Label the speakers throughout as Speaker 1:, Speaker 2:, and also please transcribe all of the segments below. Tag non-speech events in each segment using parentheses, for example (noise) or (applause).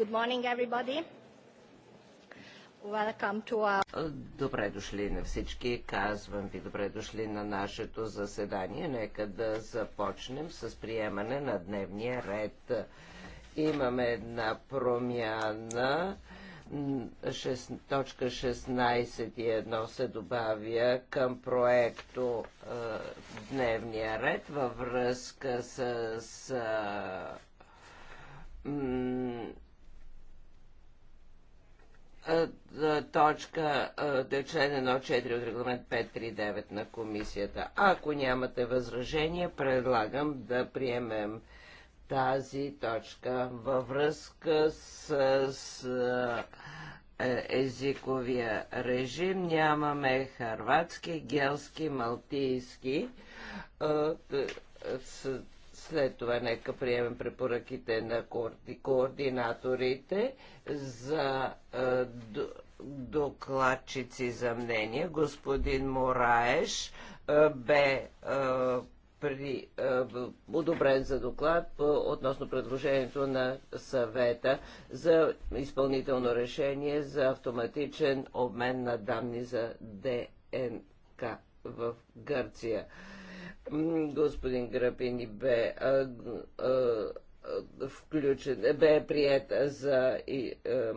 Speaker 1: Good morning, everybody. Welcome to our...
Speaker 2: Добре дошли на всички. Казвам ви добре дошли на нашето заседание. Нека да започнем с приемане на дневния ред. Имаме една промяна. 16 точка 16.1 се добавя към проекто е, Дневния ред във връзка с, точка е член 1.4 от регламент 539 на комисията. Ако нямате възражение, предлагам да приемем тази точка във връзка с, с езиковия режим. Нямаме харватски, гелски, малтийски. С след това нека приемем препоръките на координаторите за е, докладчици за мнение. Господин Мораеш е, бе е, при, одобрен за доклад относно предложението на съвета за изпълнително решение за автоматичен обмен на данни за ДНК в Гърция. Господин Грапини бе а, а, включен, бе прият за и, а,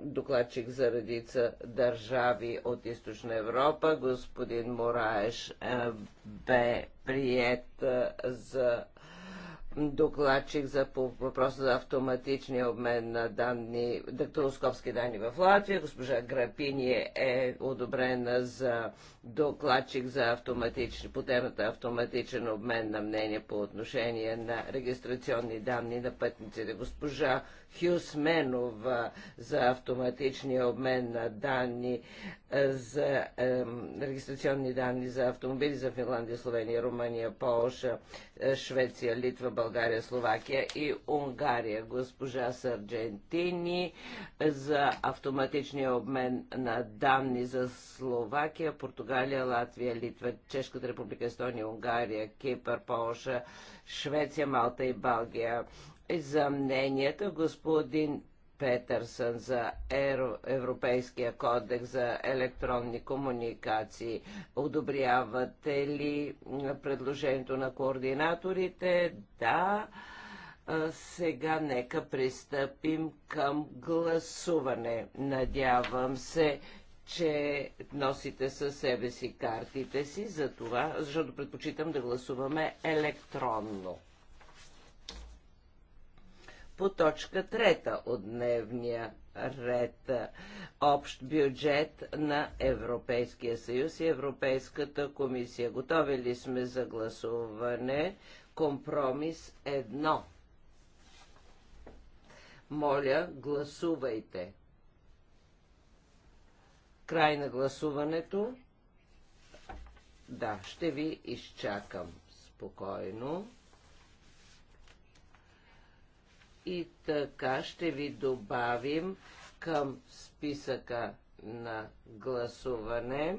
Speaker 2: докладчик за редица държави от Източна Европа. Господин Мораеш а, е, бе прият за докладчик за по въпроса за автоматичния обмен на данни, дактилоскопски данни в Латвия. Госпожа Грапини е одобрена за докладчик за автоматични по темата автоматичен обмен на мнение по отношение на регистрационни данни на пътниците. Госпожа Хюсменов за автоматичния обмен на данни е, за е, регистрационни данни за автомобили за Финландия, Словения, Румъния, Полша, е, Швеция, Литва, България, Словакия и Унгария. Госпожа Сарджентини е, за автоматичния обмен на данни за Словакия, Португалия, Латвия, Литва, Чешката република, Естония, Унгария, Кипър, Полша, Швеция, Малта и Балгия за мненията господин Петърсън за Европейския кодекс за електронни комуникации. Одобрявате ли предложението на координаторите? Да. Сега нека пристъпим към гласуване. Надявам се, че носите със себе си картите си, за това, защото предпочитам да гласуваме електронно по точка трета от дневния ред общ бюджет на Европейския съюз и Европейската комисия. Готови ли сме за гласуване? Компромис едно. Моля, гласувайте. Край на гласуването. Да, ще ви изчакам спокойно и така ще ви добавим към списъка на гласуване.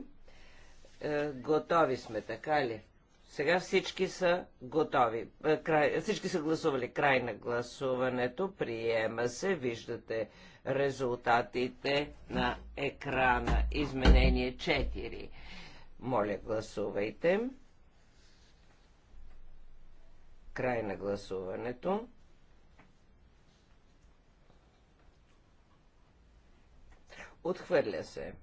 Speaker 2: Е, готови сме, така ли? Сега всички са готови. Е, край, всички са гласували край на гласуването. Приема се. Виждате резултатите на екрана. Изменение 4. Моля, гласувайте. Край на гласуването. Отхвърля се.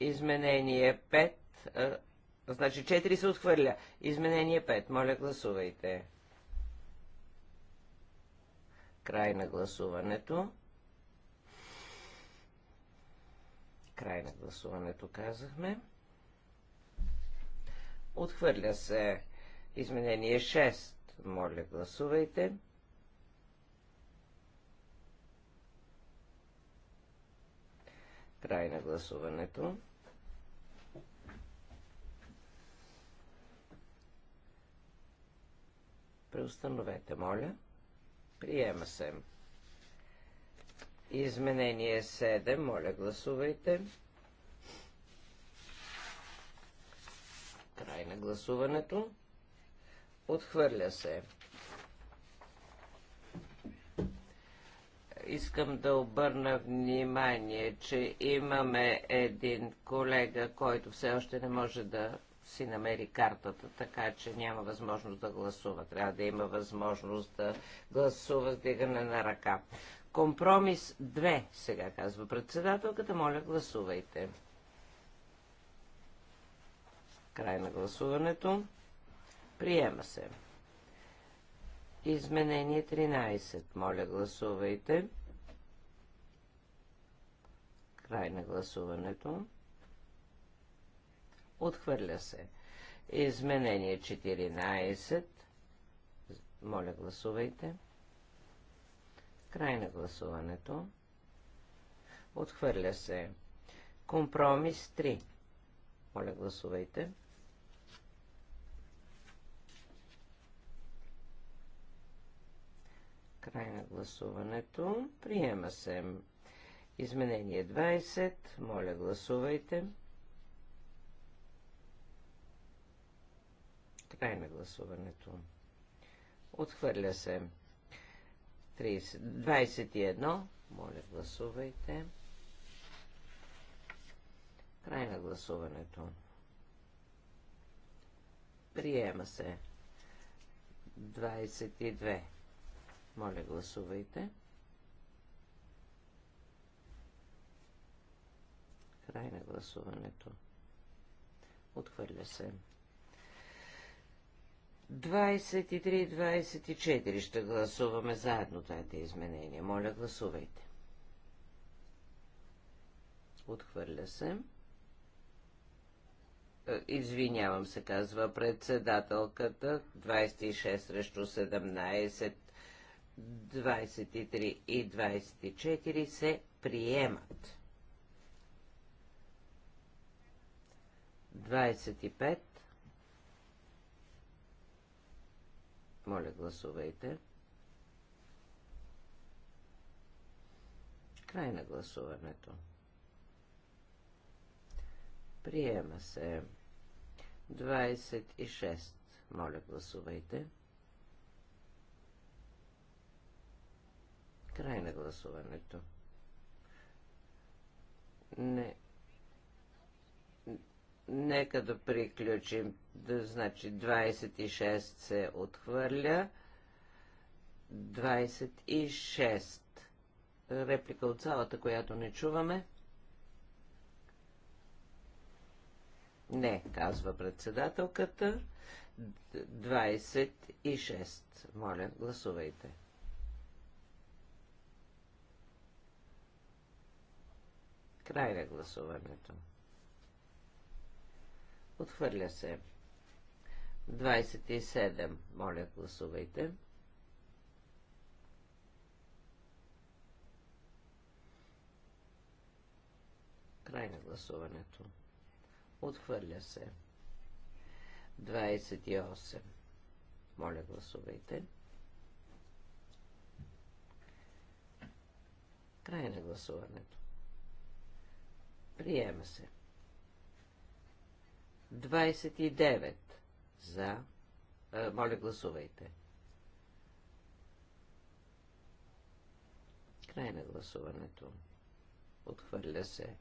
Speaker 2: Изменение 5. А, значи 4 се отхвърля. Изменение 5. Моля, гласувайте. Край на гласуването. Край на гласуването казахме. Отхвърля се изменение 6. Моля, гласувайте. Край на гласуването. Преустановете, моля. Приема се. Изменение 7. Моля, гласувайте. Край на гласуването. Отхвърля се. искам да обърна внимание, че имаме един колега, който все още не може да си намери картата, така че няма възможност да гласува. Трябва да има възможност да гласува с дигане на ръка. Компромис 2, сега казва председателката. Моля, гласувайте. Край на гласуването. Приема се. Изменение 13. Моля, гласувайте. Край на гласуването. Отхвърля се. Изменение 14. Моля, гласувайте. Край на гласуването. Отхвърля се. Компромис 3. Моля, гласувайте. Край на гласуването. Приема се. Изменение 20. Моля, гласувайте. Край на гласуването. Отхвърля се. 30, 21. Моля, гласувайте. Край на гласуването. Приема се. 22. Моля, гласувайте. Край на гласуването. Отхвърля се. 23 и 24 ще гласуваме заедно тези изменения. Моля, гласувайте. Отхвърля се. Е, извинявам се, казва председателката. 26 срещу 17 23 и 24 се приемат. 25. Моля, гласувайте. Край на гласуването. Приема се. 26. Моля, гласувайте. 27. Край на гласуването. Не. Нека да приключим. Да, значи 26 се отхвърля. 26. Реплика от залата, която не чуваме. Не, казва председателката. 26. Моля, гласувайте. Край на гласуването. Отхвърля се. 27. Моля, гласувайте. Край на гласуването. Отхвърля се. 28. Моля, гласувайте. Край на гласуването. Приема се. 29 за. Е, моля, гласувайте. Край на гласуването. Отхвърля се.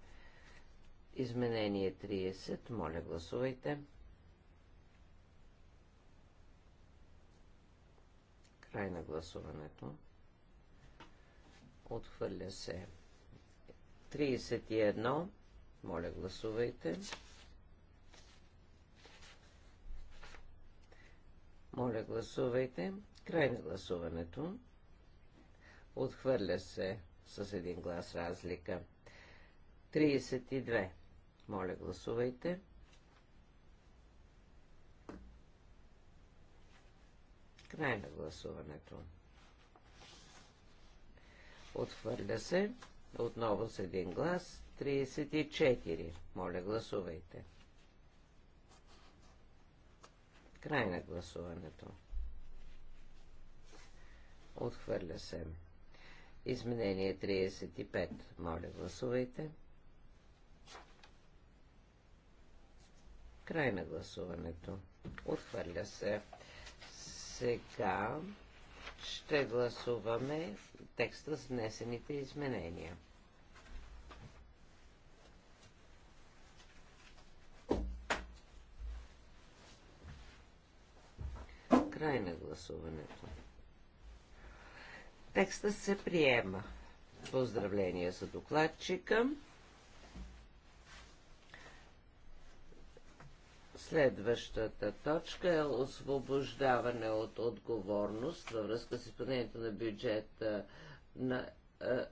Speaker 2: Изменение 30. Моля, гласувайте. Край на гласуването. Отхвърля се. 31 моля, гласувайте. Моля, гласувайте. Край на гласуването. Отхвърля се с един глас разлика. 32. Моля, гласувайте. Край на гласуването. Отхвърля се отново с един глас. 34. Моля, гласувайте. Край на гласуването. Отхвърля се. Изменение 35. Моля, гласувайте. Край на гласуването. Отхвърля се. Сега ще гласуваме текста с внесените изменения. Край на гласуването. Текста се приема. Поздравления за докладчика. Следващата точка е освобождаване от отговорност във връзка с изпълнението на бюджета на, а,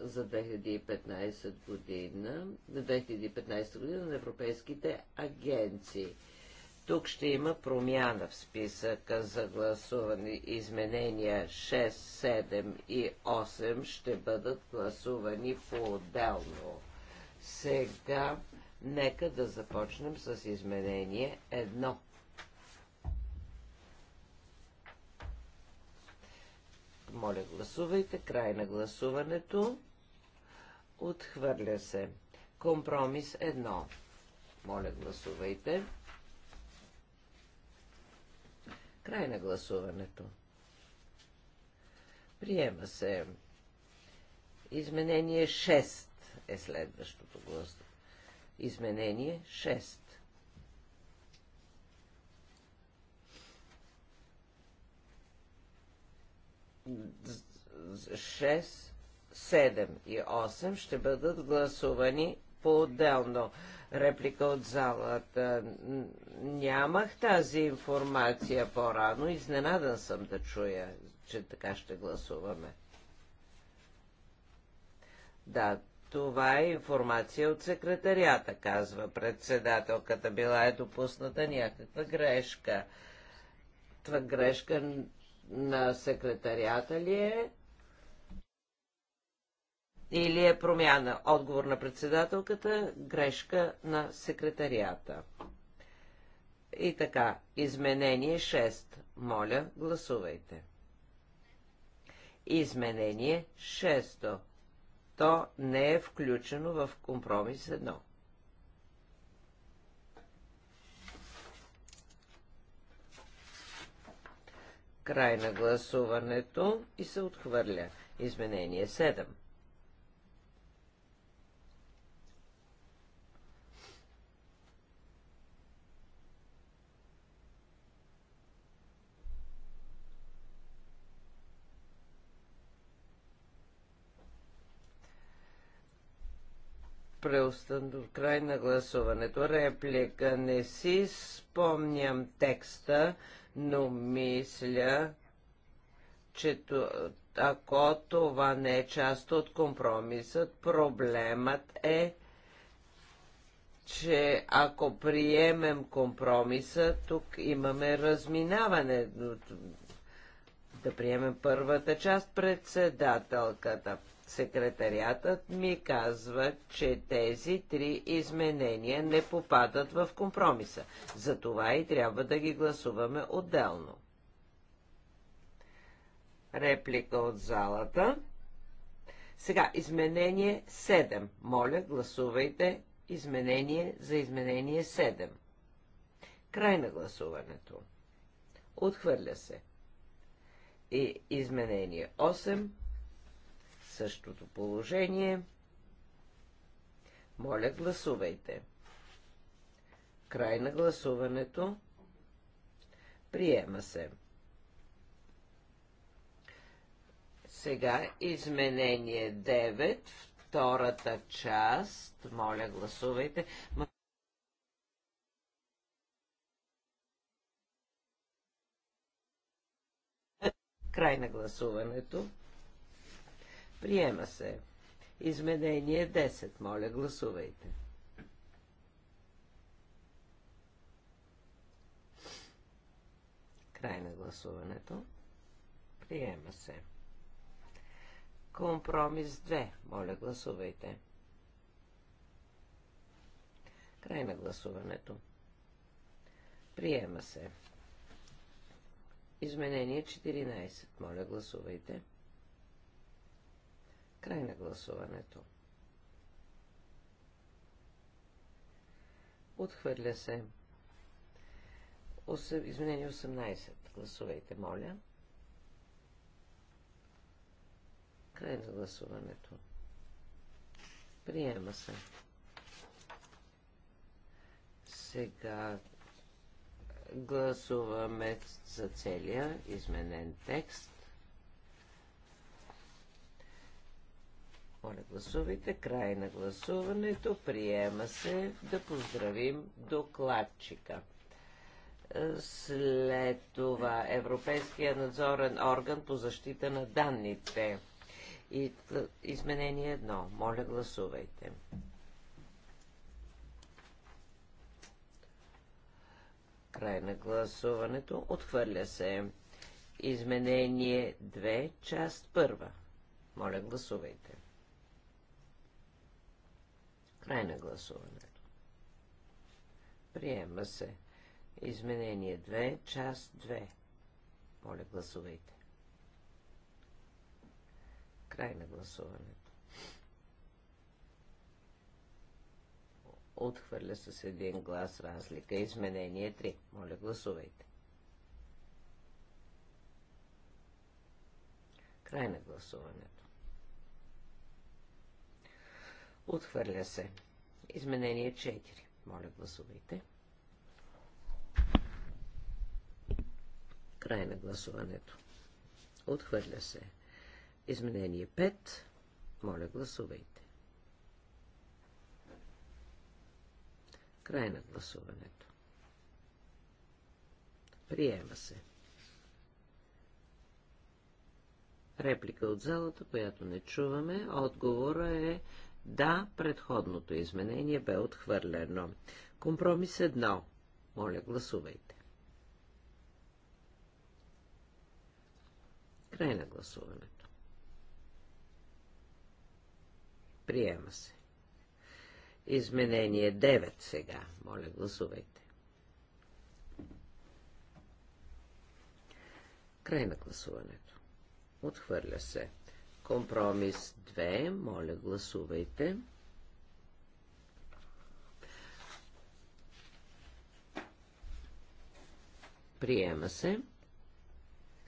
Speaker 2: за 2015 година, на 2015 година на европейските агенции. Тук ще има промяна в списъка за гласуване. Изменения 6, 7 и 8 ще бъдат гласувани по-отделно. Сега нека да започнем с изменение 1. Моля, гласувайте. Край на гласуването. Отхвърля се. Компромис 1. Моля, гласувайте. Край на гласуването. Приема се. Изменение 6 е следващото глас. Изменение 6. Шест, 7 и 8 ще бъдат гласувани по-отделно реплика от залата. Нямах тази информация по-рано. Изненадан съм да чуя, че така ще гласуваме. Да, това е информация от секретарията, казва председателката. Била е допусната някаква грешка. Това грешка на секретарията ли е? или е промяна? Отговор на председателката, грешка на секретарията. И така, изменение 6. Моля, гласувайте. Изменение 6. То не е включено в компромис 1. Край на гласуването и се отхвърля. Изменение 7. преустанов край на гласуването. Реплика не си спомням текста, но мисля, че ако това не е част от компромисът, проблемът е, че ако приемем компромиса, тук имаме разминаване. Да приемем първата част, председателката. Секретариатът ми казва, че тези три изменения не попадат в компромиса. Затова и трябва да ги гласуваме отделно. Реплика от залата. Сега, изменение 7. Моля, гласувайте изменение за изменение 7. Край на гласуването. Отхвърля се. И изменение 8 същото положение. Моля, гласувайте. Край на гласуването. Приема се. Сега изменение 9, втората част. Моля, гласувайте. Край на гласуването. Приема се. Изменение 10. Моля, гласувайте. Край на гласуването. Приема се. Компромис 2. Моля, гласувайте. Край на гласуването. Приема се. Изменение 14. Моля, гласувайте. Край на гласуването. Отхвърля се. Изменение 18. Гласувайте, моля. Край на гласуването. Приема се. Сега гласуваме за целия изменен текст. Моля, гласувайте. Край на гласуването. Приема се да поздравим докладчика. Е, след това Европейския надзорен орган по защита на данните. И, изменение едно. Моля, гласувайте. Край на гласуването. Отхвърля се. Изменение 2, част 1. Моля, гласувайте. Край на гласуването. Приема се. Изменение 2, част 2. Моля, гласувайте. Край на гласуването. Отхвърля с един глас разлика. Изменение 3. Моля, гласувайте. Край на гласуването. Отхвърля се. Изменение 4. Моля, гласувайте. Край на гласуването. Отхвърля се. Изменение 5. Моля, гласувайте. Край на гласуването. Приема се. Реплика от залата, която не чуваме. Отговора е да, предходното изменение бе отхвърлено. Компромис 1. Моля, гласувайте. Край на гласуването. Приема се. Изменение 9 сега. Моля, гласувайте. Край на гласуването. Отхвърля се. Компромис 2. Моля, гласувайте. Приема се.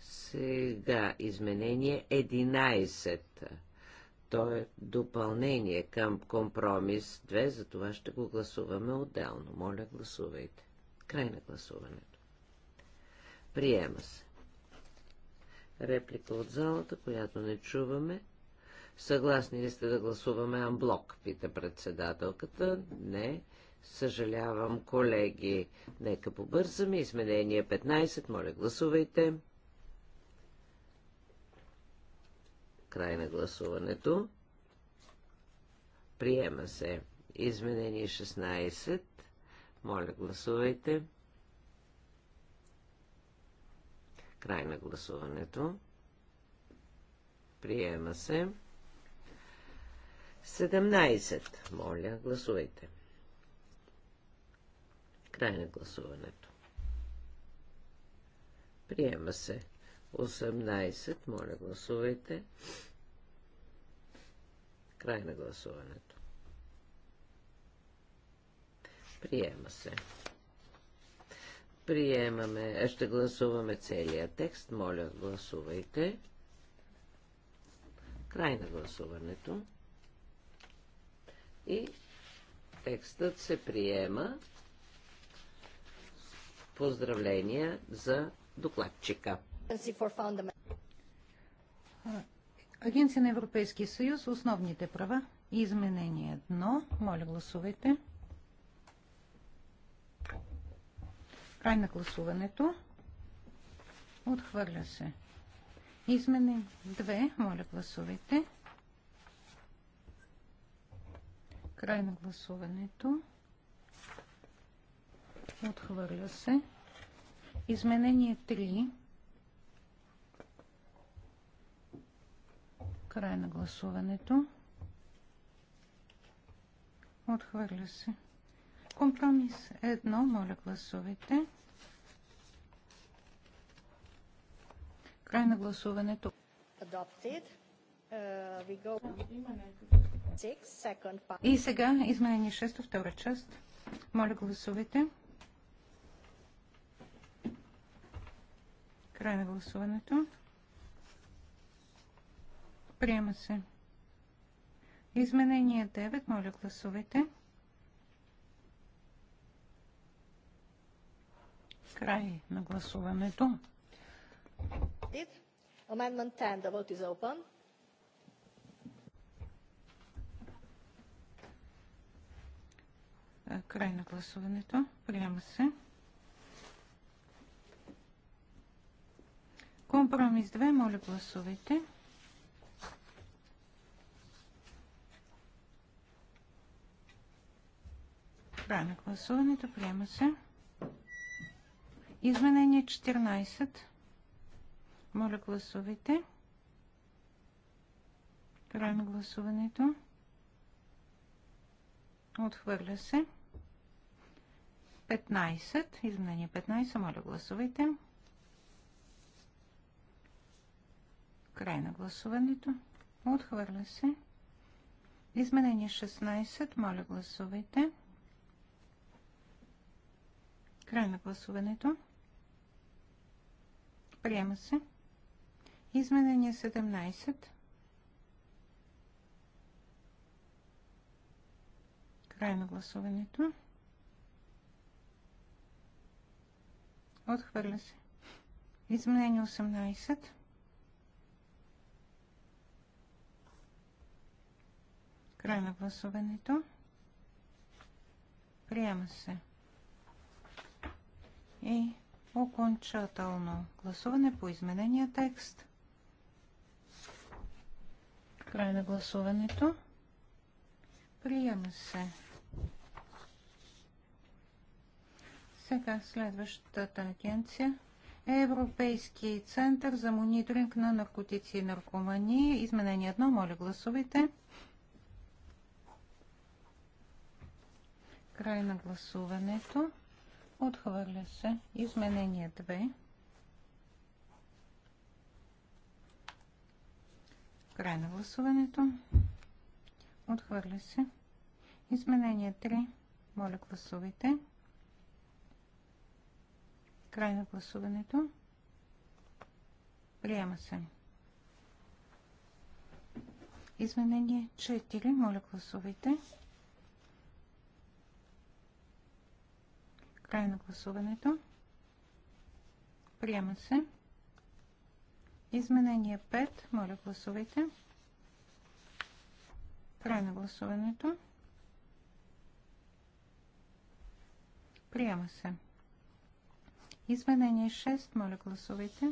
Speaker 2: Сега изменение 11. То е допълнение към компромис 2, за това ще го гласуваме отделно. Моля, гласувайте. Край на гласуването. Приема се. Реплика от залата, която не чуваме. Съгласни ли сте да гласуваме амблок, пита председателката. Не. Съжалявам, колеги. Нека побързаме. Изменение 15. Моля, гласувайте. Край на гласуването. Приема се. Изменение 16. Моля, гласувайте. Край на гласуването. Приема се. 17. Моля, гласувайте. Край на гласуването. Приема се. 18. Моля, гласувайте. Край на гласуването. Приема се. Приемаме, ще гласуваме целият текст. Моля, гласувайте. Край на гласуването. И текстът се приема. Поздравления за докладчика.
Speaker 1: Агенция на Европейския съюз, основните права и изменение 1. Моля, гласувайте. Край на гласуването. Отхвърля се. Измене 2. Моля, гласувайте. Край на гласуването. Отхвърля се. Изменение 3. Край на гласуването. Отхвърля се. Компромис 1. Моля, гласувайте. Край на гласуването.
Speaker 3: Uh, И сега
Speaker 1: изменение 6, втора част. Моля, гласувайте. Край на гласуването. Приема се. Изменение 9. Моля, гласувайте. Край на гласуването.
Speaker 3: 10, е,
Speaker 1: Край на гласуването. Приема се. Компромис 2. Моля гласувайте. Край на гласуването. Приема се. Изменение 14. Моля, гласувайте. Край на гласуването. Отхвърля се. 15. Изменение 15. Моля, гласувайте. Край на гласуването. Отхвърля се. Изменение 16. Моля, гласувайте. Край на гласуването. Приема се. Изменение 17. Край на гласуването. Отхвърля се. Изменение 18. Край на гласуването. Приема се. И окончателно гласуване по изменения текст. Край на гласуването. Приема се. Сега следващата агенция. Е Европейски център за мониторинг на наркотици и наркомании. Изменение едно Моля гласувайте. Край на гласуването. Отхвърля се. Изменение 2. Край на гласуването. Отхвърля се. Изменение 3. Моля, гласувайте. Край на гласуването. Приема се. Изменение 4. Моля, гласувайте. Край на гласуването. Приема се. Изменение 5. Моля, гласувайте. Край на гласуването. Приема се. Изменение 6. Моля, гласувайте.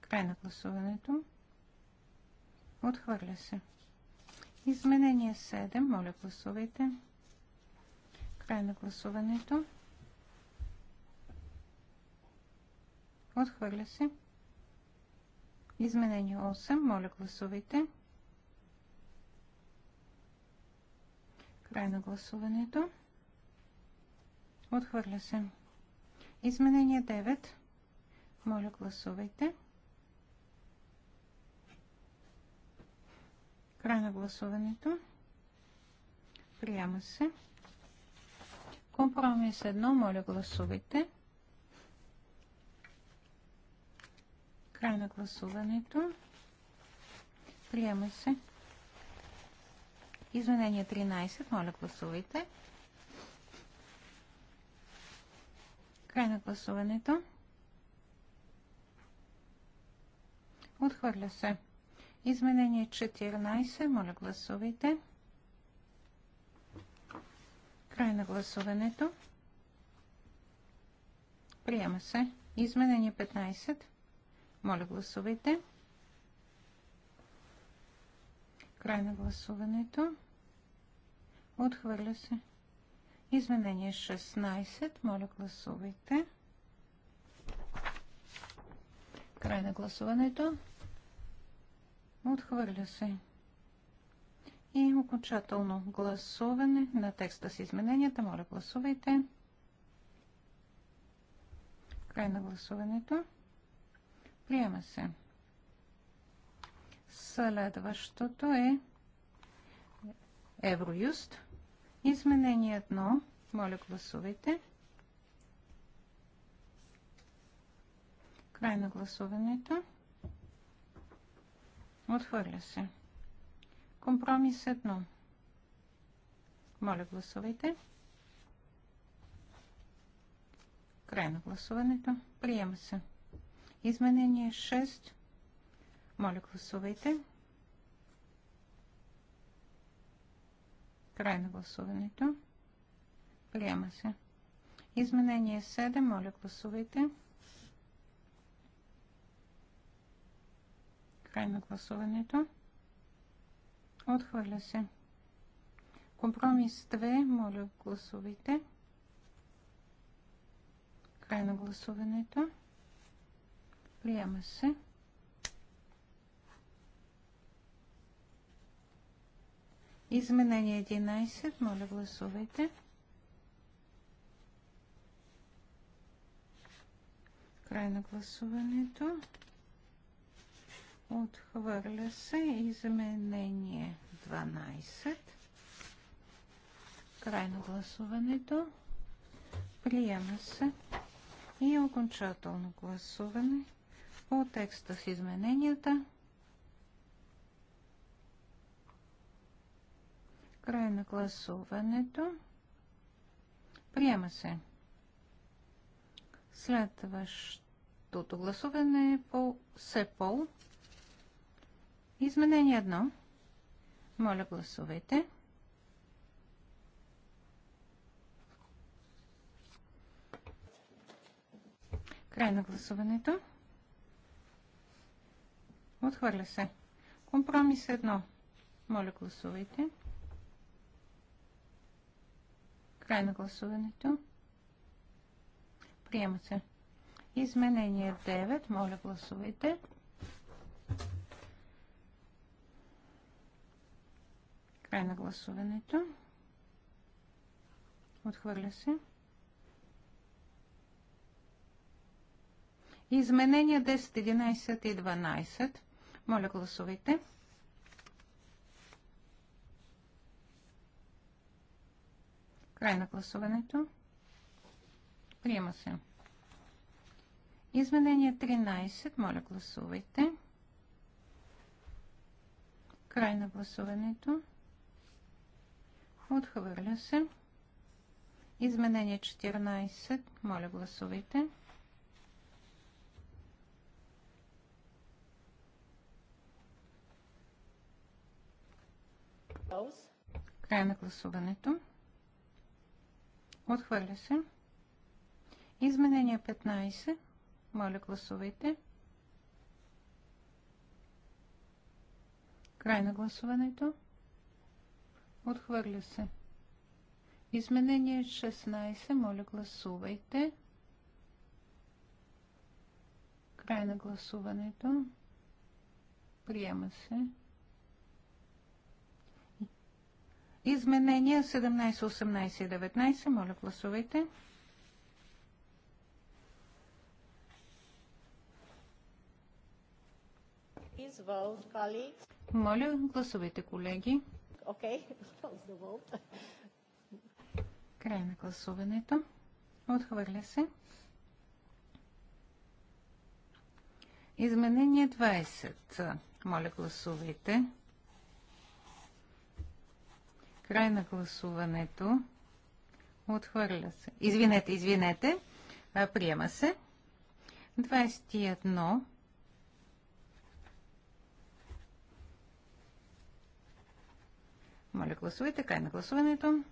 Speaker 1: Край на гласуването. Отхвърля се. Изменение 7. Моля, гласувайте. Край на гласуването. Отхвърля се. Изменение 8. Моля, гласувайте. Край на гласуването. Отхвърля се. Изменение 9. Моля, гласувайте. Край на гласуването. Приема се. Компромис 1. Моля, гласувайте. Край на гласуването. Приема се. Изменение 13. Моля, гласувайте. Край на гласуването. Отхвърля се. Изменение 14. Моля, гласувайте. Край на гласуването. Приема се. Изменение 15. Моля, гласувайте. Край на гласуването. Отхвърля се. Изменение 16. Моля, гласувайте. Край на гласуването. Отхвърля се. И окончателно гласуване на текста с измененията. Моля, гласувайте. Край на гласуването. Приема се. Следващото е Евроюст. Изменение 1. Моля, гласувайте. Край на гласуването. Отхвърля се. Компромис 1. Моля, гласувайте. Край на гласуването. Приема се. Изменение 6. Моля, гласувайте. Край на гласуването. Приема се. Изменение 7. Моля, гласувайте. Край на гласуването. Отхвърля се. Компромис 2. Моля, гласувайте. Край на гласуването. Приема се. Изменение 11. Моля, гласувайте. Край на гласуването. Отхвърля се изменение 12. Край на гласуването. Приема се и окончателно гласуване по текста с измененията. Край на гласуването. Приема се. Следващото гласуване е по СЕПОЛ. Изменение 1. Моля, гласувайте. Край на гласуването. Отхвърля се. Компромис 1. Моля, гласувайте. Край на гласуването. Приема се. Изменение 9. Моля, гласувайте. Край на гласуването. Отхвърля се. Изменения 10, 11 и 12. Моля, гласувайте. Край на гласуването. Приема се. Изменение 13. Моля, гласувайте. Край на гласуването. Отхвърля се. Изменение 14. Моля, гласувайте. Край на гласуването. Отхвърля се. Изменение 15. Моля, гласувайте. Край на гласуването. Отхвърля се. Изменение 16. Моля, гласувайте. Край на гласуването. Приема се. Изменения 17, 18 и 19. Моля, гласувайте. Моля, гласувайте, колеги. Okay, close the Край на гласуването. Отхвърля се. Изменение 20. Моля, гласувайте. Край на гласуването. Отхвърля се. Извинете, извинете. Приема се. 21. Моля, гласувайте, Край на гласуването.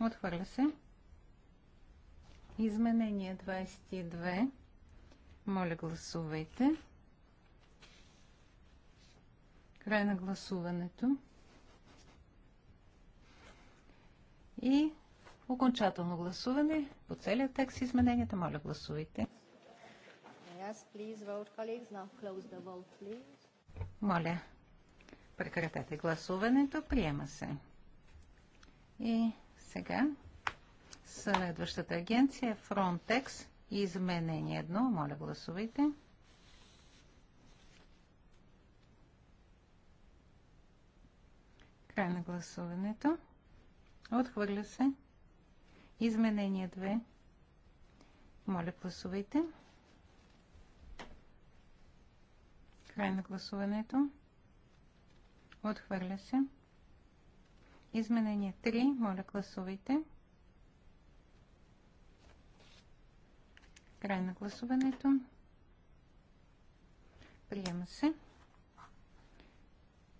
Speaker 1: Отхвърля се. Изменение 22. Моля, гласувайте. Край на гласуването. И окончателно гласуване по целият текст измененията. Моля, гласувайте. Yes, please vote, colleagues. Now close the vote, please. Моля, прекратете гласуването. Приема се. И сега следващата агенция е Frontex изменение 1. Моля гласувайте. Край на гласуването. Отхвърля се. Изменение 2. Моля гласувайте. Край на гласуването. Отхвърля се. Изменение 3. Моля, гласувайте. Край на гласуването. Приема се.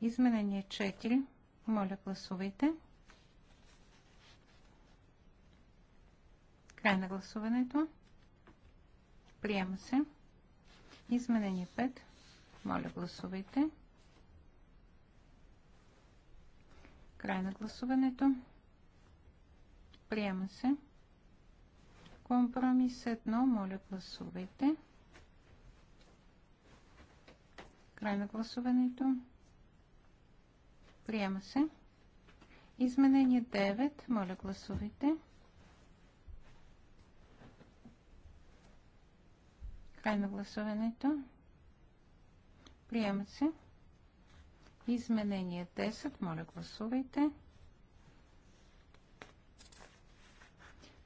Speaker 1: Изменение 4. Моля, гласувайте. Край на гласуването. Приема се. Изменение 5. Моля, гласувайте. Край на гласуването. Приема се. Компромис едно. Моля, гласувайте. Край на гласуването. Приема се. Изменение 9. Моля, гласувайте. Край на гласуването. Приема се. Изменение 10. Моля, гласувайте.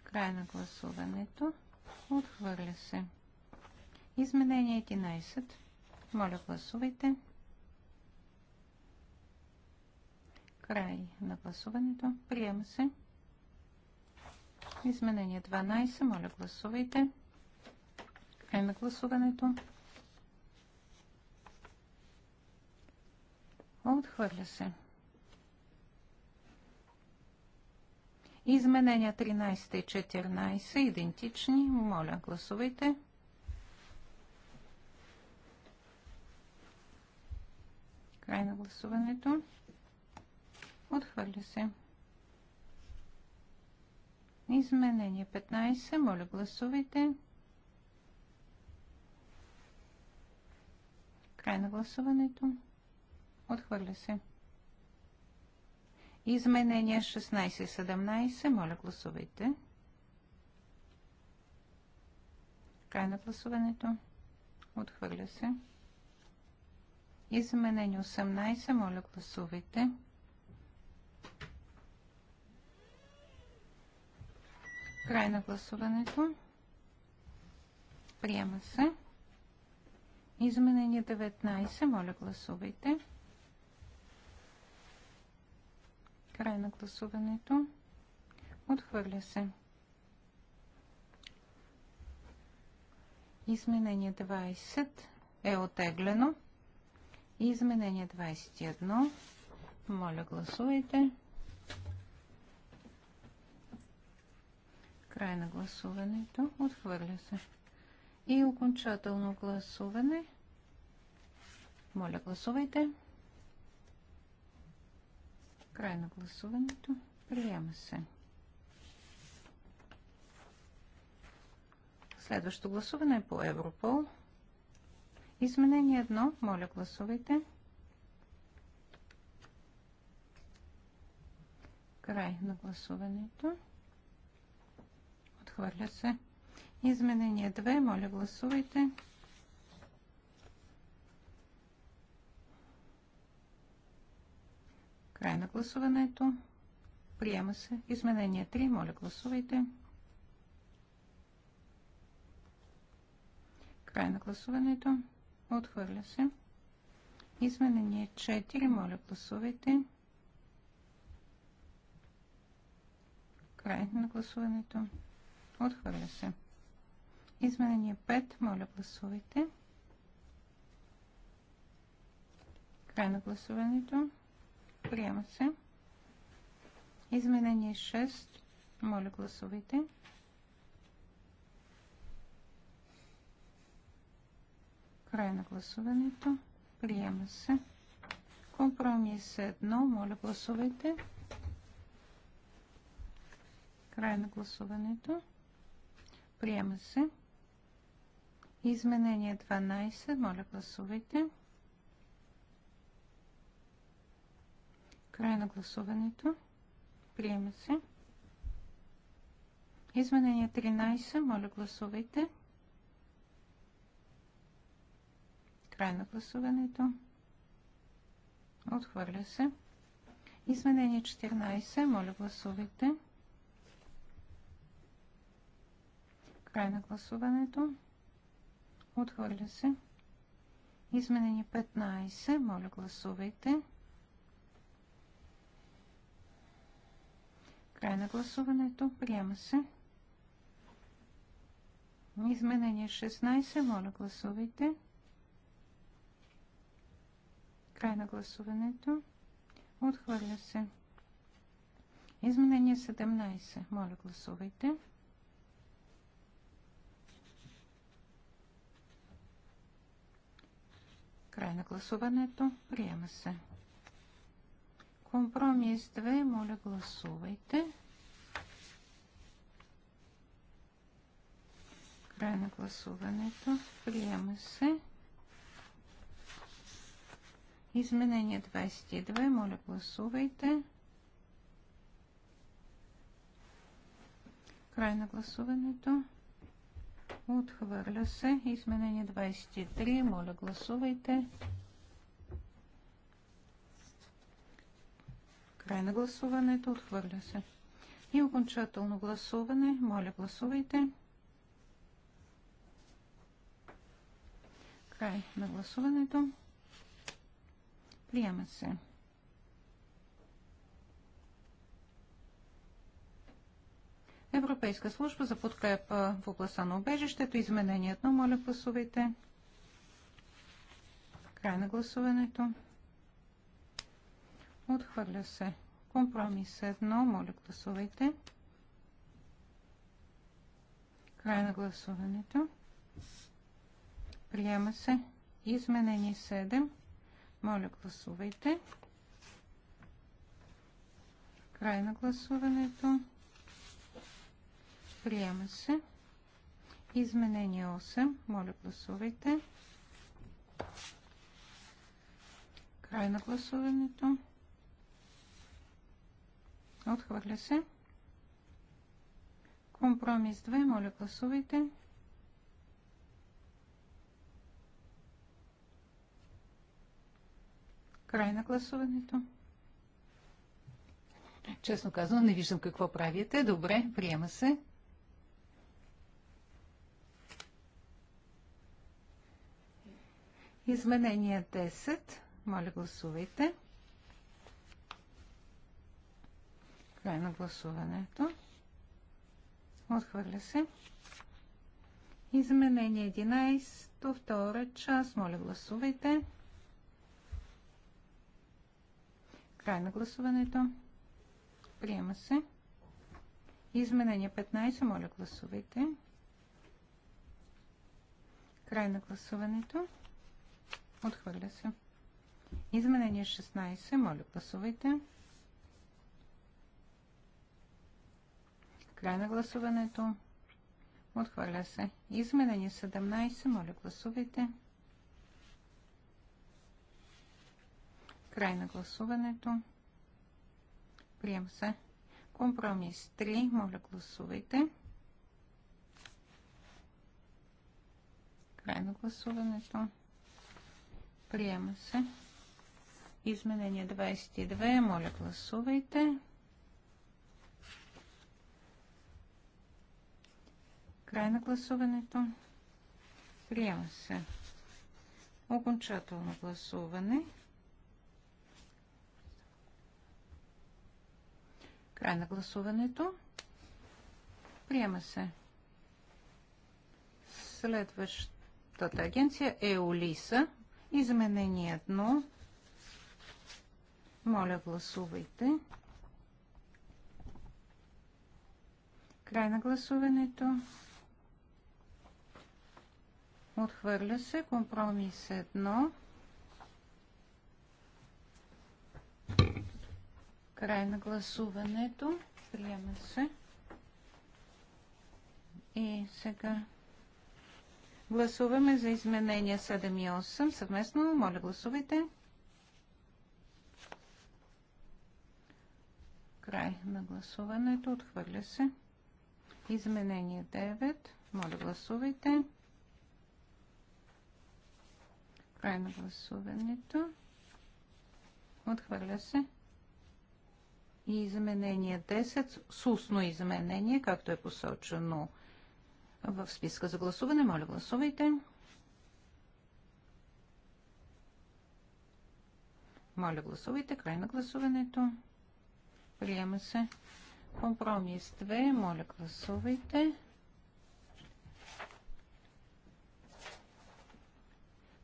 Speaker 1: Край на гласуването. Отхвърля се. Изменение 11. Моля, гласувайте. Край на гласуването. Приема се. Изменение 12. Моля, гласувайте. Край на гласуването. Отхвърля се. Изменения 13 и 14 идентични. Моля, гласувайте. Край на гласуването. Отхвърля се. Изменение 15. Моля, гласувайте. Край на гласуването. Отхвърля се. Изменения 16-17. Моля, гласувайте. Край на гласуването. Отхвърля се. Изменение 18. Моля, гласувайте. Край на гласуването. Приема се. Изменение 19. Моля, гласувайте. Край на гласуването. Отхвърля се. Изменение 20 е отеглено. Изменение 21. Моля, гласувайте. Край на гласуването. Отхвърля се. И окончателно гласуване. Моля, гласувайте. Край на гласуването. Приема се. Следващото гласуване е по Европол. Изменение 1. Моля, гласувайте. Край на гласуването. Отхвърля се. Изменение 2. Моля, гласувайте. Гласувайте. Край на гласуването. Приема се. Изменение 3. Моля, гласувайте. Край на гласуването. Отхвърля се. Изменение 4. Моля, гласувайте. Край на гласуването. Отхвърля се. Изменение 5. Моля, гласувайте. Край на гласуването. Приема се. Изменение 6. Моля, гласовете. Край на гласуването. Приема се. Компромис 1. Моля, гласувайте. Край на гласуването. Приема се. Изменение 12. Моля, гласувайте. Край на гласуването. Приема се. Изменение 13. Моля, гласувайте. Край на гласуването. Отхвърля се. Изменение 14. Моля, гласувайте. Край на гласуването. Отхвърля се. Изменение 15. Моля, гласувайте. Край на гласуването. Приема се. Изменение 16. Моля, гласувайте. Край на гласуването. Отхвърля се. Изменение 17. Моля, гласувайте. Край на гласуването. Приема се. Компромис 2. Моля, гласувайте. Край на гласуването. Приема се. Изменение 22. Моля, гласувайте. Край на гласуването. Отхвърля се. Изменение 23. Моля, гласувайте. Гласувайте. Край на гласуването. Отхвърля се. И окончателно гласуване. Моля, гласувайте. Край на гласуването. Приема се. Европейска служба за подкрепа в областта на убежището. Измененията. Моля, гласувайте. Край на гласуването. Отхвърля се. Компромис 1, Моля, гласувайте. Край на гласуването. Приема се. Изменение 7. Моля, гласувайте. Край на гласуването. Приема се. Изменение 8. Моля, гласувайте. Край на гласуването. Отхвърля се. Компромис 2. Моля, гласувайте. Край на гласуването. Честно казвам, не виждам какво правите. Добре, приема се. Изменение 10. Моля, гласувайте. Край на гласуването. Отхвърля се. Изменение 11, втора част. Моля, гласувайте. Край на гласуването. Приема се. Изменение 15. Моля, гласувайте. Край на гласуването. Отхвърля се. Изменение 16. Моля, гласувайте. Край на гласуването. Отхвърля се. Изменени 17. Моля, гласувайте. Край на гласуването. Прием се. Компромис 3. Моля, гласувайте. Край на гласуването. Приема се. Изменение 22. Моля, гласувайте. Край на гласуването. Приема се. Окончателно гласуване. Край на гласуването. Приема се. Следващата агенция е Олиса. Изменение 1. Моля, гласувайте. Край на гласуването. Отхвърля се. Компромис 1. Край на гласуването. Приема се. И сега гласуваме за изменения 7 и 8. Съвместно, моля гласувайте. Край на гласуването. Отхвърля се. Изменение 9. Моля гласувайте. Гласувайте. Край на гласуването. Отхвърля се. И изменение 10 с устно изменение, както е посочено в списка за гласуване. Моля, гласувайте. Моля, гласувайте. Край на гласуването. Приема се. Компромис 2. Моля, гласувайте.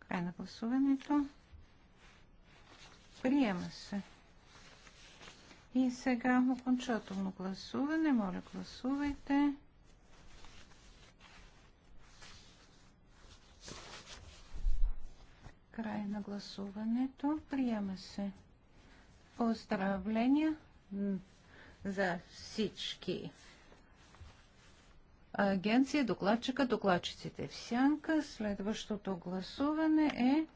Speaker 1: Край на гласуването. Приема се. И сега окончателно гласуване. Моля, гласувайте. Край на гласуването. Приема се. Поздравления за всички агенция, докладчика, докладчиците в сянка. Следващото гласуване е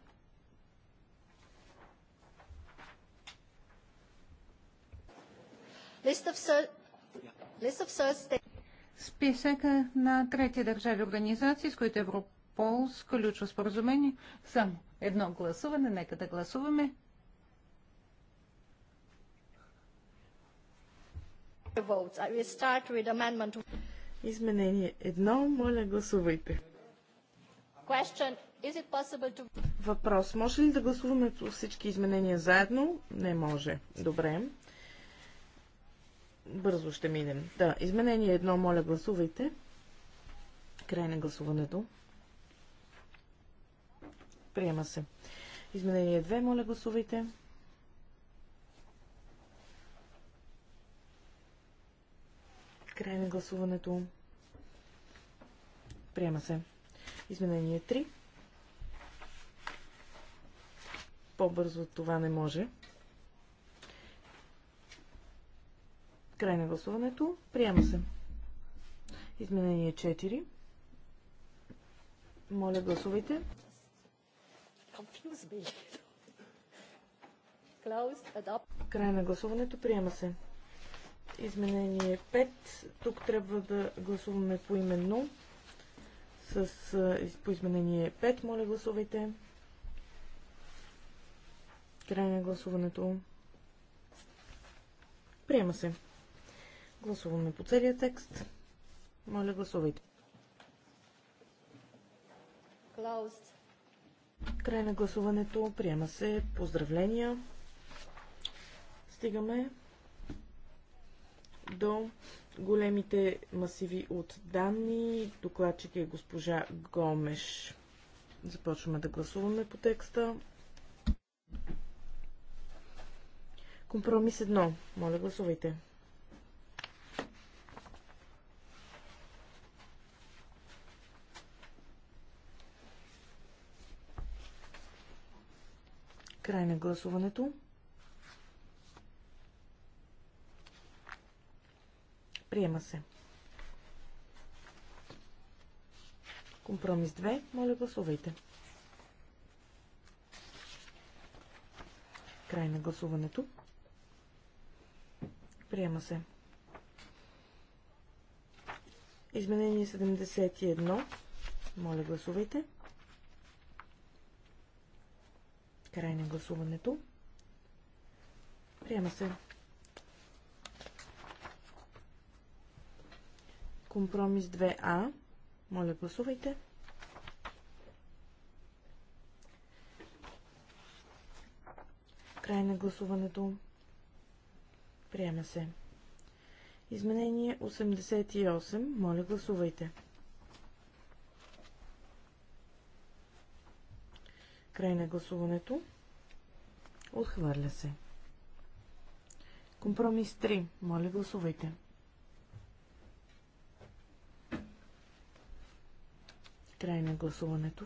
Speaker 1: Списъка на трети държави организации, с които Европол сключва споразумение. Само едно гласуване. Нека да гласуваме.
Speaker 3: Изменение едно. Моля, гласувайте.
Speaker 1: Question. Is it possible to...
Speaker 3: Въпрос. Може ли да гласуваме по всички изменения заедно? Не може. Добре. Бързо ще минем. Да, изменение едно, моля гласувайте. Край на гласуването. Приема се. Изменение 2, моля гласувайте. Край на гласуването. Приема се. Изменение 3. По-бързо от това не може. Край на гласуването. Приема се. Изменение 4. Моля, гласувайте.
Speaker 1: (laughs)
Speaker 3: Край на гласуването. Приема се. Изменение 5. Тук трябва да гласуваме поименно. С, по изменение 5, моля гласувайте. Край на гласуването. Приема се. Гласуваме по целия текст. Моля гласувайте. Closed. Край на гласуването. Приема се. Поздравления. Стигаме до големите масиви от данни. Докладчик е госпожа Гомеш. Започваме да гласуваме по текста. Компромис 1. Моля, гласувайте. Край на гласуването. Приема се. Компромис 2. Моля, гласувайте. Край на гласуването. Приема се. Изменение 71. Моля, гласувайте. Край на гласуването. Приема се. Компромис 2А. Моля, гласувайте. Край на гласуването. Приема се. Изменение 88. Моля, гласувайте. Край на гласуването. Отхвърля се. Компромис 3. Моля, гласувайте. Край на гласуването.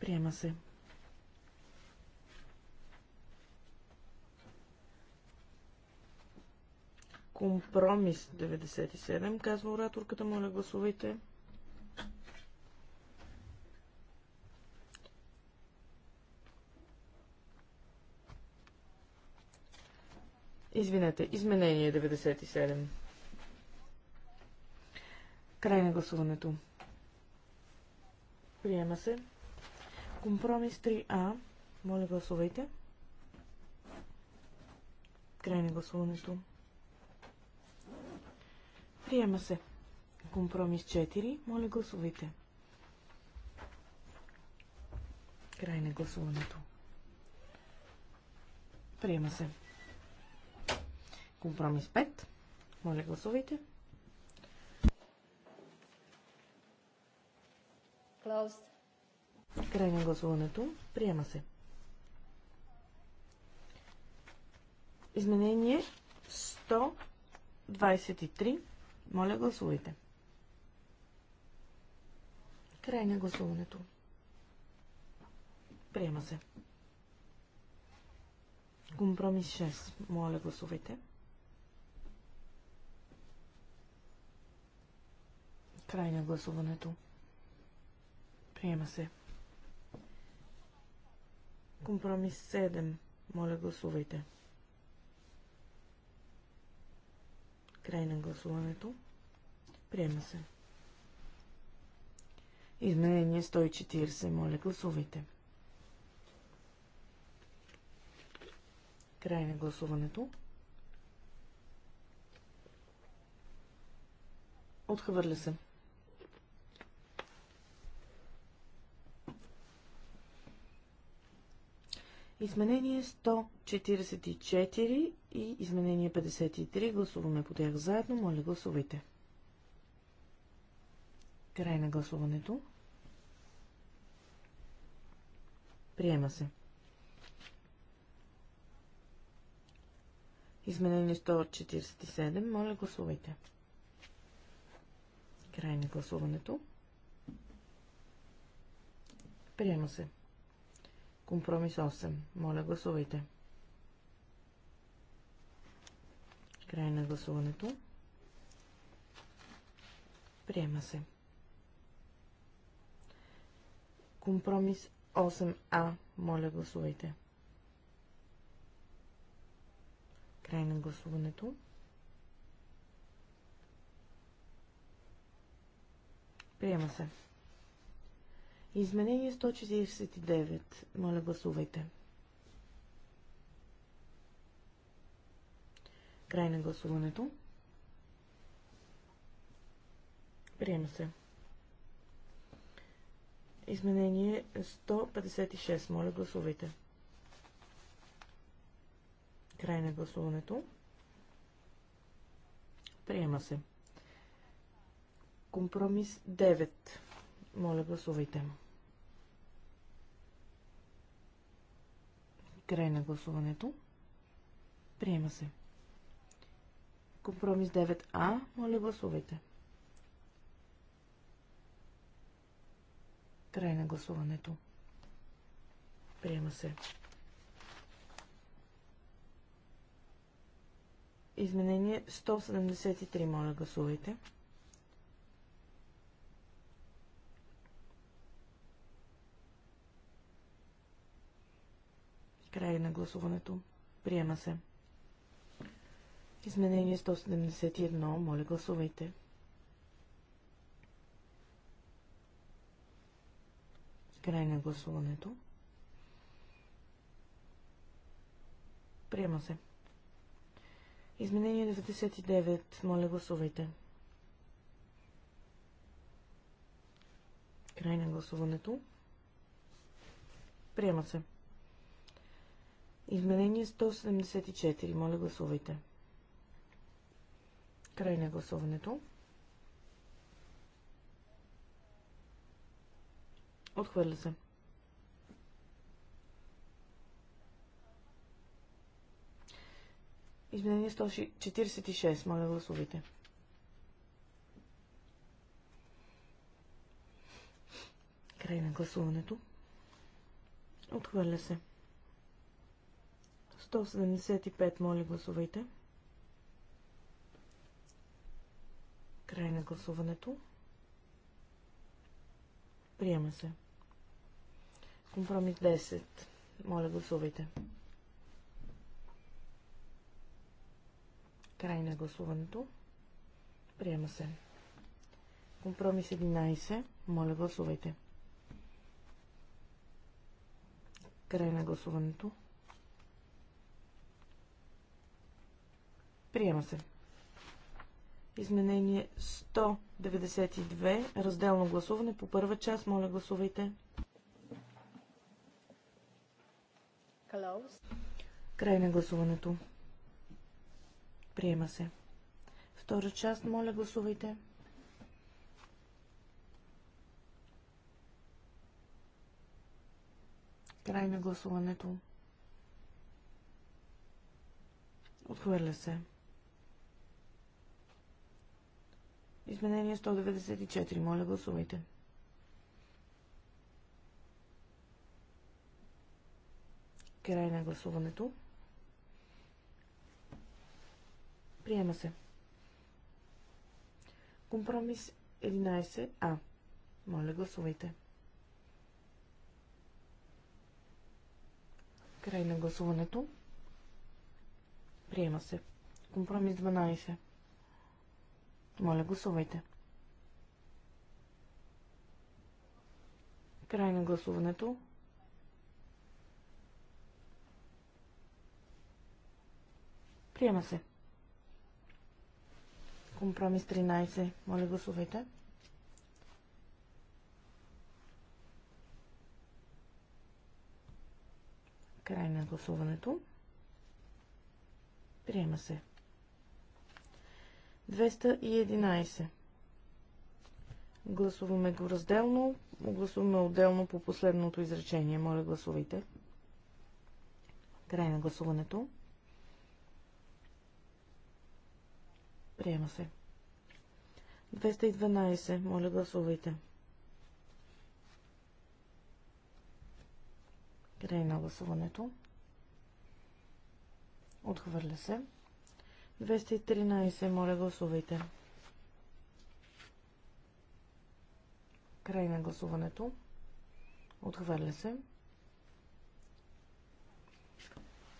Speaker 3: Приема се. Компромис 97, казва ораторката. Моля, гласувайте. Извинете, изменение 97. Край на гласуването. Приема се. Компромис 3А. Моля гласувайте. Край на гласуването. Приема се. Компромис 4. Моля гласувайте. Край на гласуването. Приема се. Компромис 5. Моля гласувайте. Closed. Край на гласуването. Приема се. Изменение 123. Моля, гласувайте. Край на гласуването. Приема се. Компромис 6. Моля, гласувайте. Край на гласуването. Приема се. Компромис 7. Моля, гласувайте. Край на гласуването. Приема се. Изменение 140. Моля, гласувайте. Край на гласуването. Отхвърля се. Изменение 144 и изменение 53. Гласуваме по тях заедно. Моля, гласувайте. Край на гласуването. Приема се. Изменение 147. Моля, гласувайте. Край на гласуването. Приема се. Компромис 8. Моля, гласувайте. Край на гласуването. Приема се. Компромис 8А. Моля, гласувайте. Край на гласуването. Приема се. Изменение 149. Моля, гласувайте. Край на гласуването. Приема се. Изменение 156. Моля, гласувайте. Край на гласуването. Приема се. Компромис 9. Моля, гласувайте. Край на гласуването. Приема се. Компромис 9А. Моля, гласувайте. Край на гласуването. Приема се. Изменение 173. Моля, гласувайте. Край на гласуването. Приема се. Изменение 171. Моля, гласувайте. Край на гласуването. Приема се. Изменение 99. Моля, гласувайте. Край на гласуването. Приема се. Изменение 174. Моля, гласувайте. Край на гласуването. Отхвърля се. Изменение 146. Моля, гласувайте. Край на гласуването. Отхвърля се. 175, моля гласувайте. Край на гласуването. Приема се. Компромис 10. Моля гласувайте. Край на гласуването. Приема се. Компромис 11. Моля гласувайте. Край на гласуването. Приема се. Изменение 192. Разделно гласуване по първа част. Моля, гласувайте. Close. Край на гласуването. Приема се. Втора част. Моля, гласувайте. Край на гласуването. Отхвърля се. Изменение 194. Моля, гласувайте. Край на гласуването. Приема се. Компромис 11А. Моля, гласувайте. Край на гласуването. Приема се. Компромис 12. Моля, гласувайте. Край на гласуването. Приема се. Компромис 13. Моля, гласувайте. Край на гласуването. Приема се. 211. Гласуваме го разделно. Гласуваме отделно по последното изречение. Моля, гласувайте. Край на гласуването. Приема се. 212. Моля, гласувайте. Край на гласуването. Отхвърля се. 213. 213. Моля, гласувайте. Край на гласуването. Отхвърля се.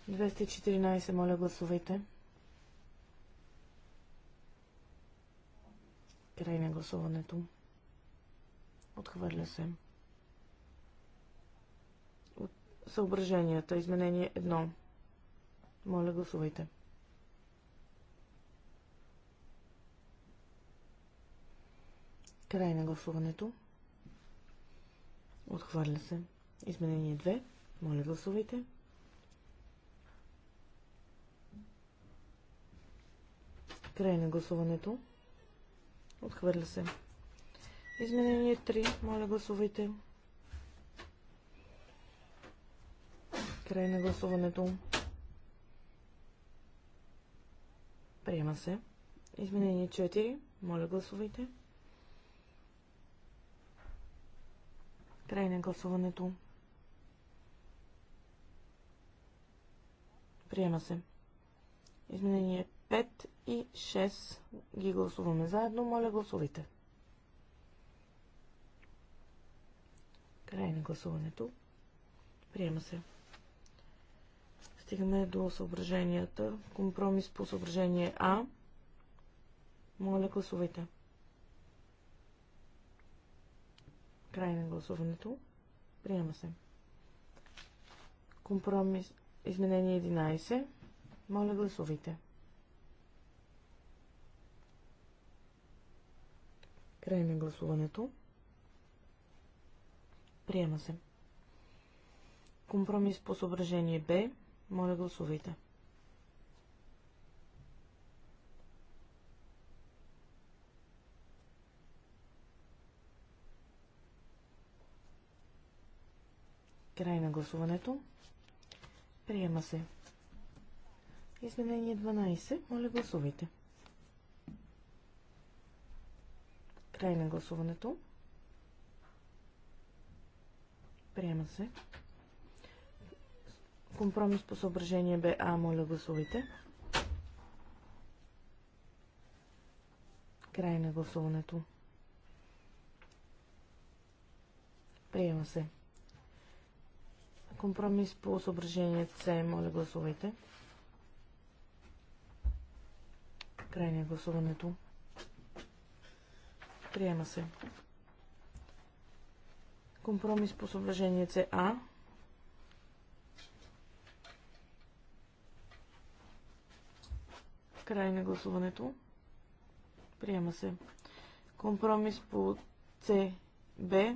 Speaker 3: 214. Моля, гласувайте. Край на гласуването. Отхвърля се. От съображенията. Изменение 1. Моля, гласувайте. Край на гласуването. Отхвърля се. Изменение 2. Моля гласувайте. Край на гласуването. Отхвърля се. Изменение 3. Моля гласувайте. Край на гласуването. Приема се. Изменение 4. Моля гласувайте. Край на гласуването. Приема се. Изменение 5 и 6 ги гласуваме заедно. Моля, гласувайте. Край на гласуването. Приема се. Стигаме до съображенията. Компромис по съображение А. Моля, гласувайте. Край на гласуването. Приема се. Компромис. Изменение 11. Моля, гласувайте. Край на гласуването. Приема се. Компромис по съображение Б. Моля, гласувайте. Край на гласуването. Приема се. Изменение 12. Моля гласувайте. Край на гласуването. Приема се. Компромис по съображение БА, Моля гласувайте. Край на гласуването. Приема се. Компромис по съображение С. Моля, гласувайте. Край на гласуването. Приема се. Компромис по съображение С. А. Край на гласуването. Приема се. Компромис по С. Б.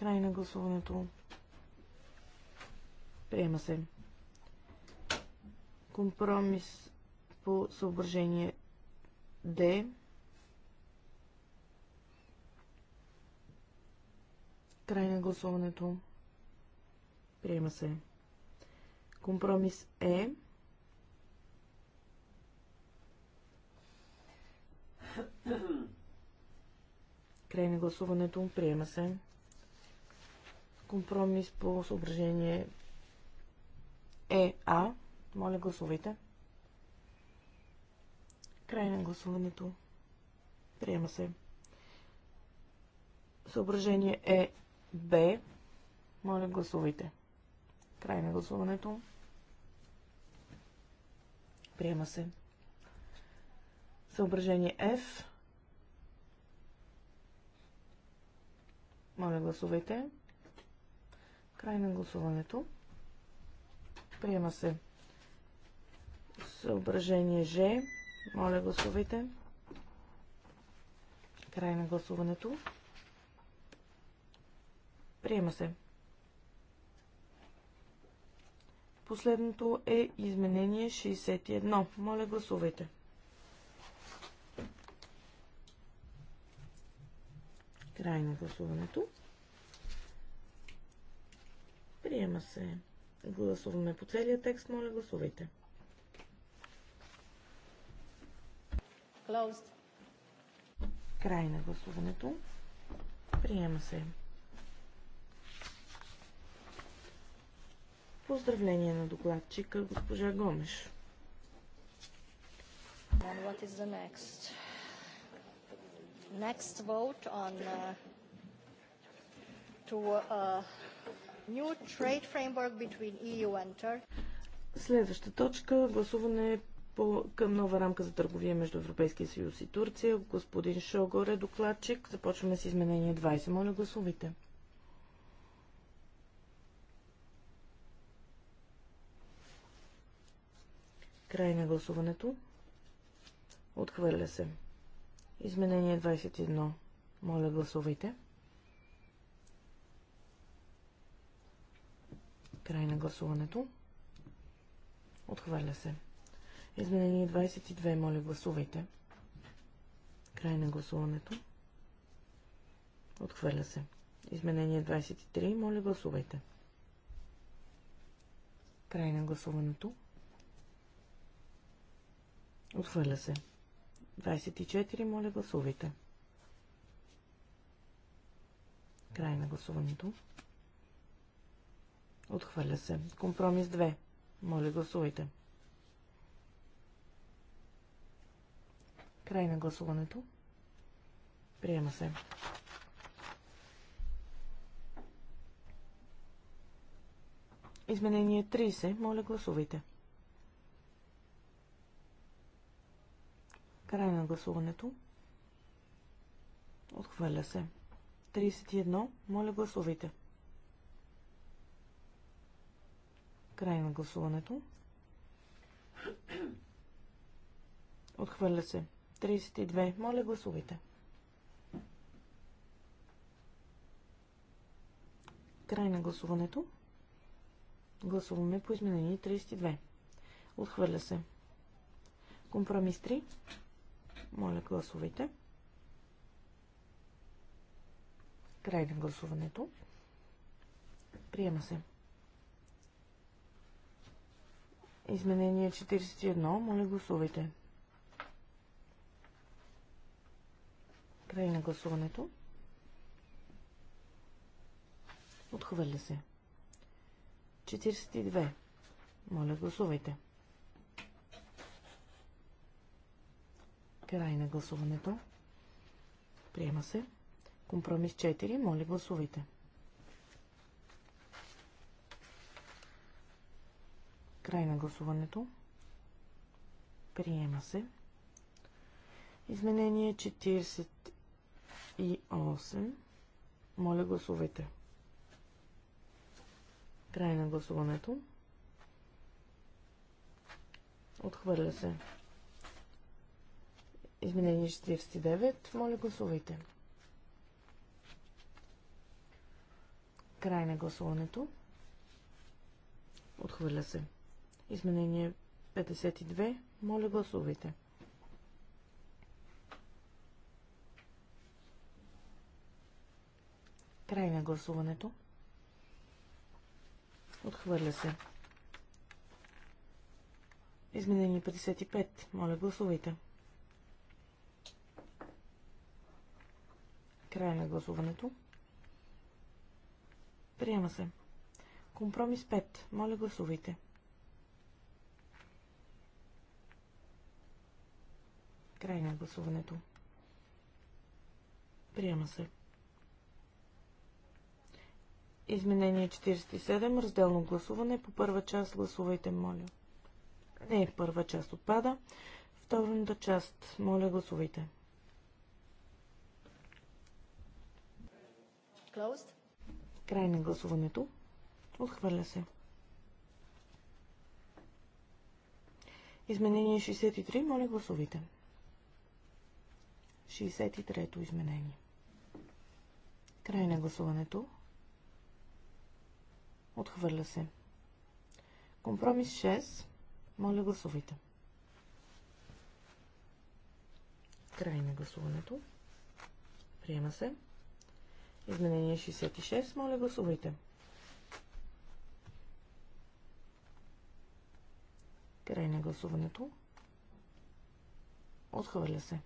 Speaker 3: Край на гласуването. Приема се. Компромис по съображение Д. Край на гласуването. Приема се. Компромис Е. Край на гласуването. Приема се. Компромис по съображение ЕА. Моля, гласувайте. Край на гласуването. Приема се. Съображение е Б. Моля, гласувайте. Край на гласуването. Приема се. Съображение F. Моля, гласувайте. Край на гласуването. Приема се. Съображение Ж. Моля, гласувайте. Край на гласуването. Приема се. Последното е изменение 61. Моля, гласувайте. Край на гласуването. Приема се. Гласуваме по целия текст. Моля, гласувайте. Closed. Край на гласуването. Приема се. Поздравление на докладчика госпожа Гомеш. And what is
Speaker 1: the next? Next vote on uh, to uh, E
Speaker 3: Следваща точка гласуване по, към нова рамка за търговия между Европейския съюз и Турция. Господин Шогор е докладчик. Започваме с изменение 20. Моля, гласувайте. Край на гласуването. Отхвърля се. Изменение 21. Моля, гласувайте. Край на гласуването. Отхвърля се. Изменение 22. Моля, гласувайте. Край на гласуването. Отхвърля се. Изменение 23. Моля, гласувайте. Край на гласуването. Отхвърля се. 24. Моля, гласувайте. Край на гласуването. Отхвърля се. Компромис 2. Моля, гласувайте. Край на гласуването. Приема се. Изменение 30. Моля, гласувайте. Край на гласуването. Отхвърля се. 31. Моля, гласувайте. Край на гласуването. Отхвърля се. 32. Моля, гласувайте. Край на гласуването. Гласуваме по изменение 32. Отхвърля се. Компромис 3. Моля, гласувайте. Край на гласуването. Приема се. Изменение 41. Моля, гласувайте. Край на гласуването. Отхвърля се. 42. Моля, гласувайте. Край на гласуването. Приема се. Компромис 4. Моля, гласувайте. Край на гласуването. Приема се. Изменение 48. Моля, гласувайте. Край на гласуването. Отхвърля се. Изменение 49. Моля, гласувайте. Край на гласуването. Отхвърля се. Изменение 52. Моля гласувайте. Край на гласуването. Отхвърля се. Изменение 55. Моля гласувайте. Край на гласуването. Приема се. Компромис 5. Моля гласувайте. Край на гласуването. Приема се. Изменение 47. Разделно гласуване. По първа част гласувайте, моля. Не, първа част отпада. Втората част, моля, гласувайте. Closed. Край на гласуването. Отхвърля се. Изменение 63. Моля, гласувайте. 63-то изменение. Край на гласуването. Отхвърля се. Компромис 6. Моля гласувайте. Край на гласуването. Приема се. Изменение 66. Моля гласувайте. Край на гласуването. Отхвърля се.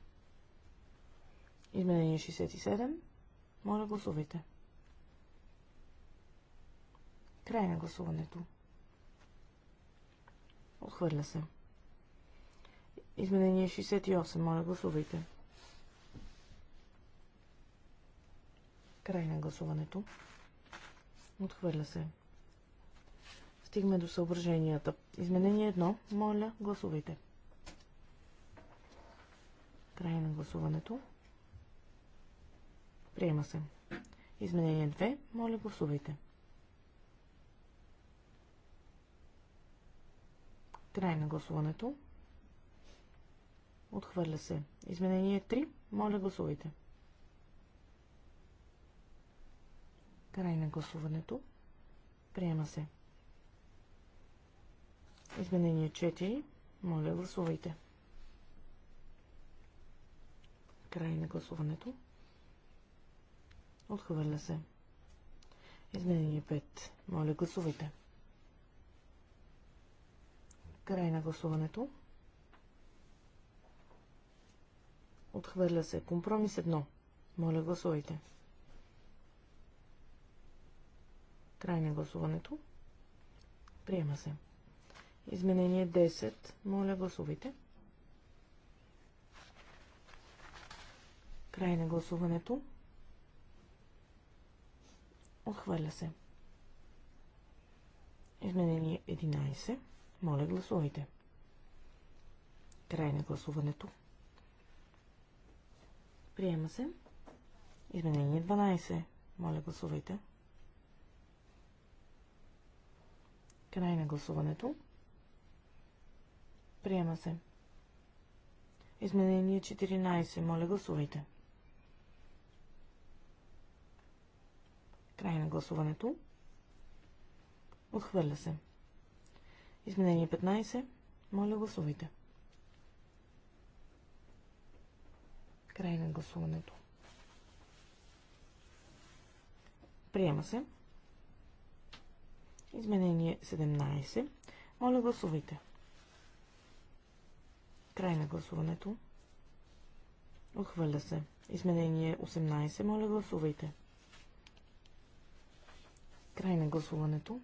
Speaker 3: Изменение 67. Моля, гласувайте. Край на гласуването. Отхвърля се. Изменение 68. Моля, гласувайте. Край на гласуването. Отхвърля се. Стигме до съображенията. Изменение 1. Моля, гласувайте. Край на гласуването. Приема се. Изменение 2. Моля, гласувайте. Край на гласуването. Отхвърля се. Изменение 3. Моля, гласувайте. Край на гласуването. Приема се. Изменение 4. Моля, гласувайте. Край на гласуването. Отхвърля се. Изменение 5. Моля, гласувайте. Край на гласуването. Отхвърля се. Компромис 1. Моля, гласувайте. Край на гласуването. Приема се. Изменение 10. Моля, гласувайте. Край на гласуването. Отхвърля се. Изменение 11. Моля, гласувайте. Край на гласуването. Приема се. Изменение 12. Моля, гласувайте. Край на гласуването. Приема се. Изменение 14. Моля, гласувайте. Край на гласуването. Отхвърля се. Изменение 15. Моля, гласувайте. Край на гласуването. Приема се. Изменение 17. Моля, гласувайте. Край на гласуването. Отхвърля се. Изменение 18. Моля, гласувайте. Край на гласуването.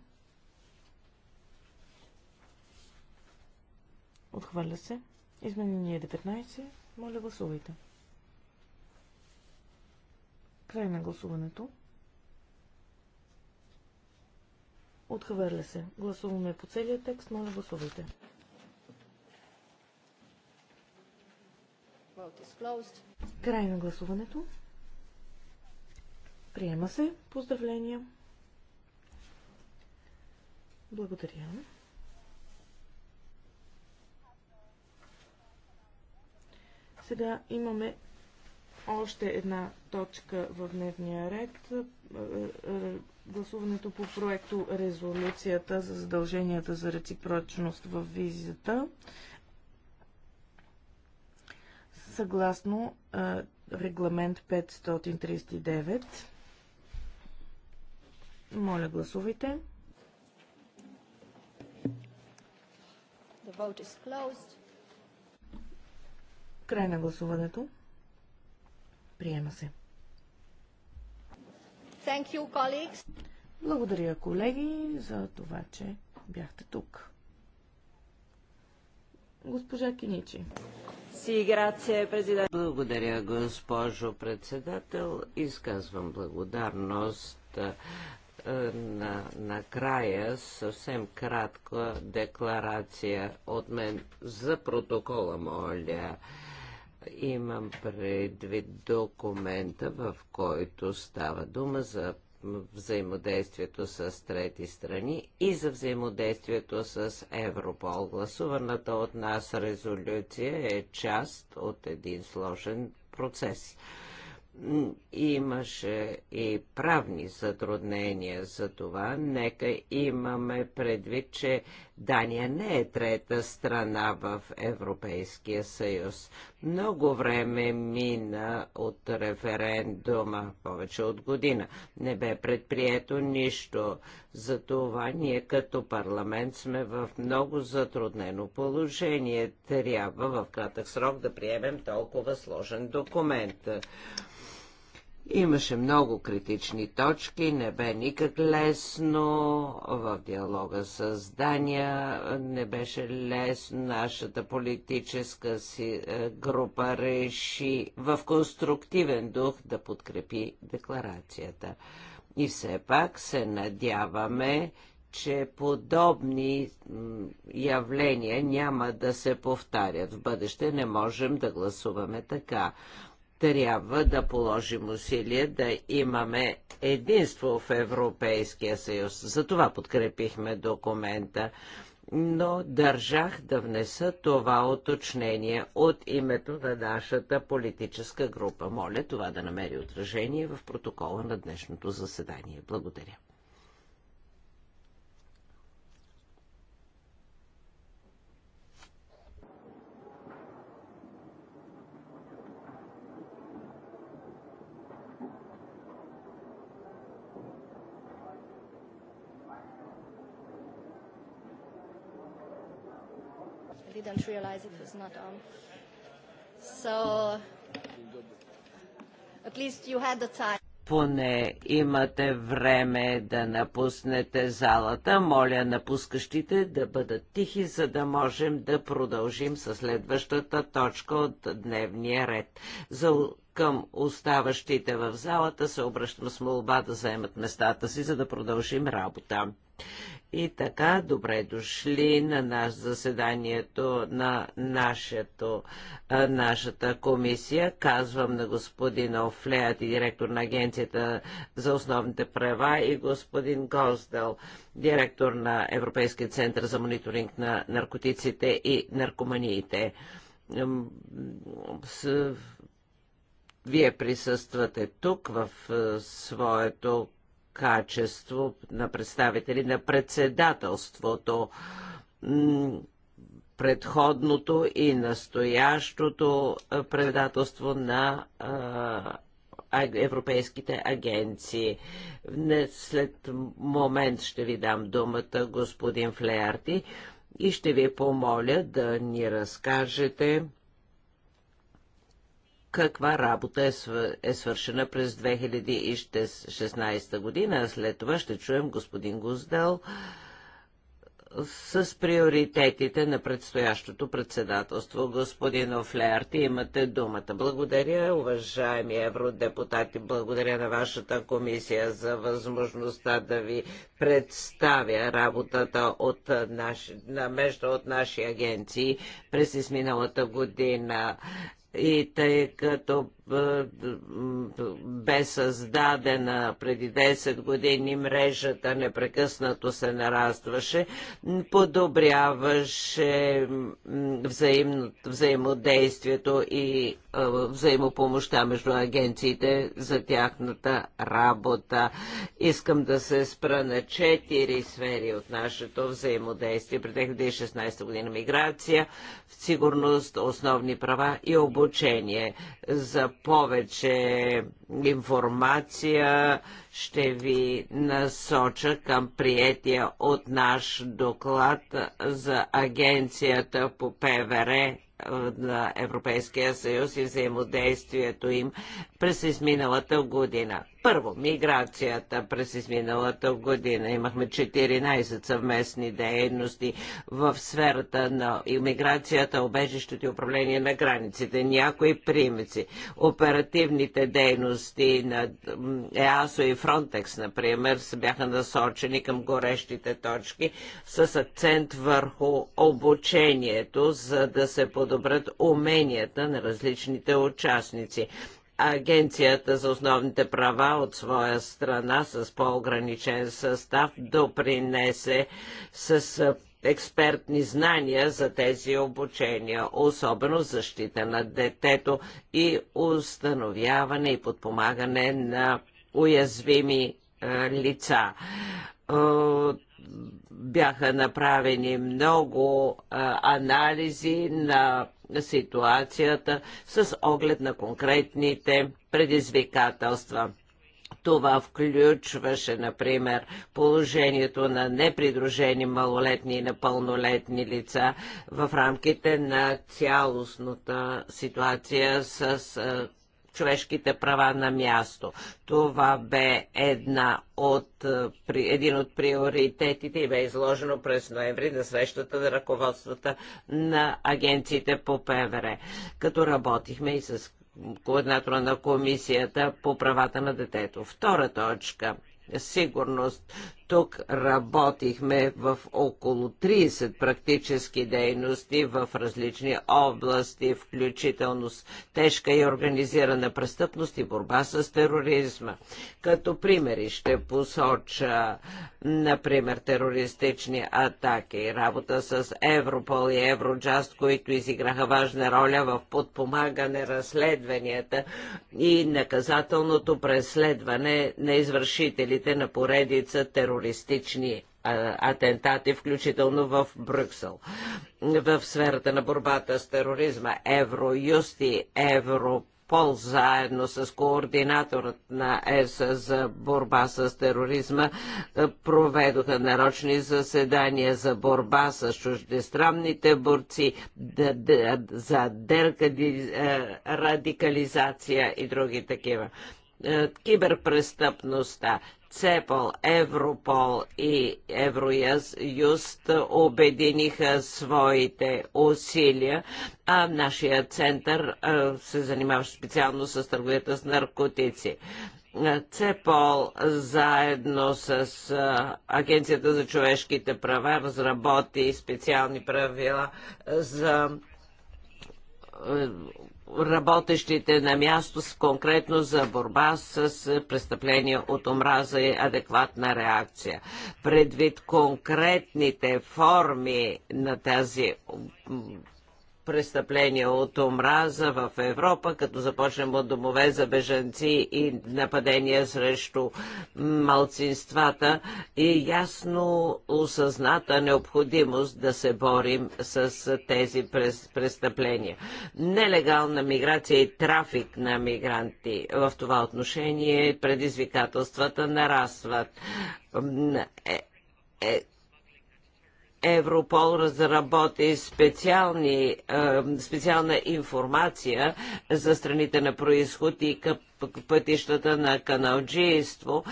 Speaker 3: Отхвърля се. Изменение 19. Моля гласувайте. Край на гласуването. Отхвърля се. Гласуваме по целия текст. Моля гласувайте. Край на гласуването. Приема се. Поздравления. Благодаря. Сега имаме още една точка в дневния ред. Е, е, е, гласуването по проекто резолюцията за задълженията за реципрочност в визията. Съгласно регламент 539. Моля, гласувайте.
Speaker 1: The vote is closed.
Speaker 3: Край на гласуването. Приема се. Thank you, colleagues. Благодаря, колеги, за това, че бяхте тук. Госпожа Киничи.
Speaker 2: Благодаря, госпожо председател. Изказвам благодарност е, на, накрая съвсем кратка декларация от мен за протокола, моля. Имам предвид документа, в който става дума за взаимодействието с трети страни и за взаимодействието с Европол. Гласуваната от нас резолюция е част от един сложен процес – Имаше и правни затруднения за това. Нека имаме предвид, че Дания не е трета страна в Европейския съюз. Много време мина от референдума, повече от година. Не бе предприето нищо. Затова ние като парламент сме в много затруднено положение. Трябва в кратък срок да приемем толкова сложен документ. Имаше много критични точки, не бе никак лесно в диалога с Дания, не беше лесно. Нашата политическа си е, група реши в конструктивен дух да подкрепи декларацията. И все пак се надяваме, че подобни явления няма да се повтарят в бъдеще. Не можем да гласуваме така трябва да положим усилие да имаме единство в Европейския съюз. Затова подкрепихме документа но държах да внеса това оточнение от името на нашата политическа група. Моля това да намери отражение в протокола на днешното заседание. Благодаря.
Speaker 3: didn't realize it was not on. So,
Speaker 1: at least you had the time.
Speaker 2: Поне имате време да напуснете залата. Моля напускащите да бъдат тихи, за да можем да продължим с следващата точка от дневния ред. За към оставащите в залата се обръщам с молба да заемат местата си, за да продължим работа. И така, добре дошли на наш заседанието на нашето, нашата комисия. Казвам на господин Офлеят и директор на Агенцията за основните права и господин Госдел, директор на Европейския център за мониторинг на наркотиците и наркоманиите. Вие присъствате тук в своето качество на представители на председателството. Предходното и настоящото предателство на европейските агенции. след момент ще ви дам думата, господин Флеарти, и ще ви помоля да ни разкажете каква работа е, е свършена през 2016 година. След това ще чуем господин Гуздел с приоритетите на предстоящото председателство. Господин Офлеарти, имате думата. Благодаря, уважаеми евродепутати, благодаря на вашата комисия за възможността да ви представя работата от наш, на между от наши агенции през изминалата година. И тъй като бе създадена преди 10 години, мрежата непрекъснато се нарастваше, подобряваше взаимно, взаимодействието и взаимопомощта между агенциите за тяхната работа. Искам да се спра на четири сфери от нашето взаимодействие преди 2016 година. Миграция, сигурност, основни права и обучение. За повече информация ще ви насоча към приятия от наш доклад за агенцията по ПВР е, на Европейския съюз и взаимодействието им през изминалата година. Първо, миграцията през изминалата година. Имахме 14 съвместни дейности в сферата на миграцията, обежището и управление на границите. Някои примици. Оперативните дейности на ЕАСО и Фронтекс, например, бяха насочени към горещите точки с акцент върху обучението, за да се подобрят уменията на различните участници. Агенцията за основните права от своя страна с по-ограничен състав допринесе с експертни знания за тези обучения, особено защита на детето и установяване и подпомагане на уязвими лица бяха направени много а, анализи на ситуацията с оглед на конкретните предизвикателства. Това включваше, например, положението на непридружени малолетни и напълнолетни лица в рамките на цялостната ситуация с човешките права на място. Това бе една от, е, един от приоритетите и бе изложено през ноември на срещата на ръководствата на агенциите по ПВР, като работихме и с координатора на комисията по правата на детето. Втора точка сигурност. Тук работихме в около 30 практически дейности в различни области, включително с тежка и организирана престъпност и борба с тероризма. Като примери ще посоча, например, терористични атаки, работа с Европол и Евроджаст, които изиграха важна роля в подпомагане разследванията и наказателното преследване на извършителите на поредица терористични терористични атентати, включително в Брюксел. В сферата на борбата с тероризма Евроюст и Европол, заедно с координаторът на ЕС за борба с тероризма проведоха нарочни заседания за борба с чуждестранните борци, за деркади, радикализация и други такива. Е, киберпрестъпността. ЦЕПОЛ, Европол и Евроюст обединиха своите усилия, а нашия център е, се занимава специално с търговията с наркотици. Е, ЦЕПОЛ заедно с Агенцията за човешките права разработи специални правила за работещите на място с конкретно за борба с престъпления от омраза и адекватна реакция. Предвид конкретните форми на тази престъпления от омраза в Европа, като започнем от домове за бежанци и нападения срещу малцинствата и е ясно осъзната необходимост да се борим с тези престъпления. Нелегална миграция и трафик на мигранти в това отношение предизвикателствата нарастват. Е, е, Европол разработи специални, е, специална информация за страните на происход и пътищата на каналджийство,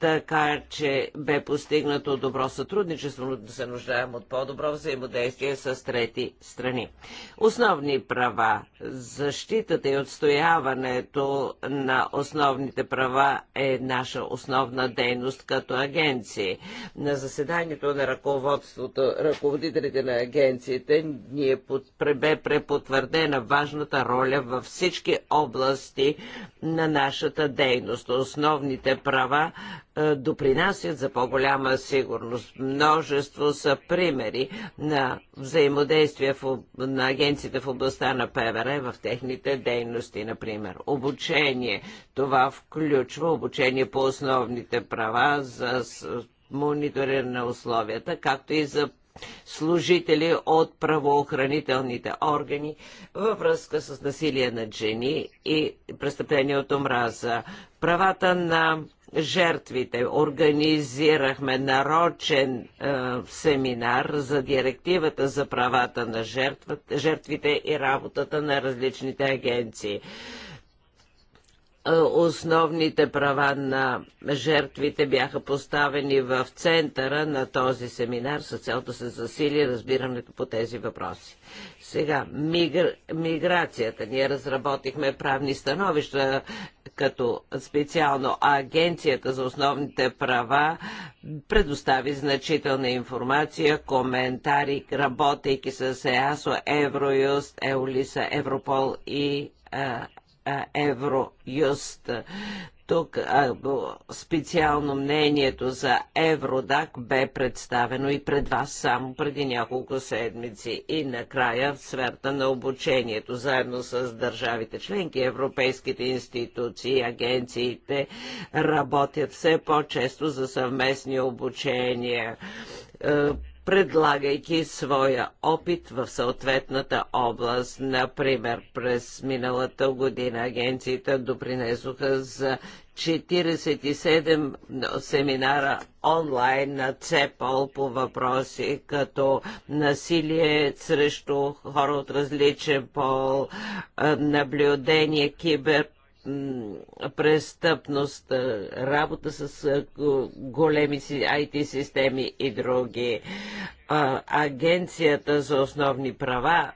Speaker 2: така че бе постигнато добро сътрудничество, но да се нуждаем от по-добро взаимодействие с трети страни. Основни права. Защитата и отстояването на основните права е наша основна дейност като агенции. На заседанието на ръководството, ръководителите на агенциите, ние бе препотвърдена важната роля във всички области на нашата дейност. Основните права е, допринасят за по-голяма сигурност. Множество са примери на взаимодействие в, на агенциите в областта на ПВР в техните дейности, например. Обучение. Това включва обучение по основните права за мониториране на условията, както и за служители от правоохранителните органи във връзка с насилие над жени и престъпление от омраза. Правата на жертвите. Организирахме нарочен е, семинар за директивата за правата на жертвите и работата на различните агенции. Е, основните права на жертвите бяха поставени в центъра на този семинар с цел да се засили разбирането по тези въпроси. Сега, мигр... миграцията. Ние разработихме правни становища, като специално Агенцията за основните права предостави значителна информация, коментари, работейки с ЕАСО, Евроюст, Еолиса, Европол и е, Евроюст. Тук специално мнението за Евродак бе представено и пред вас само преди няколко седмици. И накрая в сферата на обучението, заедно с държавите членки, европейските институции, агенциите работят все по-често за съвместни обучения е, предлагайки своя опит в съответната област. Например, през миналата година агенциите допринесоха за 47 семинара онлайн на ЦЕПОЛ по въпроси като насилие срещу хора от различен пол, наблюдение, кибер престъпност, работа с големи IT системи и други. Агенцията за основни права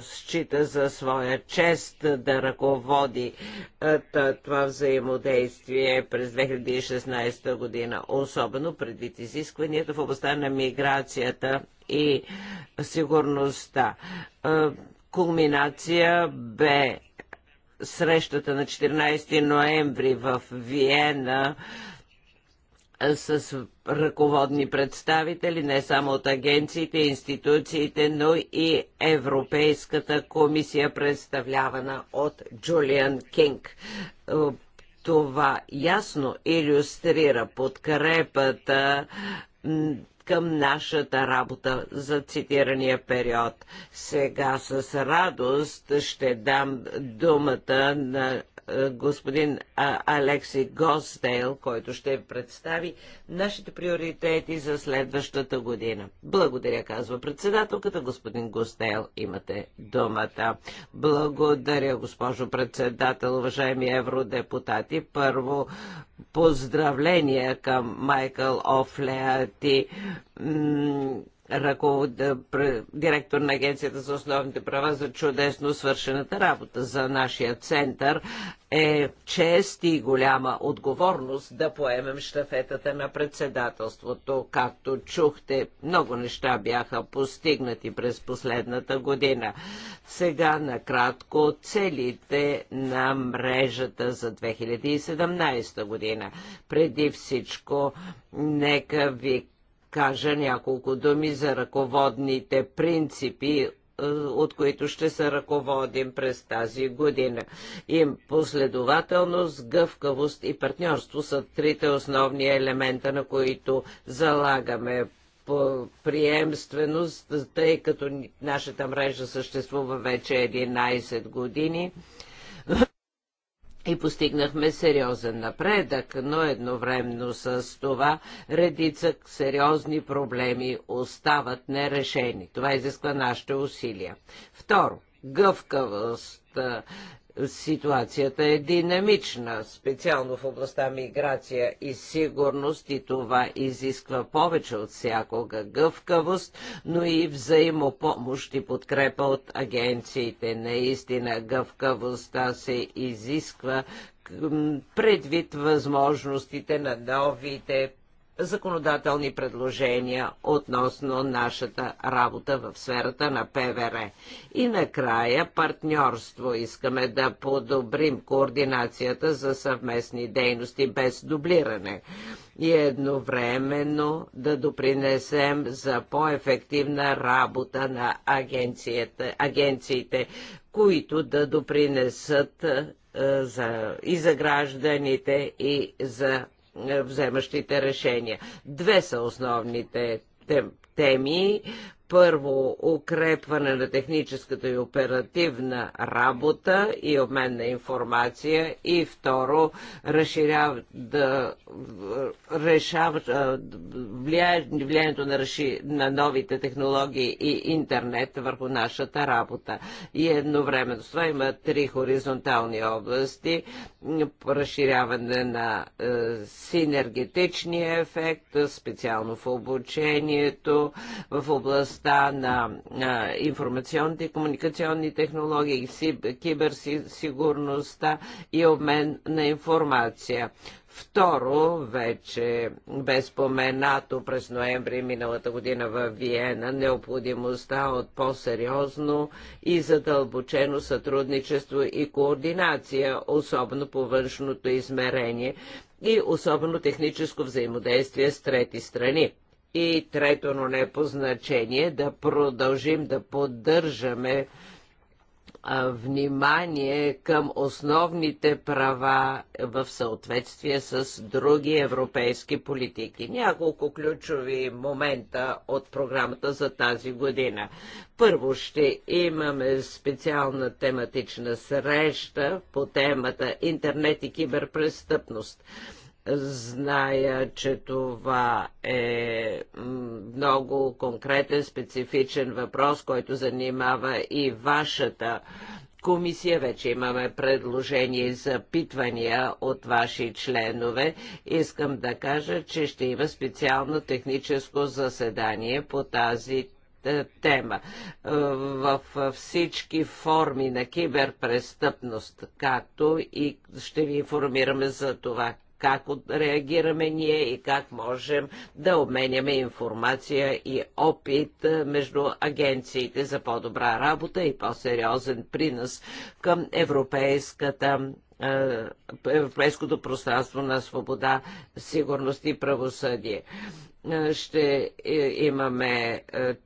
Speaker 2: счита за своя чест да ръководи това взаимодействие през 2016 година, особено предвид изискванията в областта на миграцията и сигурността. Кулминация бе срещата на 14 ноември в Виена с ръководни представители не само от агенциите, институциите, но и Европейската комисия, представлявана от Джулиан Кинг. Това ясно иллюстрира подкрепата към нашата работа за цитирания период. Сега с радост ще дам думата на е, господин Алекси Госдейл, който ще представи нашите приоритети за следващата година. Благодаря, казва председателката. Господин Госдейл, имате думата. Благодаря, госпожо председател, уважаеми евродепутати. Първо, поздравления към Майкъл Офлеати директор на Агенцията за основните права за чудесно свършената работа. За нашия център е чест и голяма отговорност да поемем штафетата на председателството. Както чухте, много неща бяха постигнати през последната година. Сега накратко целите на мрежата за 2017 година. Преди всичко, нека ви кажа няколко думи за ръководните принципи е, от които ще се ръководим през тази година. Им последователност, гъвкавост и партньорство са трите основни елемента, на които залагаме приемственост, тъй като нашата мрежа съществува вече 11 години и постигнахме сериозен напредък, но едновременно с това редица сериозни проблеми остават нерешени. Това изисква нашите усилия. Второ, гъвкавост Ситуацията е динамична, специално в областта миграция и сигурност и това изисква повече от всякога гъвкавост, но и взаимопомощ и подкрепа от агенциите. Наистина гъвкавостта се изисква предвид възможностите на новите законодателни предложения относно нашата работа в сферата на ПВР. И накрая партньорство. Искаме да подобрим координацията за съвместни дейности без дублиране и едновременно да допринесем за по-ефективна работа на агенциите, които да допринесат е, за, и за гражданите, и за вземащите решения. Две са основните теми, първо укрепване на техническата и оперативна работа и обмен на информация и второ разширява да решава влиянието на, реши, на новите технологии и интернет върху нашата работа. И едновременно с това има три хоризонтални области разширяване на е, синергетичния ефект, специално в обучението, в област областта на информационните и комуникационни технологии, киберсигурността и обмен на информация. Второ, вече безпоменато споменато през ноември миналата година в Виена, необходимостта от по-сериозно и задълбочено сътрудничество и координация, особено по външното измерение и особено техническо взаимодействие с трети страни и трето, но не по значение, да продължим да поддържаме внимание към основните права в съответствие с други европейски политики. Няколко ключови момента от програмата за тази година. Първо ще имаме специална тематична среща по темата интернет и киберпрестъпност. Зная, че това е много конкретен, специфичен въпрос, който занимава и вашата комисия. Вече имаме предложение и запитвания от ваши членове. Искам да кажа, че ще има специално техническо заседание по тази е, тема. Е, в всички форми на киберпрестъпност, както и ще ви информираме за това как реагираме ние и как можем да обменяме информация и опит е, между агенциите за по-добра работа и по-сериозен принос към европейската е, европейското пространство на свобода, сигурност и правосъдие. Е, ще имаме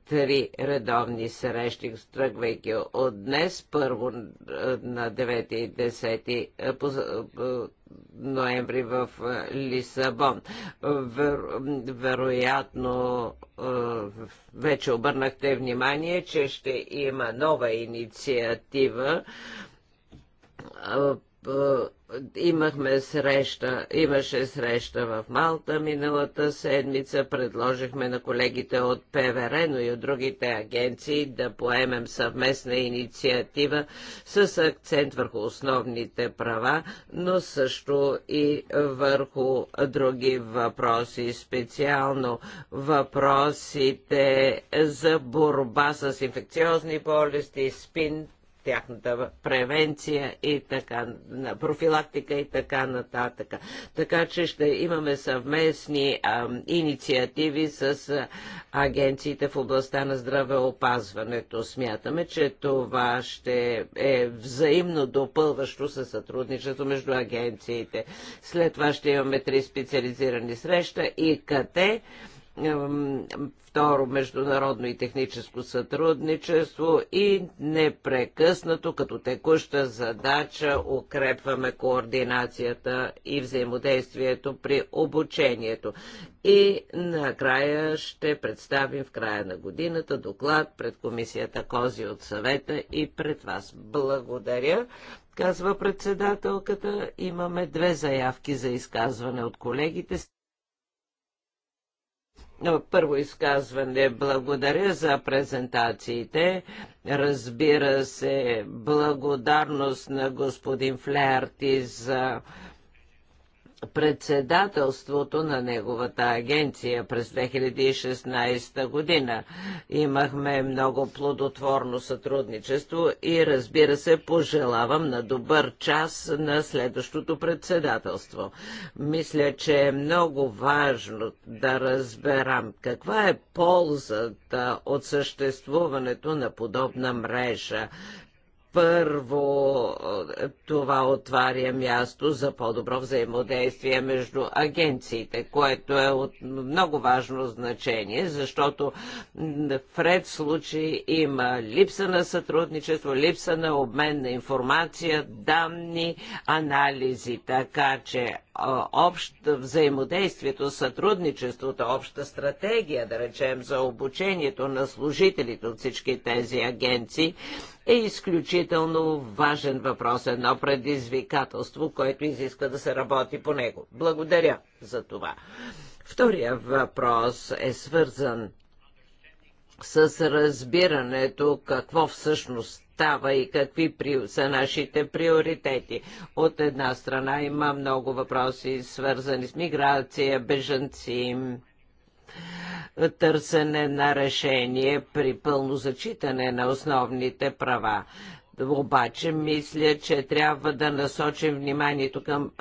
Speaker 2: три редовни срещи, тръгвайки от днес, първо на 9 и 10 ноември в е, Лисабон. Вер, вероятно е, вече обърнахте внимание, че ще има нова инициатива е, е, имахме среща, имаше среща в Малта миналата седмица, предложихме на колегите от ПВР, но и от другите агенции да поемем съвместна инициатива с акцент върху основните права, но също и върху други въпроси, специално въпросите за борба с инфекциозни болести, спин, тяхната превенция и така, на профилактика и така нататък. Така че ще имаме съвместни а, инициативи с а, агенциите в областта на здравеопазването. Смятаме, че това ще е взаимно допълващо със сътрудничество между агенциите. След това ще имаме три специализирани среща и къде второ международно и техническо сътрудничество и непрекъснато като текуща задача укрепваме координацията и взаимодействието при обучението. И накрая ще представим в края на годината доклад пред комисията Кози от съвета и пред вас. Благодаря казва председателката. Имаме две заявки за изказване от колегите. Първо изказване. Благодаря за презентациите. Разбира се, благодарност на господин Флеарти за председателството на неговата агенция през 2016 година. Имахме много плодотворно сътрудничество и разбира се пожелавам на добър час на следващото председателство. Мисля, че е много важно да разберам каква е ползата от съществуването на подобна мрежа. Първо, е, това отваря място за по-добро взаимодействие между агенциите, което е от много важно значение, защото в ред случаи има липса на сътрудничество, липса на обмен на информация, данни, анализи, така че общо взаимодействието, сътрудничеството, обща стратегия, да речем, за обучението на служителите от всички тези агенции, е изключително важен въпрос, едно предизвикателство, което изисква да се работи по него. Благодаря за това. Втория въпрос е свързан с разбирането какво всъщност става и какви при... са нашите приоритети. От една страна има много въпроси, свързани с миграция, бежанци, търсене на решение при пълно зачитане на основните права. Обаче мисля, че трябва да насочим вниманието към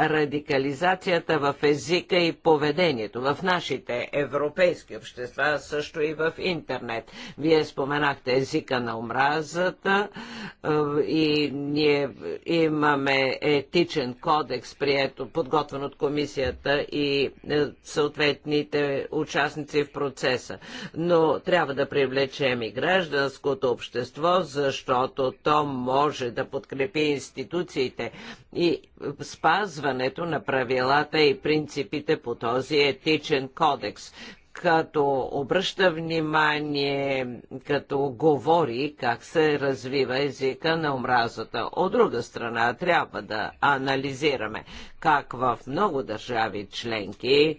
Speaker 2: радикализацията в езика и поведението в нашите европейски общества, също и в интернет. Вие споменахте езика на омразата е, и ние имаме етичен кодекс, прието, подготвен от комисията и е, съответните участници в процеса. Но трябва да привлечем и гражданското общество, защото то може да подкрепи институциите и спазването на правилата и принципите по този етичен кодекс като обръща внимание, като говори как се развива езика на омразата. От друга страна, трябва да анализираме как в много държави членки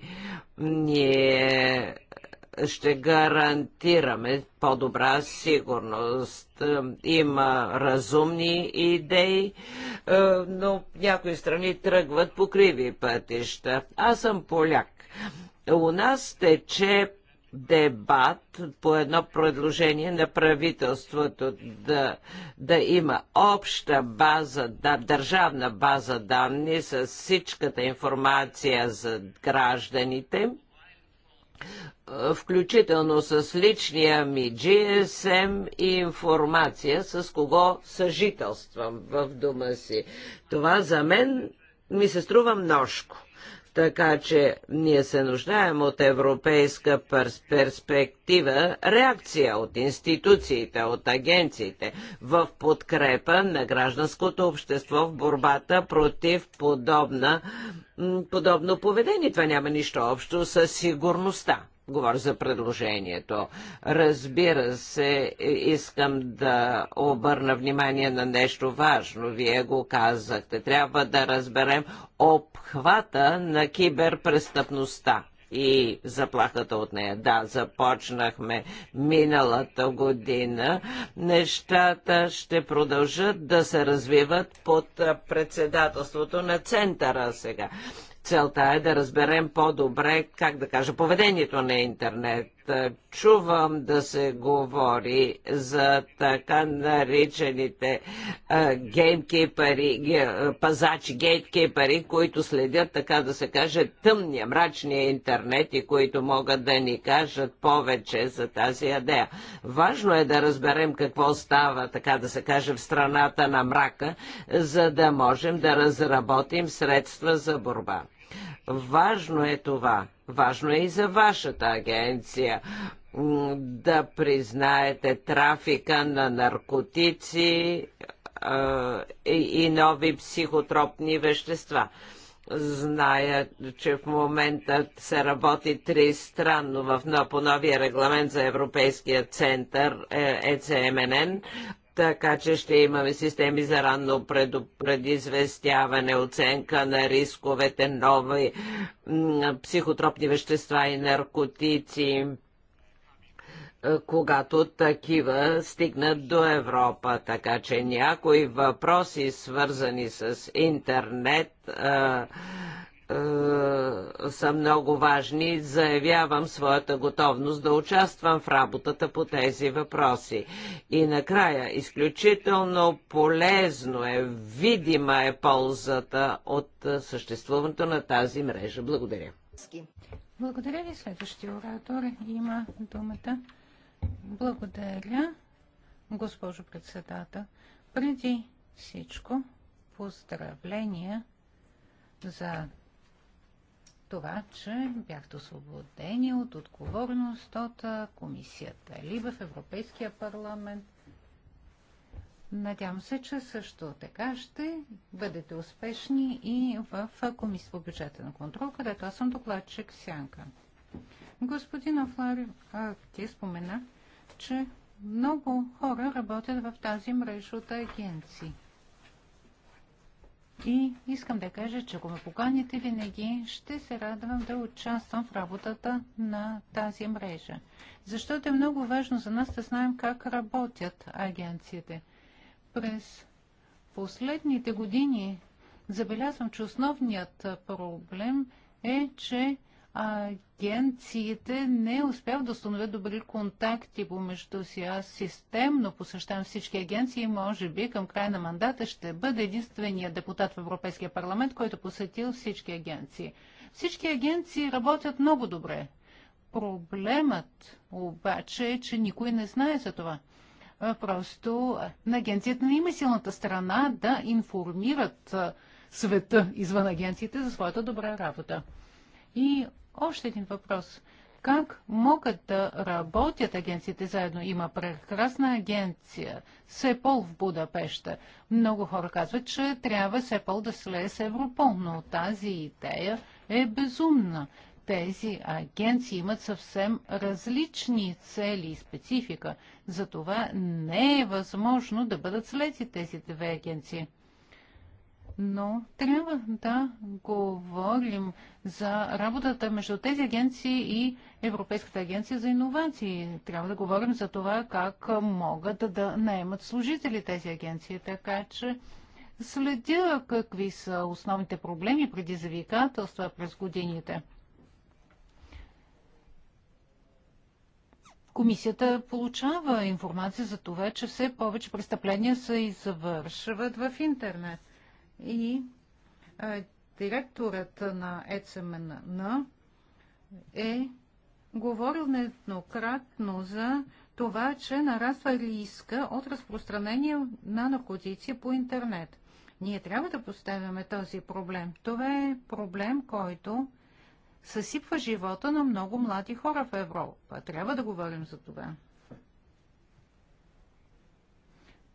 Speaker 2: ние ще гарантираме по-добра сигурност. Има разумни идеи, е, но някои страни тръгват по криви пътища. Аз съм поляк. У нас тече дебат по едно предложение на правителството да, да има обща база, да, държавна база данни с всичката информация за гражданите, включително с личния ми GSM и информация, с кого съжителствам в дома си. Това за мен ми се струва множко. Така че ние се нуждаем от европейска перс перспектива, реакция от институциите, от агенциите в подкрепа на гражданското общество в борбата против подобна, подобно поведение. Това няма нищо общо с сигурността. Говоря за предложението. Разбира се, е, искам да обърна внимание на нещо важно. Вие го казахте. Трябва да разберем обхвата на киберпрестъпността и заплахата от нея. Да, започнахме миналата година. Нещата ще продължат да се развиват под председателството на центъра сега. Целта е да разберем по-добре, как да кажа, поведението на интернет. Чувам да се говори за така наричаните геймкипери, пазачи, гейткипери, които следят, така да се каже, тъмния, мрачния интернет и които могат да ни кажат повече за тази идея. Важно е да разберем какво става, така да се каже, в страната на мрака, за да можем да разработим средства за борба. Важно е това. Важно е и за вашата агенция да признаете трафика на наркотици и нови психотропни вещества. Зная, че в момента се работи тристранно в, по новия регламент за Европейския център ЕЦМНН, е, така че ще имаме системи за ранно предизвестяване, оценка на рисковете, нови психотропни вещества и наркотици, е, когато такива стигнат до Европа. Така че някои въпроси, свързани с интернет, е, е, са много важни. Заявявам своята готовност да участвам в работата по тези въпроси. И накрая, изключително полезно е, видима е ползата от е, съществуването на тази мрежа. Благодаря.
Speaker 1: Благодаря ви. Следващия оратор има думата. Благодаря, госпожо председател. Преди всичко, поздравления за това, че бяхте освободени от отговорност от комисията или в Европейския парламент. Надявам се, че също така ще бъдете успешни и в Комисия по бюджетен контрол, където аз съм докладчик Сянка. Господин Офлари, ти спомена, че много хора работят в тази мрежа от агенции. И искам да кажа, че ако ме поканите винаги, ще се радвам да участвам в работата на тази мрежа. Защото е много важно за нас да знаем как работят агенциите. През последните години забелязвам, че основният проблем е, че агенциите не е успяват да установят добри контакти помежду си. Аз системно посещавам всички агенции и може би към края на мандата ще бъда единствения депутат в Европейския парламент, който е посетил всички агенции. Всички агенции работят много добре. Проблемът обаче е, че никой не знае за това. Просто на агенцията не има силната страна да информират света извън агенциите за своята добра работа. И още един въпрос. Как могат да работят агенциите заедно? Има прекрасна агенция СЕПОЛ в Будапеща. Много хора казват, че трябва СЕПОЛ да слее с Европол, но тази идея е безумна. Тези агенции имат съвсем различни цели и специфика. Затова не е възможно да бъдат слети тези две агенции но трябва да говорим за работата между тези агенции и Европейската агенция за иновации. Трябва да говорим за това как могат да наемат служители тези агенции. Така че следя какви са основните проблеми, предизвикателства през годините. Комисията получава информация за това, че все повече престъпления се извършват в интернет и е, директорът на ЕЦМН е говорил нееднократно за това, че нараства риска от разпространение на наркотици по интернет. Ние трябва да поставяме този проблем. Това е проблем, който съсипва живота на много млади хора в Европа. Трябва да говорим за това.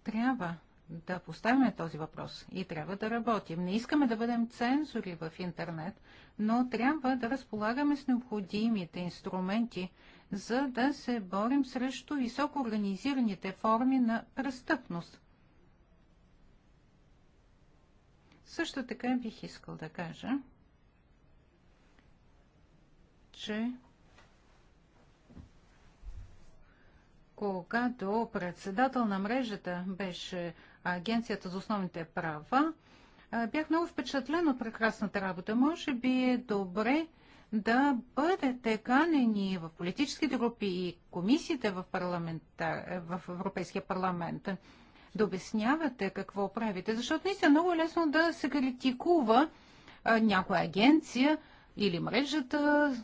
Speaker 1: Трябва да поставяме този въпрос и трябва да работим. Не искаме да бъдем цензори в интернет, но трябва да разполагаме с необходимите инструменти, за да се борим срещу високо организираните форми на престъпност. Също така бих искал да кажа, че когато председател на мрежата беше Агенцията за основните права, бях много впечатлен от прекрасната работа. Може би е добре да бъдете канени в политическите групи и комисиите в, парламента, е, в Европейския парламент да обяснявате какво правите, защото наистина много е лесно да се критикува някоя агенция, или мрежата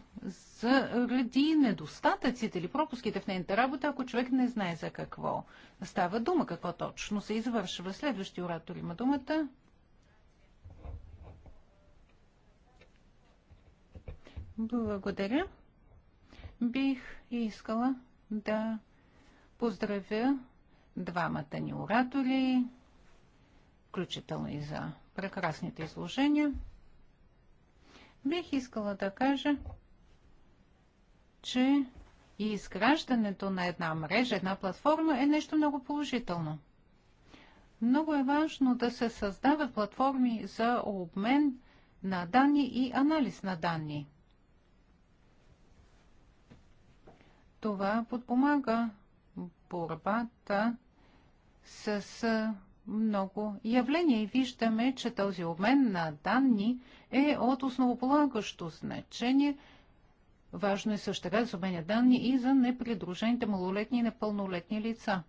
Speaker 1: заради недостатъците или пропуските в нейната работа, ако човек не знае за какво става дума, какво точно се извършва. Следващия оратор има думата. Благодаря. Бих искала да поздравя двамата ни оратори, включително и за прекрасните изложения. Бих искала да кажа, че изграждането на една мрежа, една платформа е нещо много положително. Много е важно да се създават платформи за обмен на данни и анализ на данни. Това подпомага борбата с много явления и виждаме, че този обмен на данни е от основополагащо значение. Важно е също така да се данни и за непридружените малолетни и непълнолетни лица.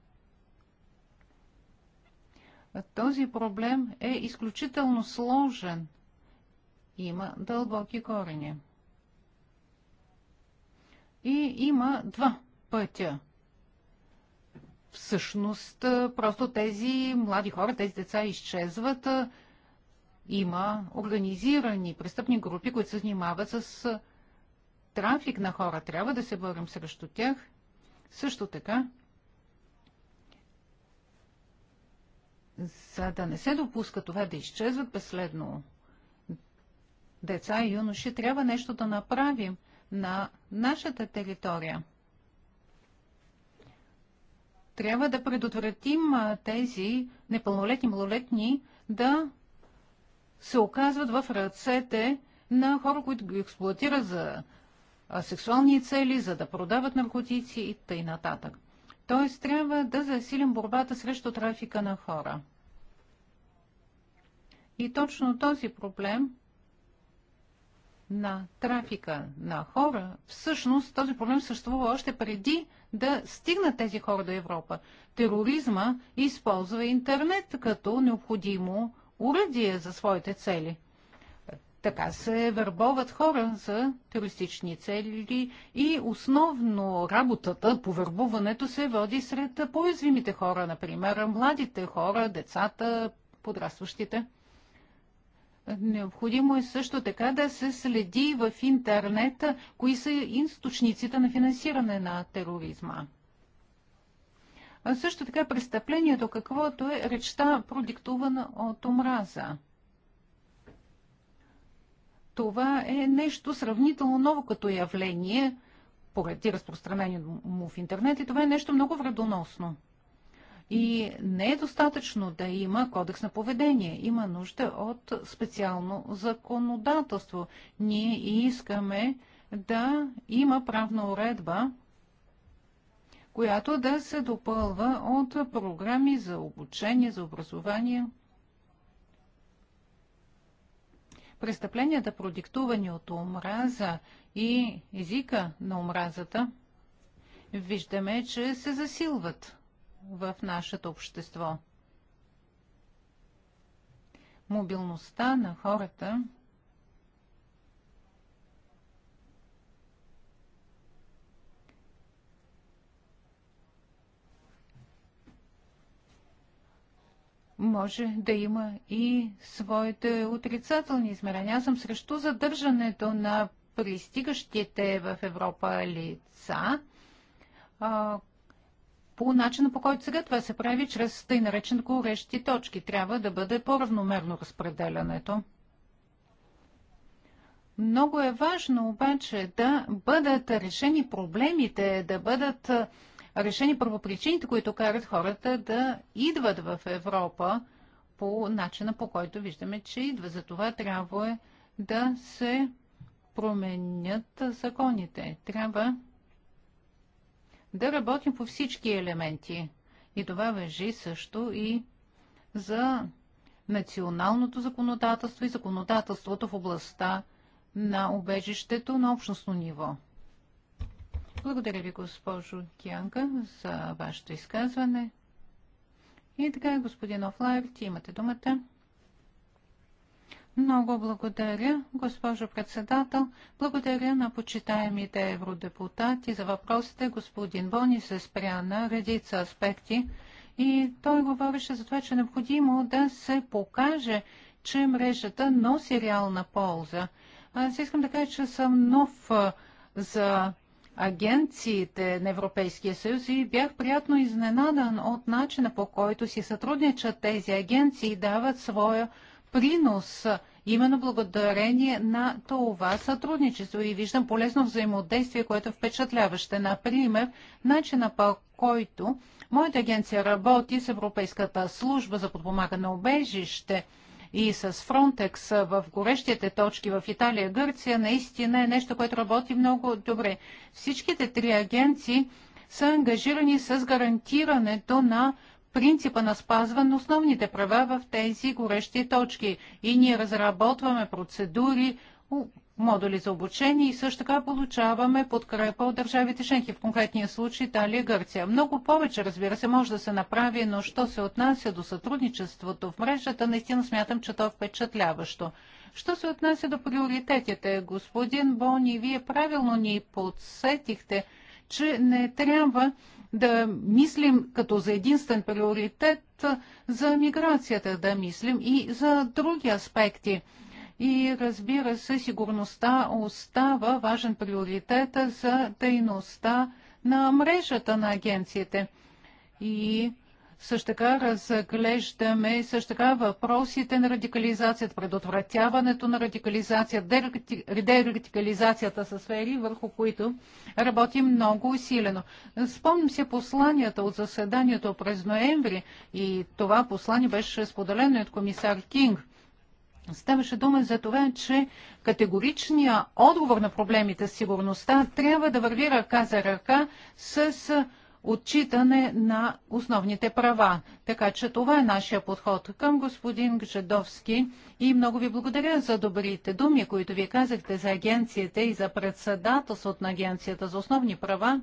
Speaker 1: Този проблем е изключително сложен. Има дълбоки корени. И има два пътя всъщност просто тези млади хора, тези деца изчезват. Има организирани престъпни групи, които се занимават с трафик на хора. Трябва да се борим срещу тях. Също така, за да не се допуска това да изчезват безследно деца и юноши, трябва нещо да направим на нашата територия – трябва да предотвратим тези непълнолетни, малолетни да се оказват в ръцете на хора, които ги експлуатират за сексуални цели, за да продават наркотици и т.н. нататък. Тоест трябва да засилим борбата срещу трафика на хора. И точно този проблем на трафика на хора, всъщност този проблем съществува още преди да стигнат тези хора до Европа. Тероризма използва интернет като необходимо уръдие за своите цели. Така се вербоват хора за терористични цели и основно работата по вербуването се води сред по-уязвимите хора, например младите хора, децата, подрастващите. Необходимо е също така да се следи в интернет кои са източниците на финансиране на тероризма. също така престъплението, каквото е речта продиктувана от омраза. Това е нещо сравнително ново като явление, поради разпространението му в интернет и това е нещо много вредоносно. И не е достатъчно да има кодекс на поведение. Има нужда от специално законодателство. Ние искаме да има правна уредба, която да се допълва от програми за обучение, за образование. Престъпленията, продиктувани от омраза и езика на омразата, виждаме, че се засилват в нашето общество. Мобилността на хората може да има и своите отрицателни измерения. Аз съм срещу задържането на пристигащите в Европа лица, по начина по който сега това се прави, чрез тъй наречен горещи точки. Трябва да бъде по-равномерно разпределянето. Много е важно обаче да бъдат решени проблемите, да бъдат решени първопричините, които карат хората да идват в Европа по начина по който виждаме, че идва. Затова трябва е да се променят законите. Трябва да работим по всички елементи. И това въжи също и за националното законодателство и законодателството в областта на обежището на общностно ниво. Благодаря ви, госпожо Кианка, за вашето изказване. И така, господин Офлайер, ти имате думата. Много благодаря, госпожо председател. Благодаря на почитаемите евродепутати за въпросите. Господин Бони се спря на редица аспекти и той говореше за това, че е необходимо да се покаже, че мрежата носи реална полза. Аз искам да кажа, че съм нов за агенциите на Европейския съюз и бях приятно изненадан от начина по който си сътрудничат тези агенции и дават своя принос именно благодарение на това сътрудничество и виждам полезно взаимодействие, което е впечатляваще. Например, начина по който моята агенция работи с Европейската служба за подпомагане на обежище и с Фронтекс в горещите точки в Италия и Гърция, наистина е нещо, което работи много добре. Всичките три агенции са ангажирани с гарантирането на принципа на спазване на основните права в тези горещи точки. И ние разработваме процедури, модули за обучение и също така получаваме подкрепа от държавите членки, в конкретния случай Италия и Гърция. Много повече, разбира се, може да се направи, но що се отнася до сътрудничеството в мрежата, наистина смятам, че то е впечатляващо. Що се отнася до приоритетите, господин Бони, вие правилно ни подсетихте, че не трябва да мислим като за единствен приоритет за миграцията, да мислим и за други аспекти. И разбира се, сигурността остава важен приоритет за дейността на мрежата на агенциите. И също така разглеждаме също така въпросите на радикализацията, предотвратяването на радикализацията, дерадикализацията са сфери, върху които работим много усилено. Спомним се посланията от заседанието през ноември и това послание беше споделено от комисар Кинг. Ставаше дума за това, че категоричният отговор на проблемите с сигурността трябва да върви ръка за ръка с отчитане на основните права. Така че това е нашия подход към господин Гжедовски и много ви благодаря за добрите думи, които ви казахте за агенцията и за председателството на агенцията за основни права.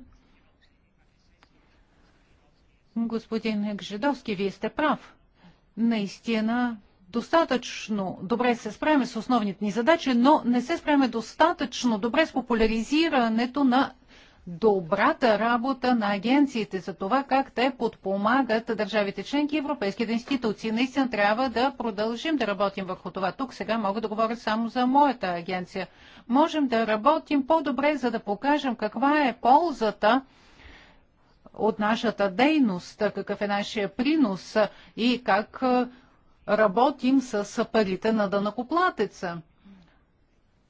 Speaker 1: Господин Гжедовски, вие сте прав. Наистина, достатъчно добре се справяме с основните ни задачи, но не се справяме достатъчно добре с популяризирането на добрата работа на агенциите, за това как те подпомагат държавите членки и европейските институции. Наистина трябва да продължим да работим върху това. Тук сега мога да говоря само за моята агенция. Можем да работим по-добре, за да покажем каква е ползата от нашата дейност, какъв е нашия принос и как работим с парите на дънакоплатеца.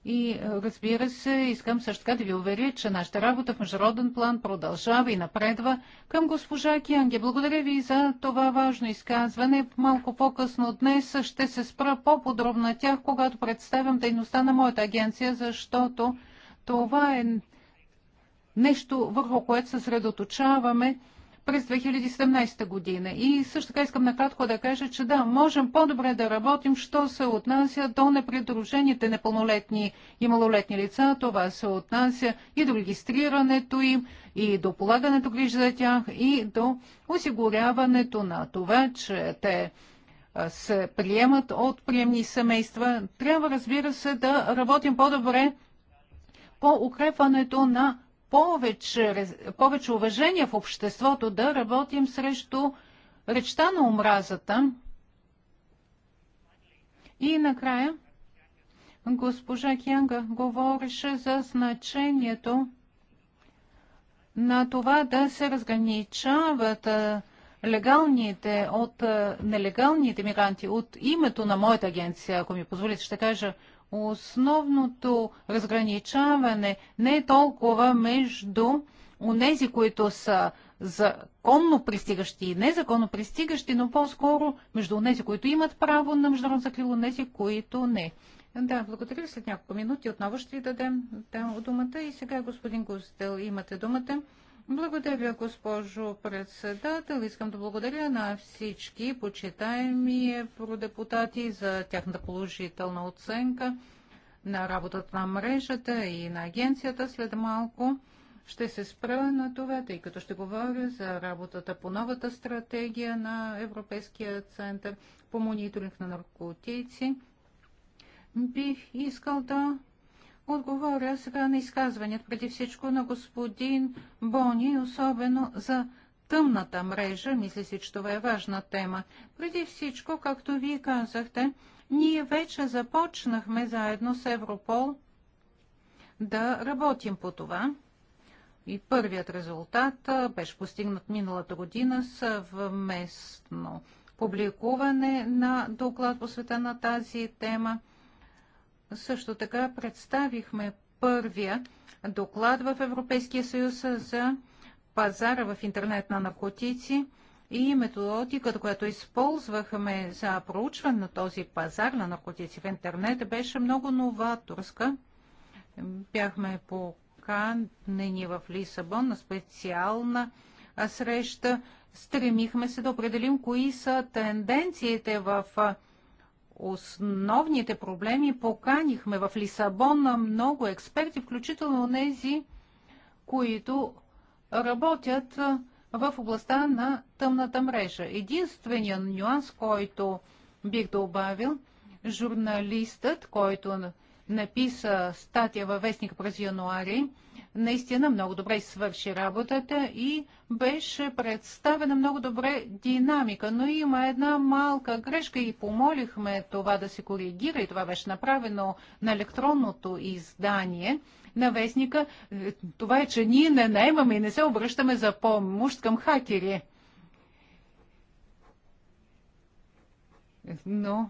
Speaker 1: И е, разбира се, искам също така да ви уверя, че нашата работа в международен план продължава и напредва. Към госпожа Кянге, благодаря ви за това важно изказване. Малко по-късно днес ще се спра по-подробно на тях, когато представям дейността на моята агенция, защото това е нещо, върху което съсредоточаваме през 2017 година. И също така искам накратко да кажа, че да, можем по-добре да работим, що се отнася до непредружените непълнолетни и малолетни лица. Това се отнася и до регистрирането им, и до полагането грижа за тях, и до осигуряването на това, че те се приемат от приемни семейства. Трябва, разбира се, да работим по-добре по укрепването на повече, повече уважение в обществото, да работим срещу речта на омразата. И накрая госпожа Кянга говореше за значението на това да се разграничават легалните от нелегалните мигранти. От името на моята агенция, ако ми позволите, ще кажа основното разграничаване не е толкова между онези, които са законно пристигащи и незаконно пристигащи, но по-скоро между онези, които имат право на международно закрило, онези, които не. Да, благодаря. След няколко минути отново ще ви дадем да, думата. И сега, господин Гостел, имате думата. Благодаря, госпожо председател. Искам да благодаря на всички почитаеми евродепутати за тяхната положителна оценка на работата на мрежата и на агенцията след малко. Ще се спра на това, тъй като ще говоря за работата по новата стратегия на Европейския център по мониторинг на наркотици. Бих искал да отговоря сега на изказванията, преди всичко на господин Бони, особено за тъмната мрежа. Мисля си, че това е важна тема. Преди всичко, както вие казахте, ние вече започнахме заедно с Европол да работим по това. И първият резултат беше постигнат миналата година съвместно публикуване на доклад посвета на тази тема – също така представихме първия доклад в Европейския съюз за пазара в интернет на наркотици и методиката, която използвахме за проучване на този пазар на наркотици в интернет, беше много новаторска. Бяхме поканени в Лисабон на специална среща. Стремихме се да определим кои са тенденциите в основните проблеми поканихме в Лисабон на много експерти, включително тези, които работят в областта на тъмната мрежа. Единственият нюанс, който бих добавил, журналистът, който написа статия във вестник през януари, наистина много добре свърши работата и беше представена много добре динамика, но има една малка грешка и помолихме това да се коригира и това беше направено на електронното издание на вестника. Това е, че ние не наемаме и не се обръщаме за помощ към хакери. Но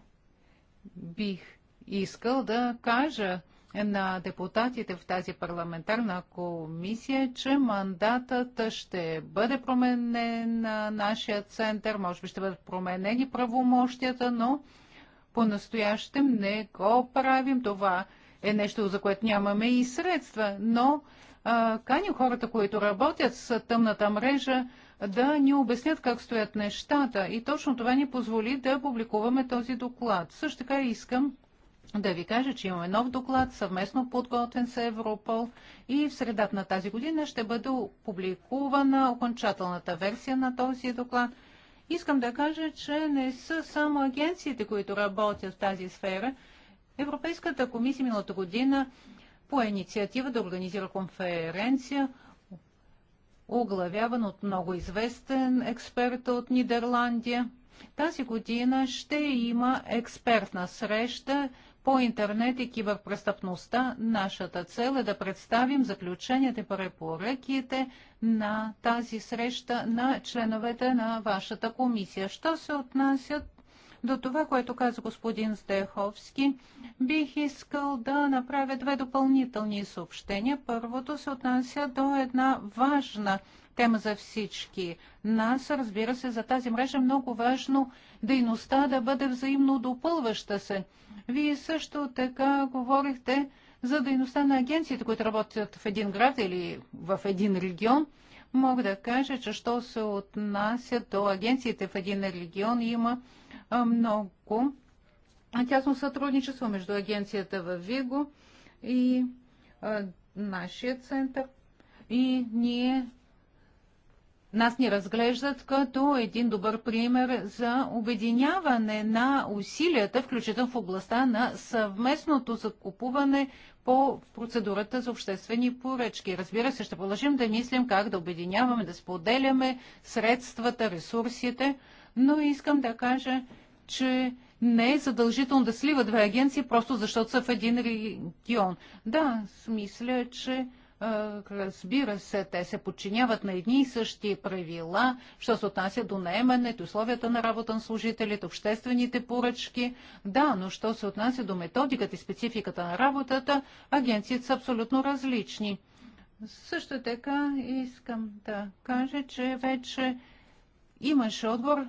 Speaker 1: бих искал да кажа, на депутатите в тази парламентарна комисия, че мандатът ще бъде променен на нашия център, може би ще бъдат променени правомощията, но по-настоящем не го правим. Това е нещо, за което нямаме и средства, но а, каним хората, които работят с тъмната мрежа, да ни обяснят как стоят нещата. И точно това ни позволи да публикуваме този доклад. Също така искам да ви кажа, че имаме нов доклад, съвместно подготвен с Европол и в средата на тази година ще бъде публикувана окончателната версия на този доклад. Искам да кажа, че не са само агенциите, които работят в тази сфера. Европейската комисия миналата година по инициатива да организира конференция, оглавяван от много известен експерт от Нидерландия. Тази година ще има експертна среща, по интернет и киберпрестъпността, нашата цел е да представим заключенията и препоръките на тази среща на членовете на вашата комисия. Що се отнасят до това, което каза господин Стеховски, бих искал да направя две допълнителни съобщения. Първото се отнася до една важна тема за всички нас. Разбира се, за тази мрежа е много важно дейността да бъде взаимно допълваща се. Вие също така говорихте за дейността на агенциите, които работят в един град или в един регион. Мога да кажа, че що се отнася до агенциите в един регион, има много тясно сътрудничество между агенцията в Виго и нашия център. И ние нас ни разглеждат като един добър пример за обединяване на усилията, включително в областта на съвместното закупуване по процедурата за обществени поръчки. Разбира се, ще продължим да мислим как да обединяваме, да споделяме средствата, ресурсите, но искам да кажа, че не е задължително да слива две агенции, просто защото са в един регион. Да, мисля, че е, разбира се, те се подчиняват на едни и същи правила, що се отнася до наемането, условията на работа на служителите, обществените поръчки. Да, но що се отнася до методиката и спецификата на работата, агенциите са абсолютно различни. Също така искам да кажа, че вече имаше отбор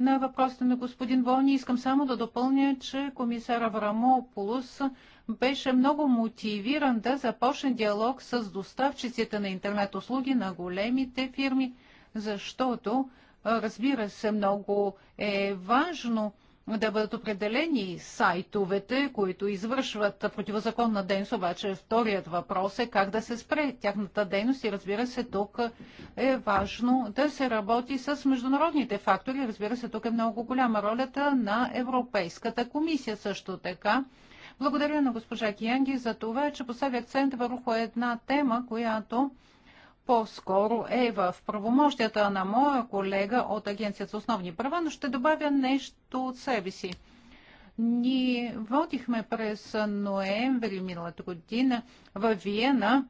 Speaker 1: на въпросите на господин Волни. Искам само да допълня, че комисар Аврамополус Полус беше много мотивиран да започне диалог с доставчиците на интернет услуги на големите фирми, защото, разбира се, много е важно да бъдат определени сайтовете, които извършват противозаконна дейност, обаче вторият въпрос е как да се спре тяхната дейност и разбира се, тук е важно да се работи с международните фактори. Разбира се, тук е много голяма ролята на Европейската комисия също така благодаря на госпожа Киянги за това, че постави акцент върху една тема, която по-скоро е в правомощията на моя колега от Агенцията за основни права, но ще добавя нещо от себе си. Ние водихме през ноември миналата година в Виена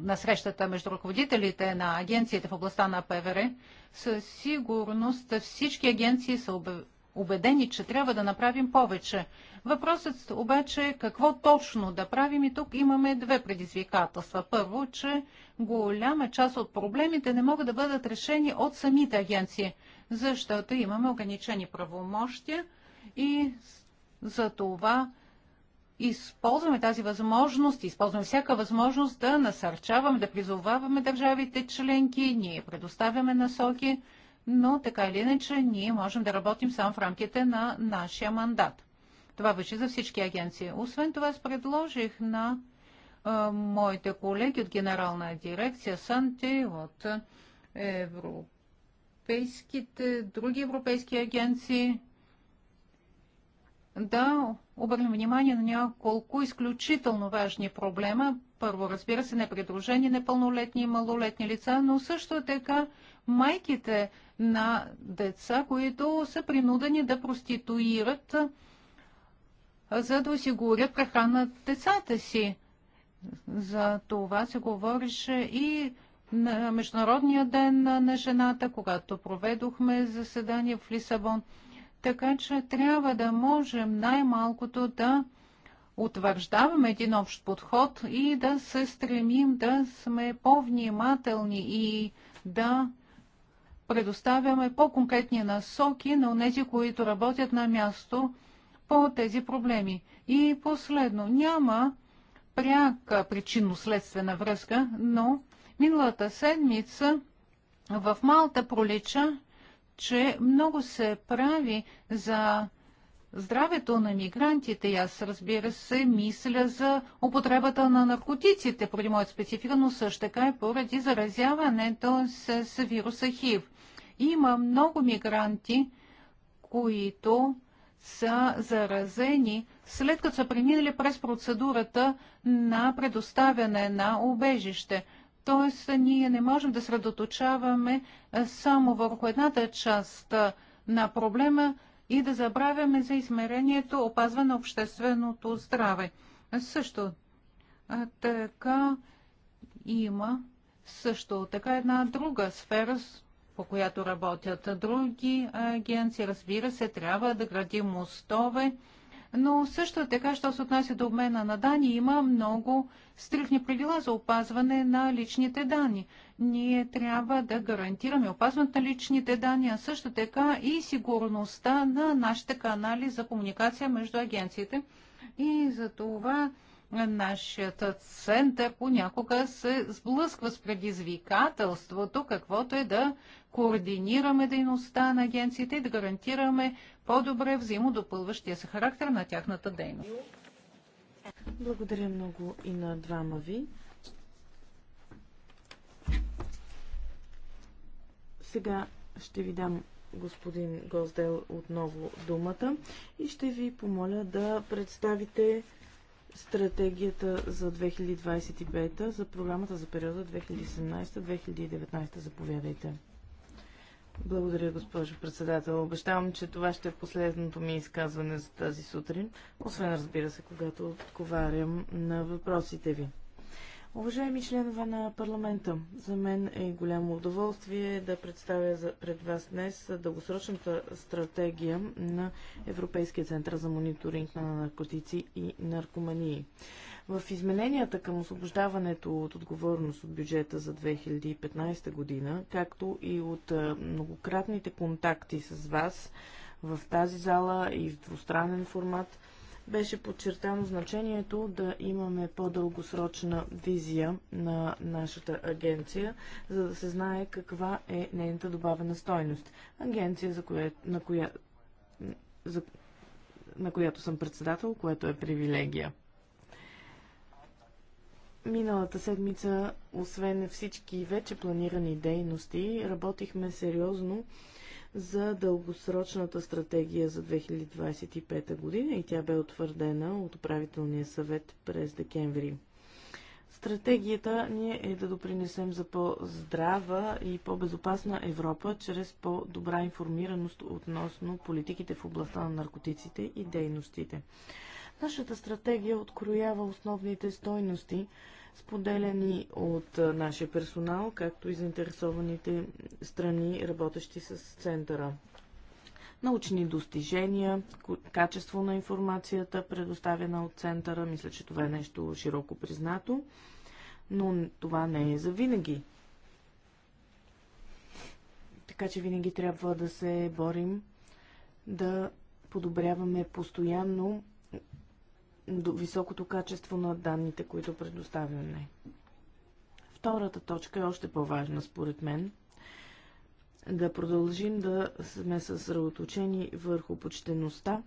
Speaker 1: на срещата между ръководителите на агенциите в областта на ПВР, със сигурност всички агенции са убедени, че трябва да направим повече. Въпросът обаче е какво точно да правим и тук имаме две предизвикателства. Първо, че голяма част от проблемите не могат да бъдат решени от самите агенции, защото имаме ограничени правомощия и за това използваме тази възможност, използваме всяка възможност да насърчаваме, да призоваваме държавите членки, ние предоставяме насоки, но така или иначе ние можем да работим само в рамките на нашия мандат. Това беше за всички агенции. Освен това, аз предложих на а, моите колеги от Генерална дирекция Санте, от европейските, други европейски агенции, да обърнем внимание на няколко изключително важни проблема. Първо, разбира се, непридружени непълнолетни и малолетни лица, но също така майките на деца, които са принудени да проституират, за да осигурят прехрана на децата си. За това се говореше и на Международния ден на жената, когато проведохме заседание в Лисабон. Така че трябва да можем най-малкото да утвърждаваме един общ подход и да се стремим да сме по-внимателни и да предоставяме по-конкретни насоки на тези, които работят на място по тези проблеми. И последно, няма пряка причинно-следствена връзка, но миналата седмица в Малта пролича, че много се прави за здравето на мигрантите. И аз, разбира се, мисля за употребата на наркотиците, поради моят специфика, но също така и поради заразяването с вируса ХИВ. Има много мигранти, които са заразени, след като са преминали през процедурата на предоставяне на убежище. Тоест, ние не можем да средоточаваме само върху едната част на проблема и да забравяме за измерението опазване на общественото здраве. Също така има също така една друга сфера, по която работят други агенции. Разбира се, трябва да градим мостове, но също така, що се отнася до обмена на данни, има много стрихни правила за опазване на личните данни. Ние трябва да гарантираме опазването на личните данни, а също така и сигурността на нашите канали за комуникация между агенциите. И за това Нашият център понякога се сблъсква с предизвикателството, каквото е да координираме дейността на агенциите и да гарантираме по-добре взаимодопълващия се характер на тяхната дейност.
Speaker 3: Благодаря много и на двама ви. Сега ще ви дам господин Гоздел отново думата и ще ви помоля да представите стратегията за 2025 за програмата за периода 2017-2019. Заповядайте. Благодаря, госпожо председател. Обещавам, че това ще е последното ми изказване за тази сутрин, освен разбира се, когато отговарям на въпросите ви. Уважаеми членове на парламента, за мен е голямо удоволствие да представя пред вас днес дългосрочната стратегия на Европейския център за мониторинг на наркотици и наркомании. В измененията към освобождаването от отговорност от бюджета за 2015 година, както и от многократните контакти с вас в тази зала и в двустранен формат, беше подчертано значението да имаме по-дългосрочна визия на нашата агенция, за да се знае каква е нейната добавена стойност. Агенция, за кое, на, коя, за, на която съм председател, което е привилегия. Миналата седмица, освен всички вече планирани дейности, работихме сериозно за дългосрочната стратегия за 2025 година и тя бе утвърдена от управителния съвет през декември. Стратегията ни е да допринесем за по-здрава и по-безопасна Европа чрез по-добра информираност относно политиките в областта на наркотиците и дейностите. Нашата стратегия откроява основните стойности, споделяни от нашия персонал, както и заинтересованите страни, работещи с центъра. Научни достижения, качество на информацията, предоставена от центъра, мисля, че това е нещо широко признато, но това не е за винаги. Така че винаги трябва да се борим да подобряваме постоянно до високото качество на данните, които предоставяме. Втората точка е още по-важна според мен. Да продължим да сме съсредоточени върху почтеността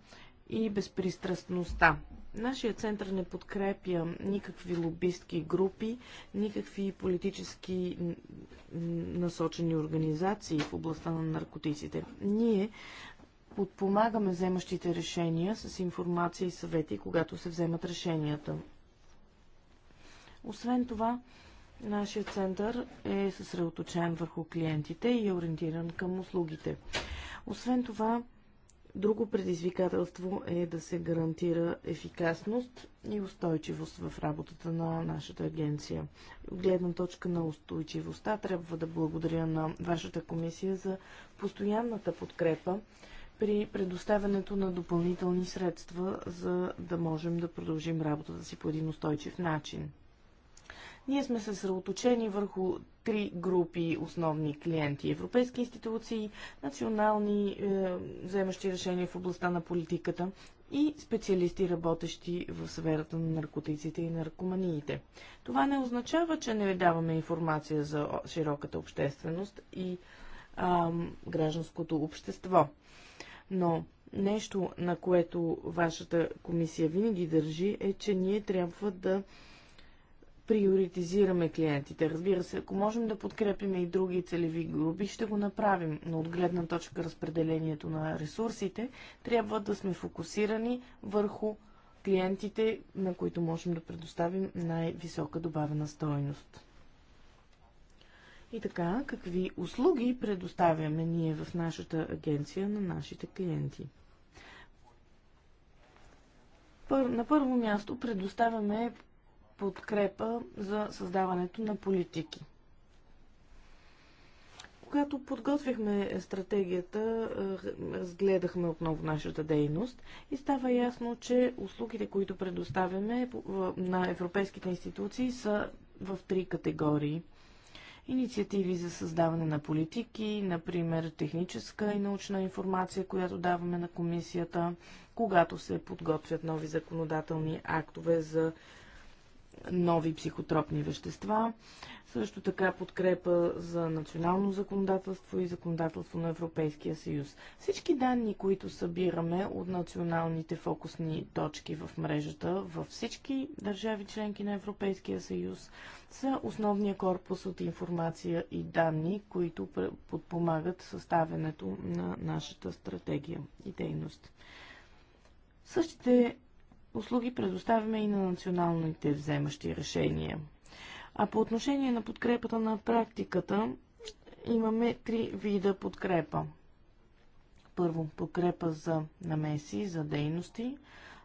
Speaker 3: и безпристрастността. Нашия център не подкрепя никакви лобистки групи, никакви политически насочени организации в областта на наркотиците. Ние подпомагаме вземащите решения с информация и съвети, когато се вземат решенията. Освен това, нашия център е съсредоточен върху клиентите и е ориентиран към услугите. Освен това, друго предизвикателство е да се гарантира ефикасност и устойчивост в работата на нашата агенция. От гледна точка на устойчивостта трябва да благодаря на вашата комисия за постоянната подкрепа при предоставянето на допълнителни средства, за да можем да продължим работата си по един устойчив начин. Ние сме се съсредоточени върху три групи основни клиенти европейски институции, национални е, вземащи решения в областта на политиката и специалисти, работещи в сферата на наркотиците и наркоманиите. Това не означава, че не даваме информация за широката общественост и а, гражданското общество. Но нещо, на което вашата комисия винаги държи, е, че ние трябва да приоритизираме клиентите. Разбира се, ако можем да подкрепим и други целеви групи, ще го направим, но от гледна точка разпределението на ресурсите, трябва да сме фокусирани върху клиентите, на които можем да предоставим най-висока добавена стоеност. И така, какви услуги предоставяме ние в нашата агенция на нашите клиенти? На първо място предоставяме подкрепа за създаването на политики. Когато подготвихме стратегията, разгледахме отново нашата дейност и става ясно, че услугите, които предоставяме на европейските институции са в три категории – инициативи за създаване на политики, например техническа и научна информация, която даваме на комисията, когато се подготвят нови законодателни актове за нови психотропни вещества. Също така подкрепа за национално законодателство и законодателство на Европейския съюз. Всички данни, които събираме от националните фокусни точки в мрежата във всички държави членки на Европейския съюз, са основния корпус от информация и данни, които подпомагат съставянето на нашата стратегия и дейност. Същите услуги предоставяме и на националните вземащи решения. А по отношение на подкрепата на практиката, имаме три вида подкрепа. Първо, подкрепа за намеси, за дейности,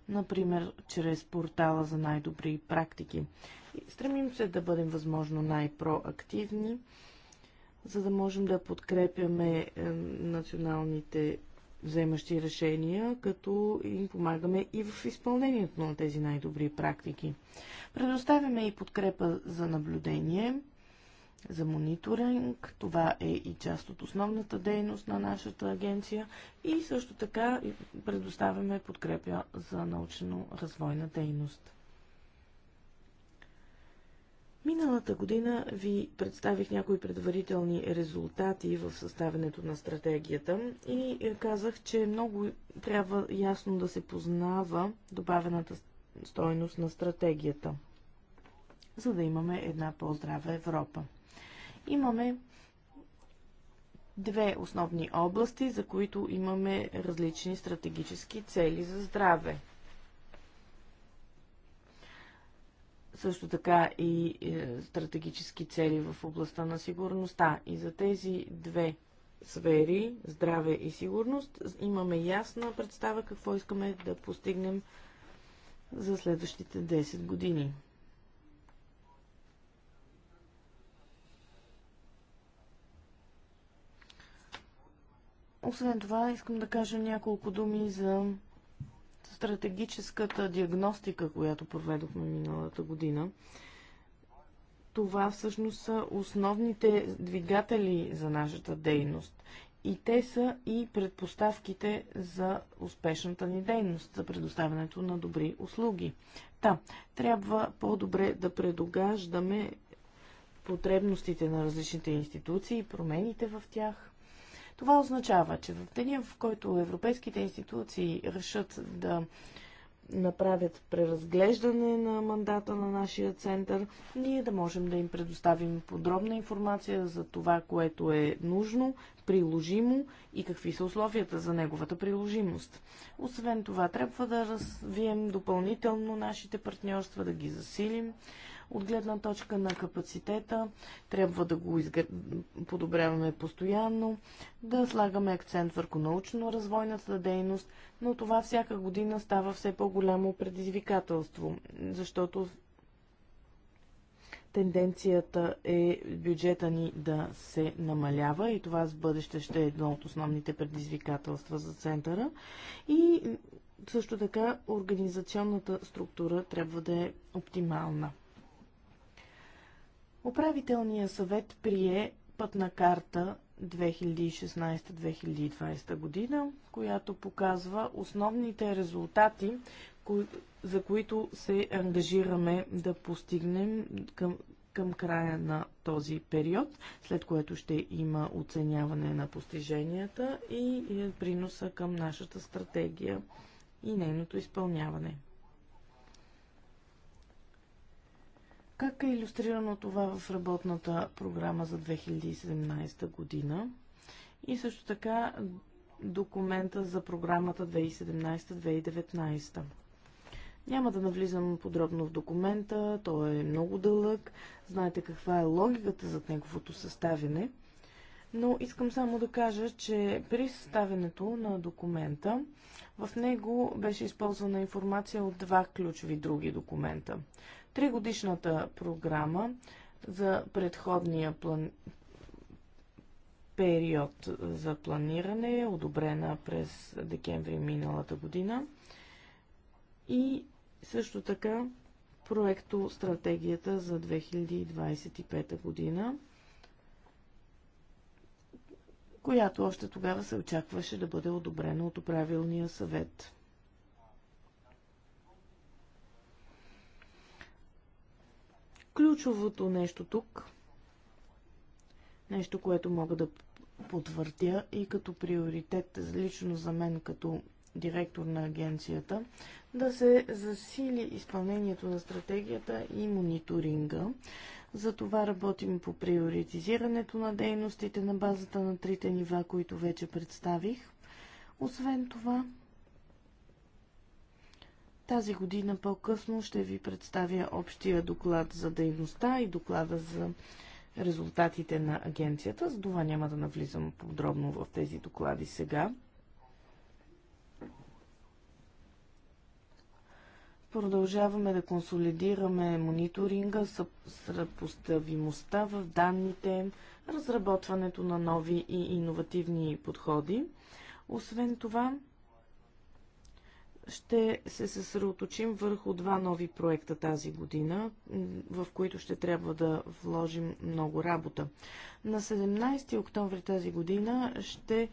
Speaker 3: например, чрез портала за най-добри практики. Стремим се да бъдем възможно най-проактивни, за да можем да подкрепяме е, националните вземащи решения, като им помагаме и в изпълнението на тези най-добри практики. Предоставяме и подкрепа за наблюдение, за мониторинг. Това е и част от основната дейност на нашата агенция. И също така предоставяме подкрепа за научно-развойна дейност. Миналата година ви представих някои предварителни резултати в съставянето на стратегията и е, казах, че много трябва ясно да се познава добавената стойност на стратегията, за да имаме една по-здрава Европа. Имаме две основни области, за които имаме различни стратегически цели за здраве – също така и е, стратегически цели в областта на сигурността. И за тези две сфери, здраве и сигурност, имаме ясна представа какво искаме да постигнем за следващите 10 години. Освен това, искам да кажа няколко думи за стратегическата диагностика, която проведохме миналата година, това всъщност са основните двигатели за нашата дейност. И те са и предпоставките за успешната ни дейност, за предоставянето на добри услуги. Та, трябва по-добре да предогаждаме потребностите на различните институции промените в тях. Това означава, че в деня, в който европейските институции решат да направят преразглеждане на мандата на нашия център, ние да можем да им предоставим подробна информация за това, което е нужно, приложимо и какви са условията за неговата приложимост. Освен това, трябва да развием допълнително нашите партньорства, да ги засилим, от гледна точка на капацитета трябва да го изгр... подобряваме постоянно, да слагаме акцент върху научно-развойната дейност, но това всяка година става все по-голямо предизвикателство, защото тенденцията е бюджета ни да се намалява и това с бъдеще ще е едно от основните предизвикателства за центъра. И също така организационната структура трябва да е оптимална. Управителният съвет прие пътна карта 2016-2020 година, която показва основните резултати, за които се ангажираме да постигнем към, към края на този период, след което ще има оценяване на постиженията и приноса към нашата стратегия и нейното изпълняване. Как е иллюстрирано това в работната програма за 2017 година? И също така документа за програмата 2017-2019. Няма да навлизам подробно в документа, той е много дълъг, знаете каква е логиката за неговото съставяне, но искам само да кажа, че при съставянето на документа в него беше използвана информация от два ключови други документа. Тригодишната програма за предходния план... период за планиране е одобрена през декември миналата година и също така проекто стратегията за 2025 година, която още тогава се очакваше да бъде одобрена от управилния съвет. Ключовото нещо тук, нещо, което мога да потвърдя и като приоритет лично за мен като директор на агенцията, да се засили изпълнението на стратегията и мониторинга. За това работим по приоритизирането на дейностите на базата на трите нива, които вече представих. Освен това, тази година по-късно ще ви представя общия доклад за дейността и доклада за резултатите на агенцията. За това няма да навлизам подробно в тези доклади сега. Продължаваме да консолидираме мониторинга, съпоставимостта в данните, разработването на нови и иновативни подходи. Освен това, ще се съсредоточим върху два нови проекта тази година, в които ще трябва да вложим много работа. На 17 октомври тази година ще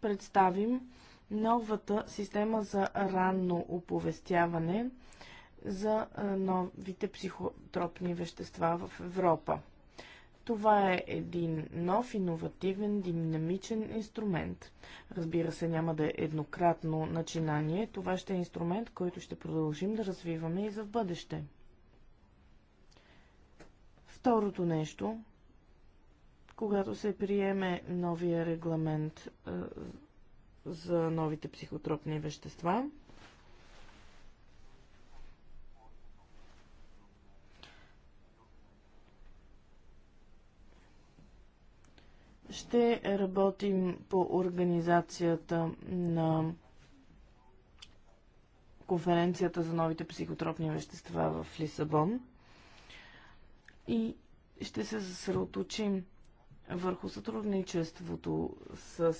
Speaker 3: представим новата система за ранно оповестяване за новите психотропни вещества в Европа. Това е един нов, иновативен, динамичен инструмент. Разбира се, няма да е еднократно начинание. Това ще е инструмент, който ще продължим да развиваме и за в бъдеще. Второто нещо, когато се приеме новия регламент за новите психотропни вещества, Ще работим по организацията на конференцията за новите психотропни вещества в Лисабон и ще се съсредоточим върху сътрудничеството с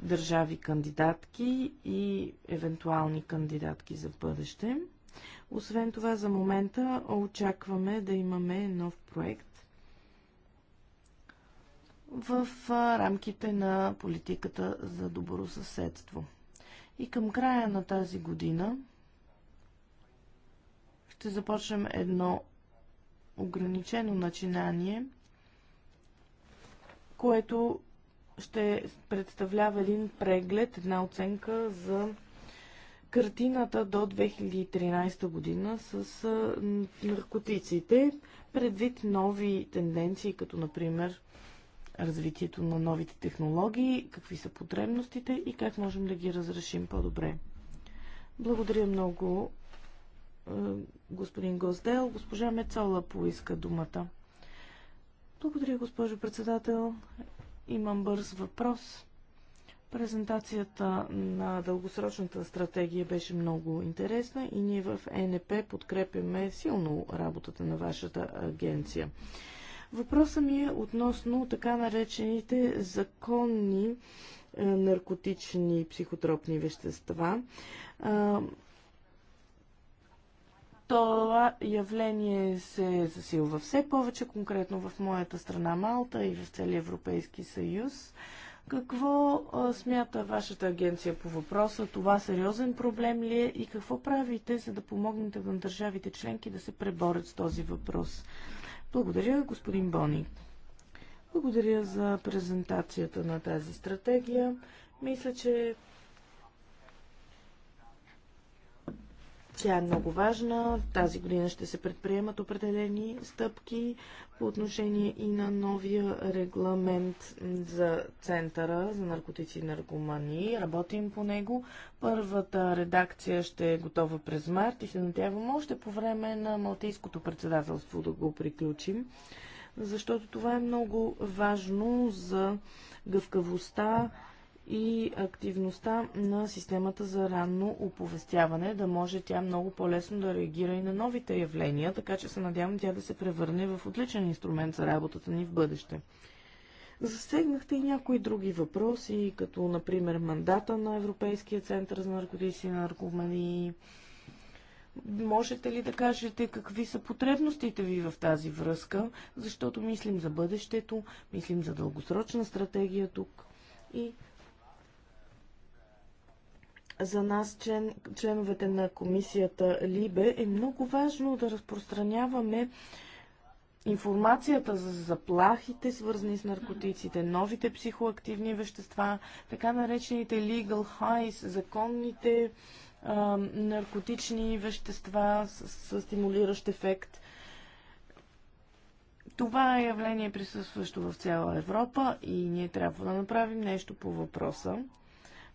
Speaker 3: държави кандидатки и евентуални кандидатки за бъдеще. Освен това, за момента очакваме да имаме нов проект в рамките на политиката за добро съседство. И към края на тази година ще започнем едно ограничено начинание, което ще представлява един преглед, една оценка за картината до 2013 година с наркотиците, предвид нови тенденции, като например развитието на новите технологии, какви са потребностите и как можем да ги разрешим по-добре. Благодаря много, е, господин Гоздел. Госпожа Мецола поиска думата. Благодаря, госпожо председател. Имам бърз въпрос. Презентацията на дългосрочната стратегия беше много интересна и ние в ЕНП подкрепяме силно работата на вашата агенция. Въпросът ми е относно така наречените законни е, наркотични психотропни вещества. Това явление се е засилва все повече, конкретно в моята страна Малта и в целия Европейски съюз. Какво смята вашата агенция по въпроса? Това сериозен проблем ли е и какво правите, за да помогнете на държавите членки да се преборят с този въпрос? Благодаря, господин Бони. Благодаря за презентацията на тази стратегия. Мисля, че Тя е много важна. Тази година ще се предприемат определени стъпки по отношение и на новия регламент за Центъра за наркотици и наркомани. Работим по него. Първата редакция ще е готова през март и се надявам още по време на Малтийското председателство да го приключим, защото това е много важно за гъвкавостта и активността на системата за ранно оповестяване, да може тя много по-лесно да реагира и на новите явления, така че се надявам тя да се превърне в отличен инструмент за работата ни в бъдеще. Засегнахте и някои други въпроси, като например мандата на Европейския център за наркотици и наркомании. Можете ли да кажете какви са потребностите ви в тази връзка, защото мислим за бъдещето, мислим за дългосрочна стратегия тук и за нас, член, членовете на комисията Либе, е много важно да разпространяваме информацията за заплахите, свързани с наркотиците, новите психоактивни вещества, така наречените legal highs, законните а, наркотични вещества с, с стимулиращ ефект. Това е явление присъстващо в цяла Европа и ние трябва да направим нещо по въпроса.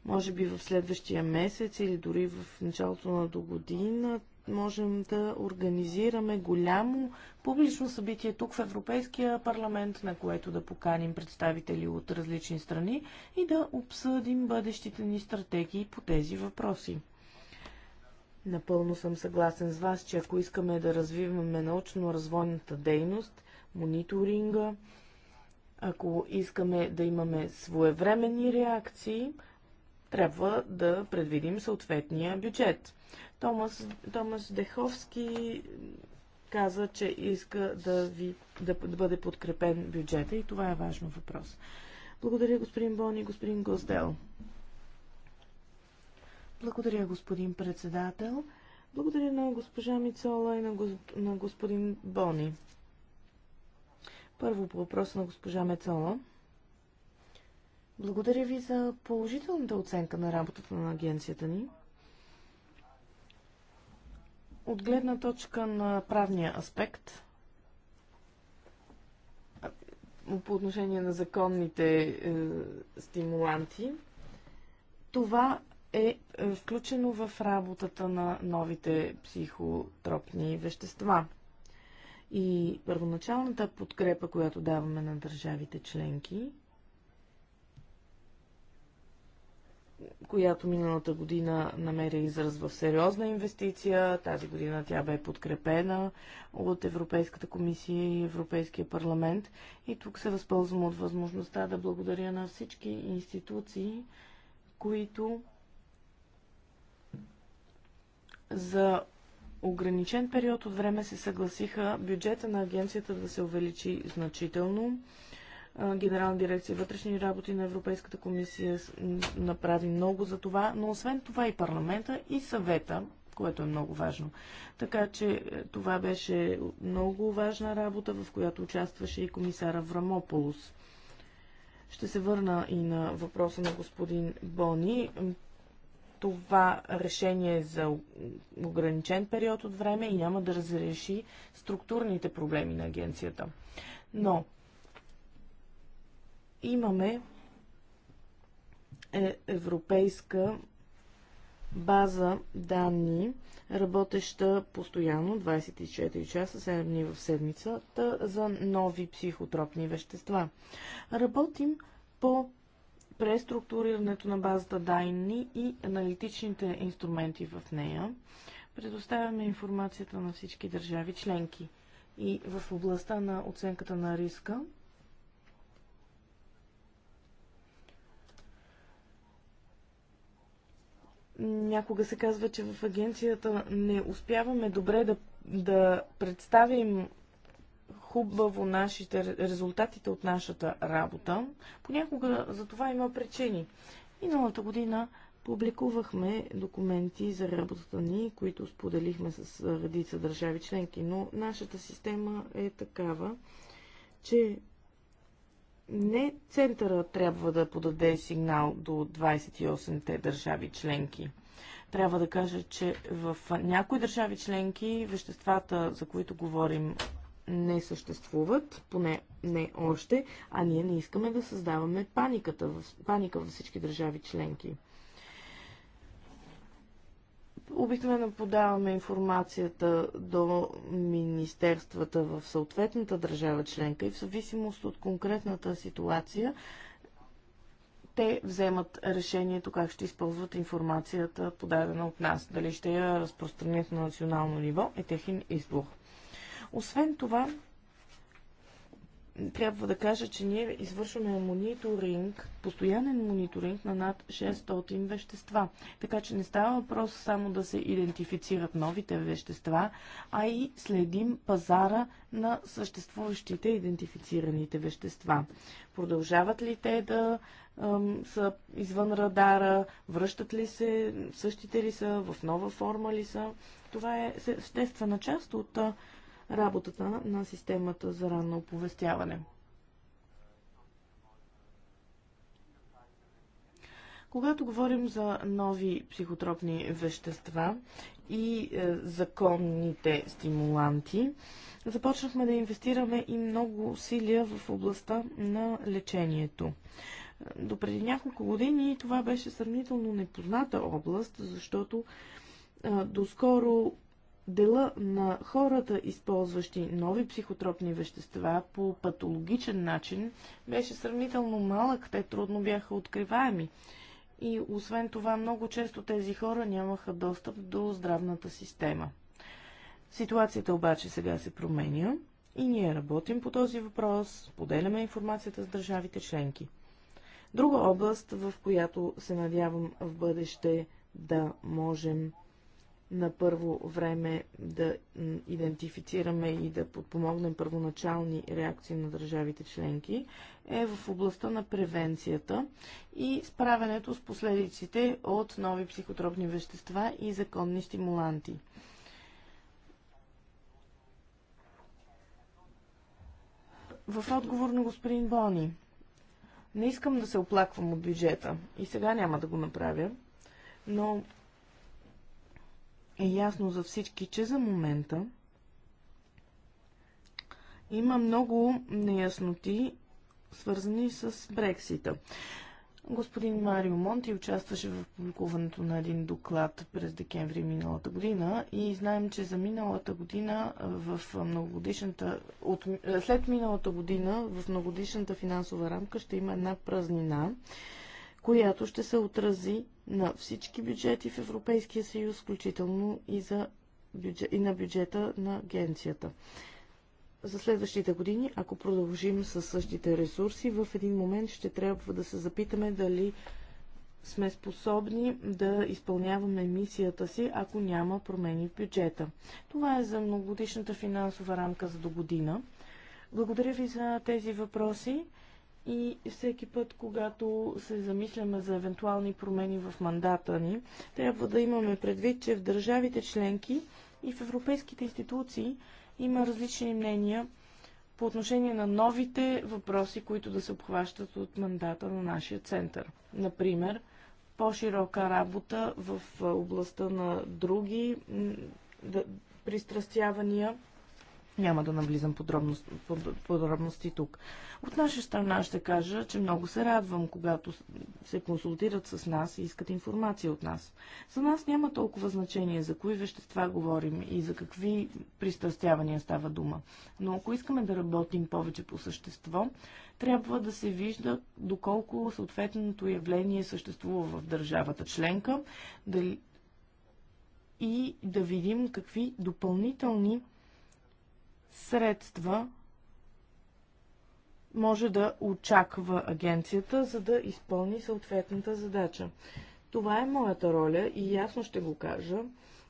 Speaker 3: Може би в следващия месец или дори в началото на до година можем да организираме голямо публично събитие тук в Европейския парламент, на което да поканим представители от различни страни и да обсъдим бъдещите ни стратегии по тези въпроси. Напълно съм съгласен с вас, че ако искаме да развиваме научно-развойната дейност, мониторинга, ако искаме да имаме своевременни реакции, трябва да предвидим съответния бюджет. Томас, Томас Деховски каза, че иска да, ви, да, да бъде подкрепен бюджета и това е важно въпрос. Благодаря, господин Бони и господин Гоздел. Благодаря, господин председател. Благодаря на госпожа Мицола и на, го, на господин Бони. Първо по въпроса на госпожа Мецола. Благодаря ви за положителната оценка на работата на агенцията ни. От гледна точка на правния аспект, по отношение на законните е, стимуланти, това е, е включено в работата на новите психотропни вещества. И първоначалната подкрепа, която даваме на държавите членки, която миналата година намери израз в сериозна инвестиция. Тази година тя бе подкрепена от Европейската комисия и Европейския парламент. И тук се възползвам от възможността да благодаря на всички институции, които за ограничен период от време се съгласиха бюджета на агенцията да се увеличи значително Генерална дирекция вътрешни работи на Европейската комисия направи много за това, но освен това и парламента и съвета, което е много важно. Така че е, това беше много важна работа, в която участваше и комисара Врамополус. Ще се върна и на въпроса на господин Бони. Това решение е за ограничен период от време и няма да разреши структурните проблеми на агенцията. Но Имаме е европейска база данни, работеща постоянно 24 часа, 7 дни в седмицата за нови психотропни вещества. Работим по преструктурирането на базата данни и аналитичните инструменти в нея. Предоставяме информацията на всички държави членки. И в областта на оценката на риска Някога се казва, че в агенцията не успяваме добре да, да представим хубаво нашите, резултатите от нашата работа. Понякога за това има причини. Миналата година публикувахме документи за работата ни, които споделихме с редица държави членки, но нашата система е такава, че не центъра трябва да подаде сигнал до 28-те държави членки. Трябва да кажа, че в някои държави членки веществата, за които говорим, не съществуват, поне не още, а ние не искаме да създаваме паниката, паника във всички държави членки. Обикновено подаваме информацията до министерствата в съответната държава членка и в зависимост от конкретната ситуация те вземат решението как ще използват информацията подадена от нас. Дали ще я разпространят на национално ниво е техен избор. Освен това, трябва да кажа, че ние извършваме мониторинг, постоянен мониторинг на над 600 вещества. Така че не става въпрос само да се идентифицират новите вещества, а и следим пазара на съществуващите идентифицираните вещества. Продължават ли те да са извън радара, връщат ли се, същите ли са, в нова форма ли са. Това е естествена част от работата на системата за ранно оповестяване. Когато говорим за нови психотропни вещества и е, законните стимуланти, започнахме да инвестираме и много усилия в областта на лечението. До преди няколко години това беше сравнително непозната област, защото е, доскоро дела на хората, използващи нови психотропни вещества по патологичен начин, беше сравнително малък. Те трудно бяха откриваеми. И освен това, много често тези хора нямаха достъп до здравната система. Ситуацията обаче сега се променя и ние работим по този въпрос, поделяме информацията с държавите членки. Друга област, в която се надявам в бъдеще да можем на първо време да идентифицираме и да подпомогнем първоначални реакции на държавите членки е в областта на превенцията и справянето с последиците от нови психотропни вещества и законни стимуланти. В отговор на господин Бони, не искам да се оплаквам от бюджета и сега няма да го направя, но е ясно за всички, че за момента има много неясноти, свързани с Брексита. Господин Марио Монти участваше в публикуването на един доклад през декември миналата година и знаем, че за миналата година в многогодишната, от, след миналата година в многодишната финансова рамка ще има една празнина която ще се отрази на всички бюджети в Европейския съюз, включително и, за бюджет, и на бюджета на агенцията. За следващите години, ако продължим със същите ресурси, в един момент ще трябва да се запитаме дали сме способни да изпълняваме мисията си, ако няма промени в бюджета. Това е за многогодишната финансова рамка за до година. Благодаря ви за тези въпроси и всеки път, когато се замисляме за евентуални промени в мандата ни, трябва да имаме предвид, че в държавите членки и в европейските институции има различни мнения по отношение на новите въпроси, които да се обхващат от мандата на нашия център. Например, по-широка работа в областта на други пристрастявания – няма да навлизам подробност, под, подробности тук. От наша страна ще кажа, че много се радвам, когато се консултират с нас и искат информация от нас. За нас няма толкова значение за кои вещества говорим и за какви пристрастявания става дума. Но ако искаме да работим повече по същество, трябва да се вижда доколко съответното явление съществува в държавата членка дали... и да видим какви допълнителни средства може да очаква агенцията, за да изпълни съответната задача. Това е моята роля и ясно ще го кажа.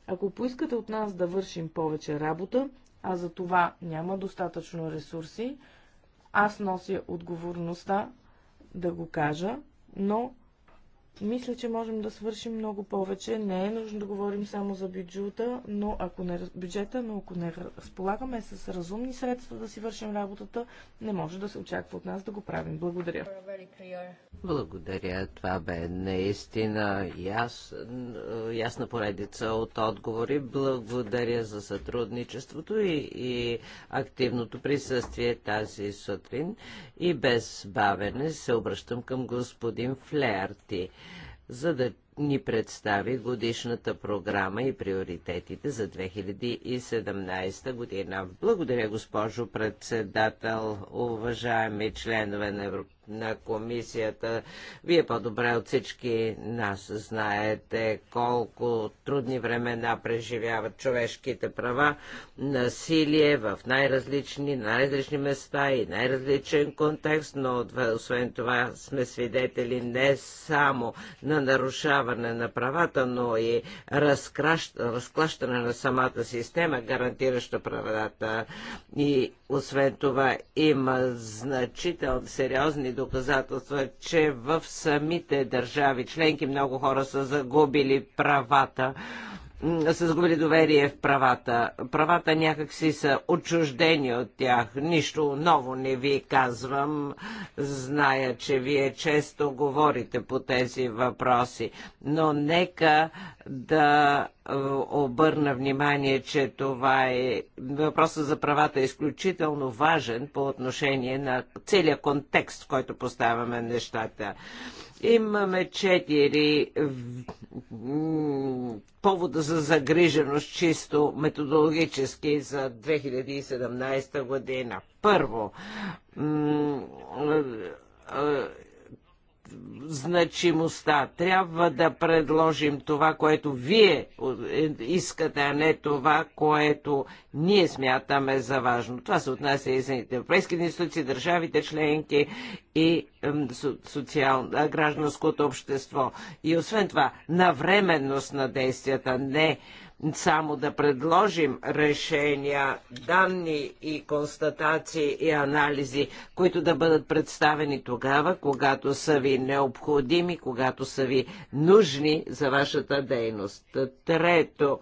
Speaker 3: Ако поискате от нас да вършим повече работа, а за това няма достатъчно ресурси, аз нося отговорността да го кажа, но мисля, че можем да свършим много повече. Не е нужно да говорим само за бюджета, но ако не, бюджета, но ако не разполагаме с разумни средства да си вършим работата, не може да се очаква от нас да го правим. Благодаря.
Speaker 2: Благодаря. Това бе наистина яс, ясна поредица от отговори. Благодаря за сътрудничеството и, и активното присъствие тази сутрин. И без бавене се обръщам към господин Флеарти за да ни представи годишната програма и приоритетите за 2017 година. Благодаря, госпожо председател, уважаеми членове на Европейския на комисията. Вие по-добре от всички нас знаете колко трудни времена преживяват човешките права, насилие в най-различни, най-различни места и най-различен контекст, но освен това сме свидетели не само на нарушаване на правата, но и разклащане на самата система, гарантираща правата. И освен това има значително сериозни доказателства, че в самите държави членки много хора са загубили правата са загубили доверие в правата. Правата някакси са отчуждени от тях. Нищо ново не ви казвам. Зная, че вие често говорите по тези въпроси, но нека да е, обърна внимание, че това е въпросът за правата е изключително важен по отношение на целия контекст, в който поставяме нещата. Имаме четири повода за загриженост чисто методологически за 2017 година. Първо, значимостта. Трябва да предложим това, което вие искате, а не това, което ние смятаме за важно. Това се отнася и за европейските институции, държавите членки и социал, гражданското общество. И освен това, навременност на действията, не само да предложим решения, данни и констатации и анализи, които да бъдат представени тогава, когато са ви необходими, когато са ви нужни за вашата дейност. Трето,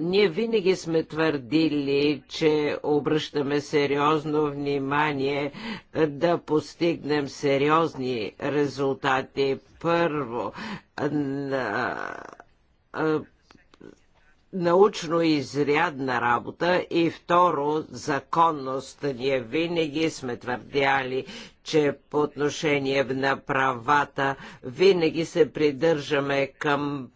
Speaker 2: ние винаги сме твърдили, че обръщаме сериозно внимание да постигнем сериозни резултати. Първо, научно изрядна работа и второ законност. Ние винаги сме твърдяли, че по отношение на правата винаги се придържаме към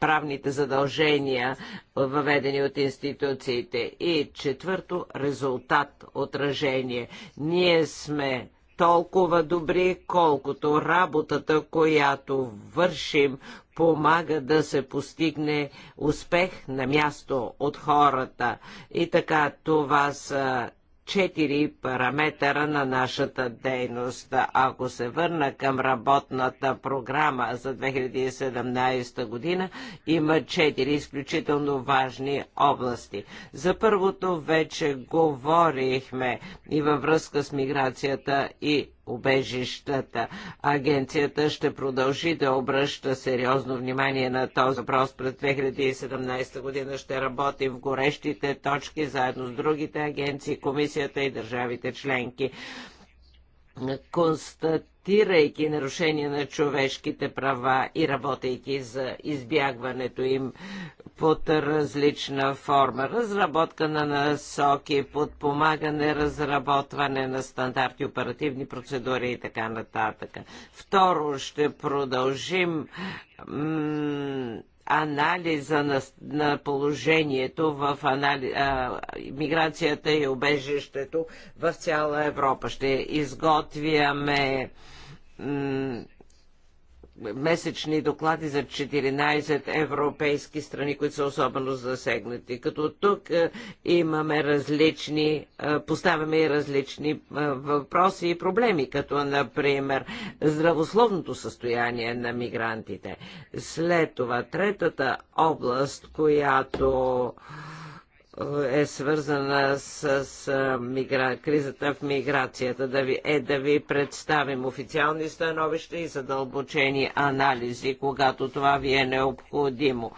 Speaker 2: правните задължения, въведени от институциите. И четвърто, резултат, отражение. Ние сме толкова добри, колкото работата, която вършим помага да се постигне успех на място от хората. И така, това са четири параметъра на нашата дейност. Ако се върна към работната програма за 2017 година, има четири изключително важни области. За първото вече говорихме и във връзка с миграцията и убежищата. Агенцията ще продължи да обръща сериозно внимание на този въпрос през 2017 година. Ще работим в горещите точки заедно с другите агенции, комисията и държавите членки констатирайки нарушения на човешките права и работейки за избягването им под различна форма. Разработка на насоки, подпомагане, разработване на стандарти, оперативни процедури и така нататък. Второ, ще продължим анализа на, на положението в анали, а, миграцията и обежището в цяла Европа. Ще изготвяме месечни доклади за 14 европейски страни, които са особено засегнати. Като тук е, имаме различни, е, поставяме и различни е, въпроси и проблеми, като например здравословното състояние на мигрантите. След това третата област, която е свързана с, с мигра... кризата в миграцията, да ви, е да ви представим официални становища и задълбочени анализи, когато това ви е необходимо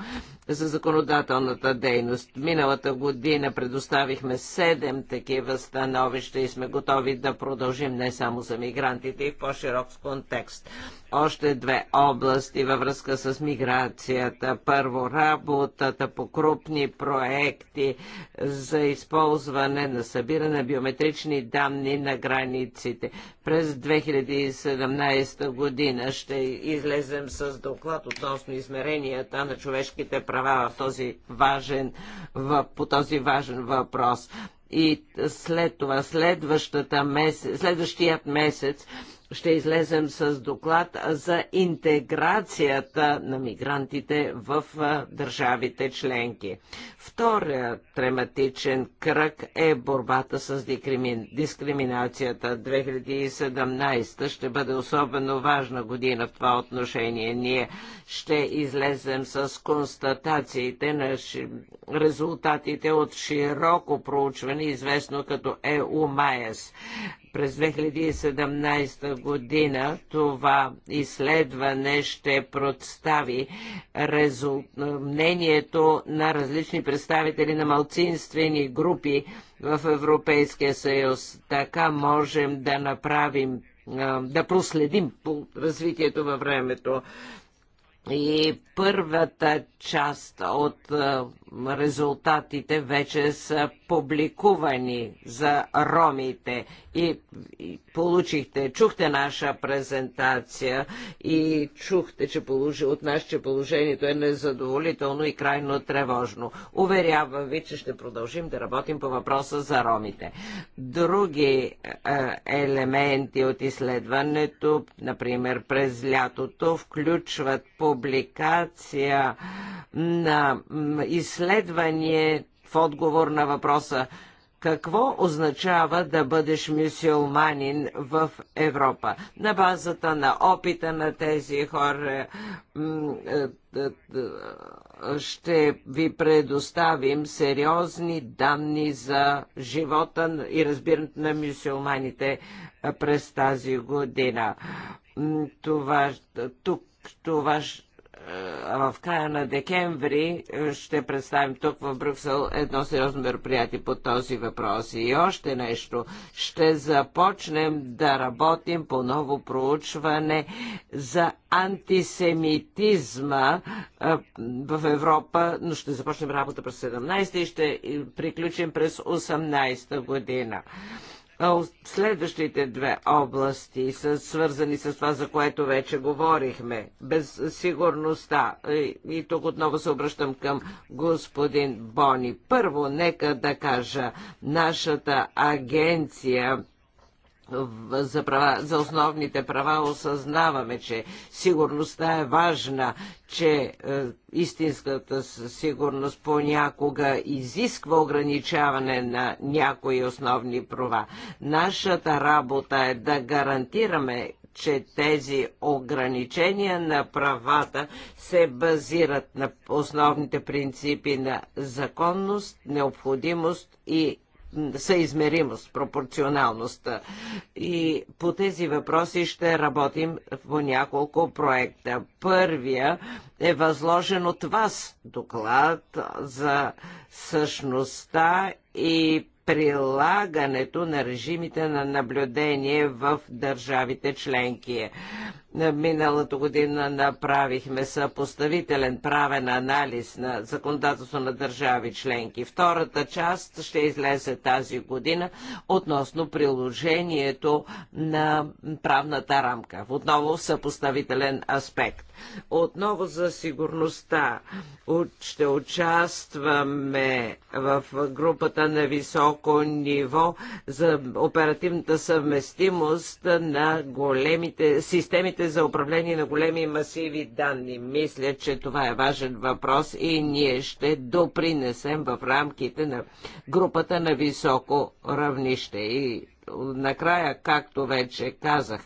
Speaker 2: за законодателната дейност. Миналата година предоставихме седем такива становища и сме готови да продължим не само за мигрантите и в по-широк контекст. Още две области във връзка с миграцията. Първо, работата по крупни проекти за използване на събиране на биометрични данни на границите. През 2017 година ще излезем с доклад относно измеренията на човешките права права в този важен, в, по този важен въпрос. И след това, следващата месец, следващият месец, ще излезем с доклад за интеграцията на мигрантите в държавите членки. Втория трематичен кръг е борбата с дискриминацията. 2017 ще бъде особено важна година в това отношение. Ние ще излезем с констатациите на резултатите от широко проучване, известно като EU-MAES. Е през 2017 година това изследване ще представи резул... мнението на различни представители на малцинствени групи в Европейския съюз. Така можем да направим да проследим по развитието във времето. И първата част от резултатите вече са публикувани за ромите и, и получихте, чухте наша презентация и чухте, че положи, от нас, че положението е незадоволително и крайно тревожно. Уверявам ви, че ще продължим да работим по въпроса за ромите. Други е, елементи от изследването, например през лятото, включват публикация на изследването изследвание в отговор на въпроса какво означава да бъдеш мюсюлманин в Европа. На базата на опита на тези хора е, е, е, ще ви предоставим сериозни данни за живота и разбирането на мюсюлманите през тази година. Това, тук, това в края на декември е, ще представим тук в Брюксел едно сериозно мероприятие по този въпрос. И още нещо. Ще започнем да работим по ново проучване за антисемитизма е, в Европа, но ще започнем работа през 17 и ще приключим през 18 година. Следващите две области са свързани с това, за което вече говорихме. Без сигурността. И тук отново се обръщам към господин Бони. Първо, нека да кажа, нашата агенция за, права, за основните права осъзнаваме, че сигурността е важна, че е, истинската сигурност понякога изисква ограничаване на някои основни права. Нашата работа е да гарантираме че тези ограничения на правата се базират на основните принципи на законност, необходимост и съизмеримост, пропорционалност. И по тези въпроси ще работим по няколко проекта. Първия е възложен от вас доклад за същността и прилагането на режимите на наблюдение в държавите членки. Миналата година направихме съпоставителен правен анализ на законодателство на държави членки. Втората част ще излезе тази година относно приложението на правната рамка. Отново съпоставителен аспект. Отново за сигурността ще участваме в групата на високо ниво за оперативната съвместимост на големите системите за управление на големи масиви данни. Мисля, че това е важен въпрос и ние ще допринесем в рамките на групата на високо равнище. И накрая, както вече казах,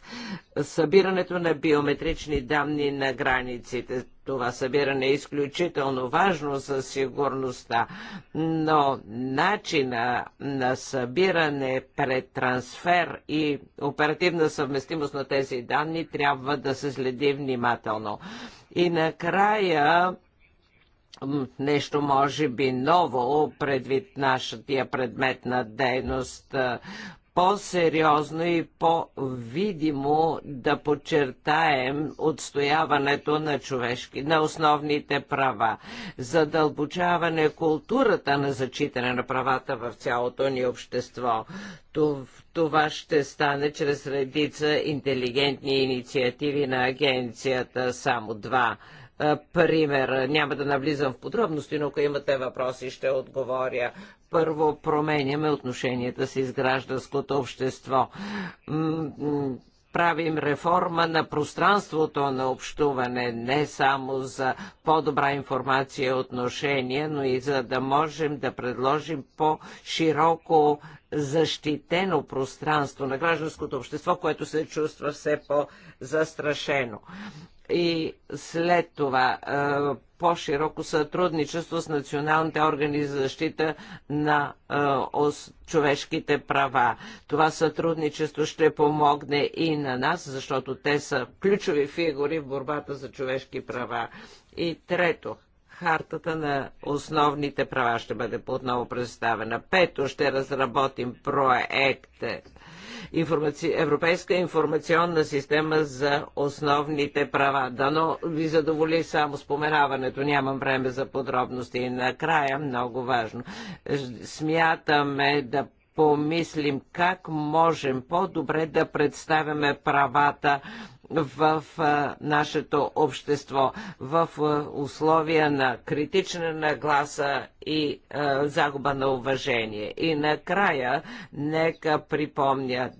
Speaker 2: събирането на биометрични данни на границите. Това събиране е изключително важно за сигурността, но начина на събиране пред трансфер и оперативна съвместимост на тези данни трябва да се следи внимателно. И накрая нещо може би ново предвид нашия предмет на дейност по-сериозно и по-видимо да подчертаем отстояването на човешки, на основните права, задълбочаване културата на зачитане на правата в цялото ни общество. Това ще стане чрез редица интелигентни инициативи на агенцията, само два е, пример. Няма да навлизам в подробности, но ако имате въпроси, ще отговоря първо променяме отношенията си с гражданското общество. Правим реформа на пространството на общуване, не само за по-добра информация и отношения, но и за да можем да предложим по-широко защитено пространство на гражданското общество, което се чувства все по-застрашено и след това по-широко сътрудничество с националните органи за защита на човешките права. Това сътрудничество ще помогне и на нас, защото те са ключови фигури в борбата за човешки права. И трето, хартата на основните права ще бъде отново представена. Пето, ще разработим проекта. Европейска информационна система за основните права. Дано ви задоволи само споменаването, нямам време за подробности. И накрая, много важно, смятаме да помислим как можем по-добре да представяме правата в а, нашето общество, в а, условия на критична нагласа и а, загуба на уважение. И накрая, нека припомня,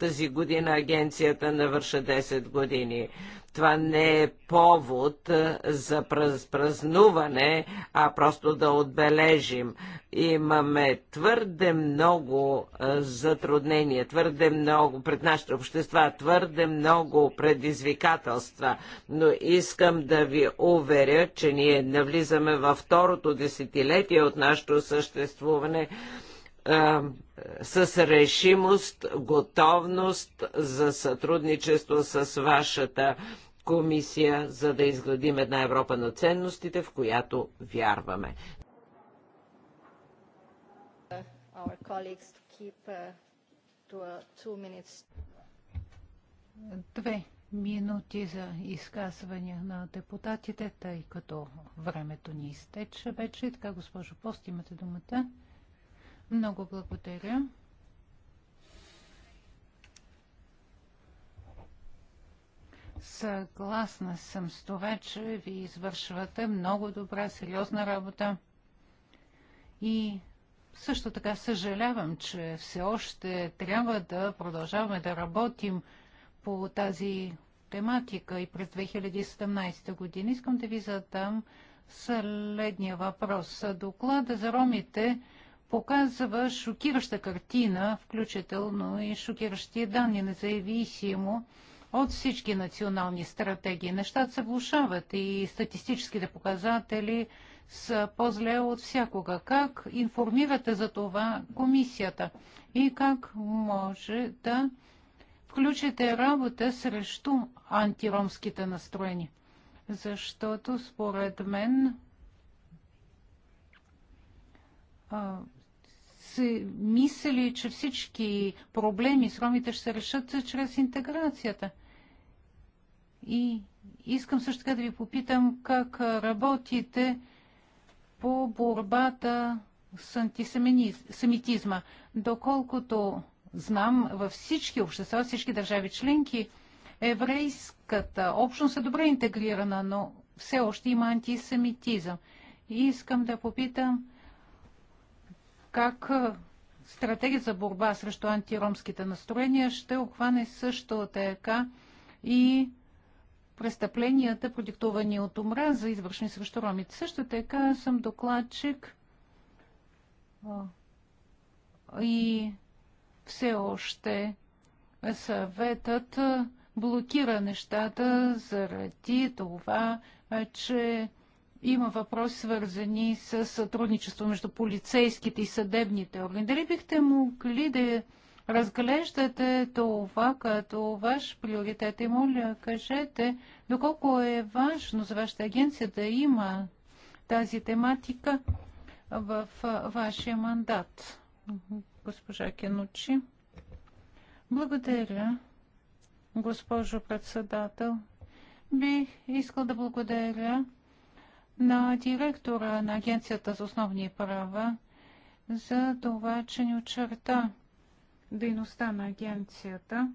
Speaker 2: тази година агенцията навърша 10 години. Това не е повод за празнуване, а просто да отбележим. Имаме твърде много затруднения, твърде много пред нашите общества, твърде много предизвикателства, но искам да ви уверя, че ние навлизаме във второто десетилетие от нашето съществуване с решимост, готовност за сътрудничество с вашата комисия, за да изградим една Европа на ценностите, в която
Speaker 1: вярваме. Uh, uh, Две минути за изказвания на депутатите, тъй като времето ни изтече вече. Така, госпожо Пост, имате думата. Много благодаря. Съгласна съм с това, че ви извършвате много добра, сериозна работа. И също така съжалявам, че все още трябва да продължаваме да работим по тази тематика и през 2017 година. Искам да ви задам следния въпрос. Доклада за ромите показва шокираща картина, включително и шокиращи данни, независимо от всички национални стратегии. Нещата се влушават и статистическите показатели са по-зле от всякога. Как информирате за това комисията и как може да включите работа срещу антиромските настроени? Защото според мен си мислили, че всички проблеми с ромите ще се решат чрез интеграцията. И искам също така да ви попитам как работите по борбата с антисемитизма. Доколкото знам, във всички общества, всички държави членки, еврейската общност е добре интегрирана, но все още има антисемитизъм. И искам да попитам как стратегия за борба срещу антиромските настроения ще обхване също така и престъпленията, продиктовани от омраза, извършени срещу ромите. Също така съм докладчик и все още съветът блокира нещата заради това, че има въпроси свързани с сътрудничество между полицейските и съдебните органи. Дали бихте могли да разглеждате това като ваш приоритет и моля, кажете доколко е важно за вашата агенция да има тази тематика в вашия мандат, госпожа Кенучи. Благодаря, госпожо председател. Бих искал да благодаря на директора на Агенцията за основни права за това, че ни очерта дейността на агенцията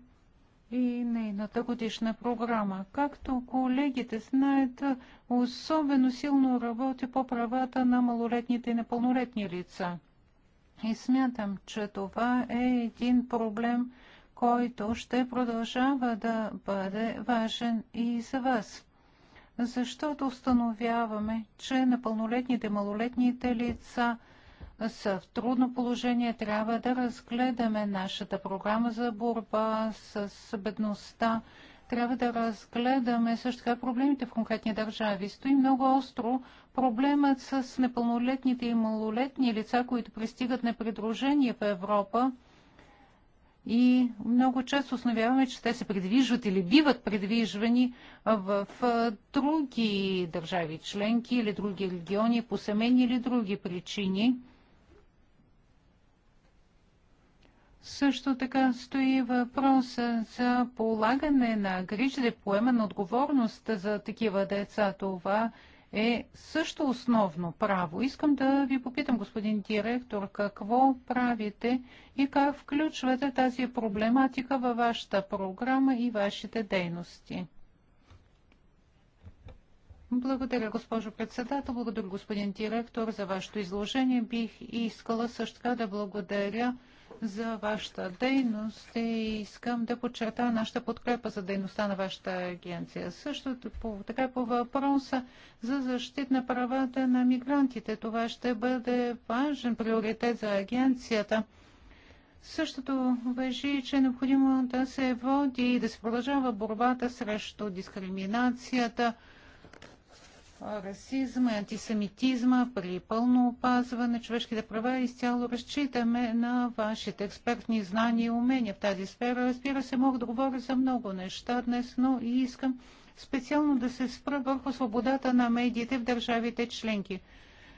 Speaker 1: и нейната годишна програма. Както колегите знаят, особено силно работи по правата на малолетните и непълнолетни лица. И смятам, че това е един проблем, който ще продължава да бъде важен и за вас защото установяваме, че напълнолетните малолетните лица са в трудно положение. Трябва да разгледаме нашата програма за борба с бедността. Трябва да разгледаме също така проблемите в конкретни държави. Стои много остро проблемът с непълнолетните и малолетни лица, които пристигат придружение в Европа и много често установяваме, че те се предвижват или биват предвижвани в други държави членки или други региони по семейни или други причини. Също така стои въпроса за полагане на грижа, да поема на отговорност за такива деца. Това е е също основно право. Искам да ви попитам, господин директор, какво правите и как включвате тази проблематика във вашата програма и вашите дейности. Благодаря, госпожо председател. Благодаря, господин директор, за вашето изложение. Бих искала също така да благодаря за вашата дейност и искам да подчертая нашата подкрепа за дейността на вашата агенция. Също по, така по въпроса за защита на правата на мигрантите. Това ще бъде важен приоритет за агенцията. Същото въжи, че е необходимо да се води и да се продължава борбата срещу дискриминацията – расизма и антисемитизма при пълно опазване човешките права. Изцяло разчитаме на вашите експертни знания и умения в тази сфера. Разбира се, мога да говоря за много неща днес, но и искам специално да се спра върху свободата на медиите в държавите членки.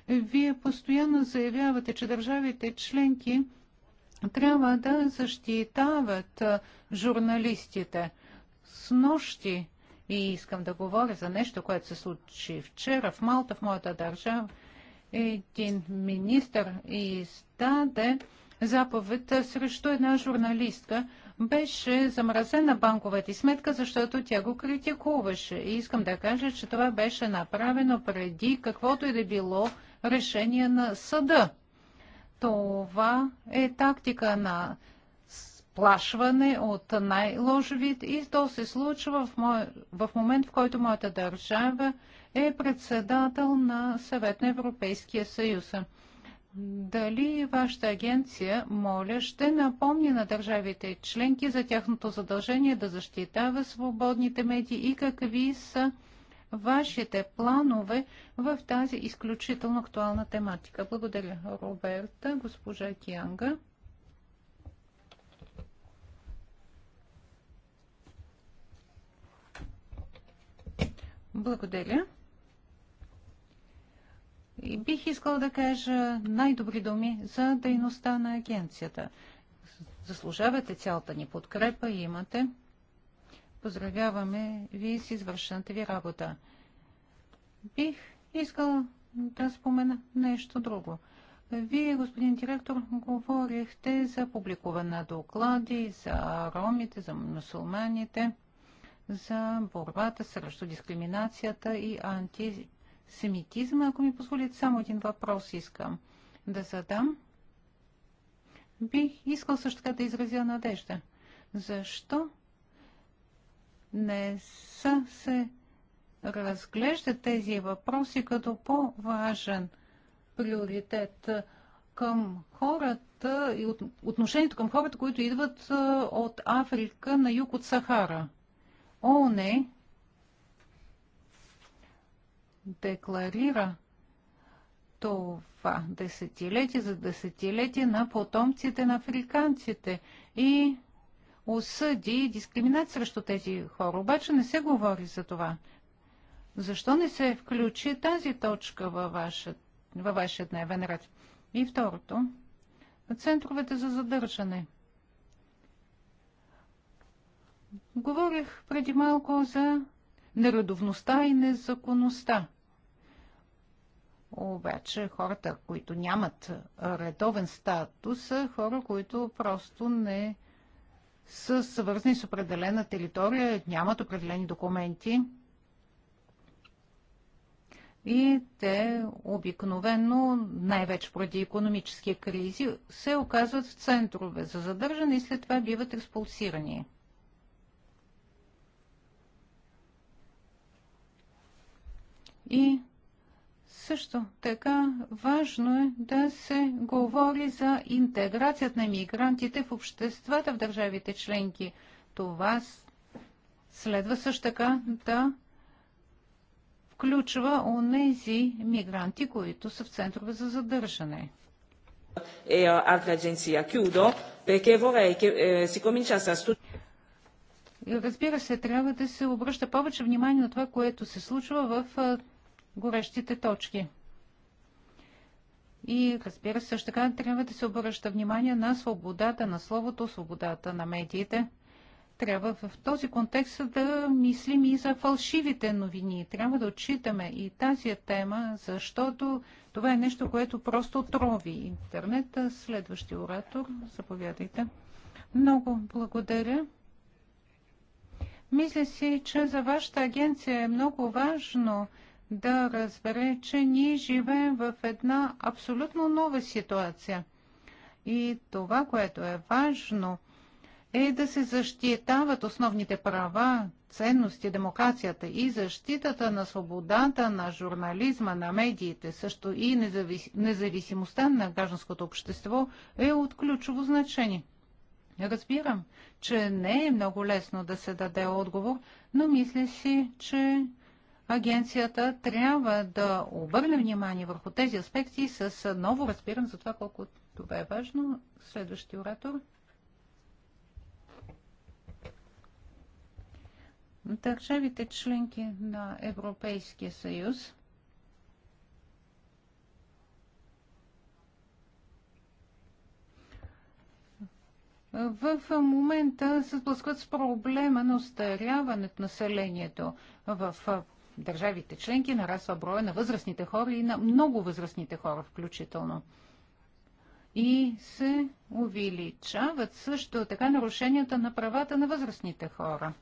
Speaker 1: Вие постоянно заявявате, че държавите членки трябва да защитават журналистите. С нощи и искам да говоря за нещо, което се случи вчера в Малта, в моята държава. Един министр издаде заповед срещу една журналистка. Беше замразена банковата сметка, защото тя го критикуваше. И искам да кажа, че това беше направено преди каквото и да било решение на съда. Това е тактика на изплашване от най-лош вид и то се случва в, мой, в момент, в който моята държава е председател на Съвет на Европейския съюз. Дали вашата агенция, моля, ще напомни на държавите членки за тяхното задължение да защитава свободните медии и какви са вашите планове в тази изключително актуална тематика? Благодаря, Роберта, госпожа Кианга. Благодаря. И бих искал да кажа най-добри думи за дейността на агенцията. Заслужавате цялата ни подкрепа и имате. Поздравяваме ви с извършената ви работа. Бих искал да спомена нещо друго. Вие, господин директор, говорихте за публикуване на доклади, за ромите, за мусулманите – за борбата срещу дискриминацията и антисемитизма. Ако ми позволите, само един въпрос искам да задам. Бих искал също така да изразя надежда. Защо не са се разглеждат тези въпроси като по-важен приоритет към хората и отношението към хората, които идват от Африка на юг от Сахара? ОНЕ декларира това десетилетие за десетилетие на потомците на африканците и осъди и дискриминация срещу тези хора. Обаче не се говори за това. Защо не се включи тази точка във вашия, във вашия дневен ред? И второто, центровете за задържане – Говорих преди малко за нередовността и незаконността. Обаче хората, които нямат редовен статус, са хора, които просто не са свързани с определена територия, нямат определени документи. И те обикновено, най-вече поради економически кризи, се оказват в центрове за задържане и след това биват експулсирани. И също така важно е да се говори за интеграцията на мигрантите в обществата в държавите членки. Това следва също така да включва онези мигранти, които са в центрове за задържане.
Speaker 3: E altre agenzie. Chiudo perché vorrei che eh, si cominciasse a studiare. Разбира
Speaker 1: се, трябва да се обръща повече внимание на това, което се случва в горещите точки. И разбира се, също така трябва да се обръща внимание на свободата на словото, свободата на медиите. Трябва в този контекст да мислим и за фалшивите новини. Трябва да отчитаме и тази тема, защото това е нещо, което просто трови интернет. Следващия оратор, заповядайте. Много благодаря. Мисля си, че за вашата агенция е много важно да разбере, че ние живеем в една абсолютно нова ситуация. И това, което е важно, е да се защитават основните права, ценности, демокрацията и защитата на свободата на журнализма, на медиите, също и независ... независимостта на гражданското общество е от ключово значение. Разбирам, че не е много лесно да се даде отговор, но мисля си, че агенцията, трябва да обърне внимание върху тези аспекти с ново разбирам за това колко това е важно. Следващи оратор. Държавите членки на Европейския съюз В момента се сблъскват с проблема на устаряването населението. В държавите членки нарасва броя на възрастните хора и на много възрастните хора включително. И се увеличават също така нарушенията на правата на възрастните хора.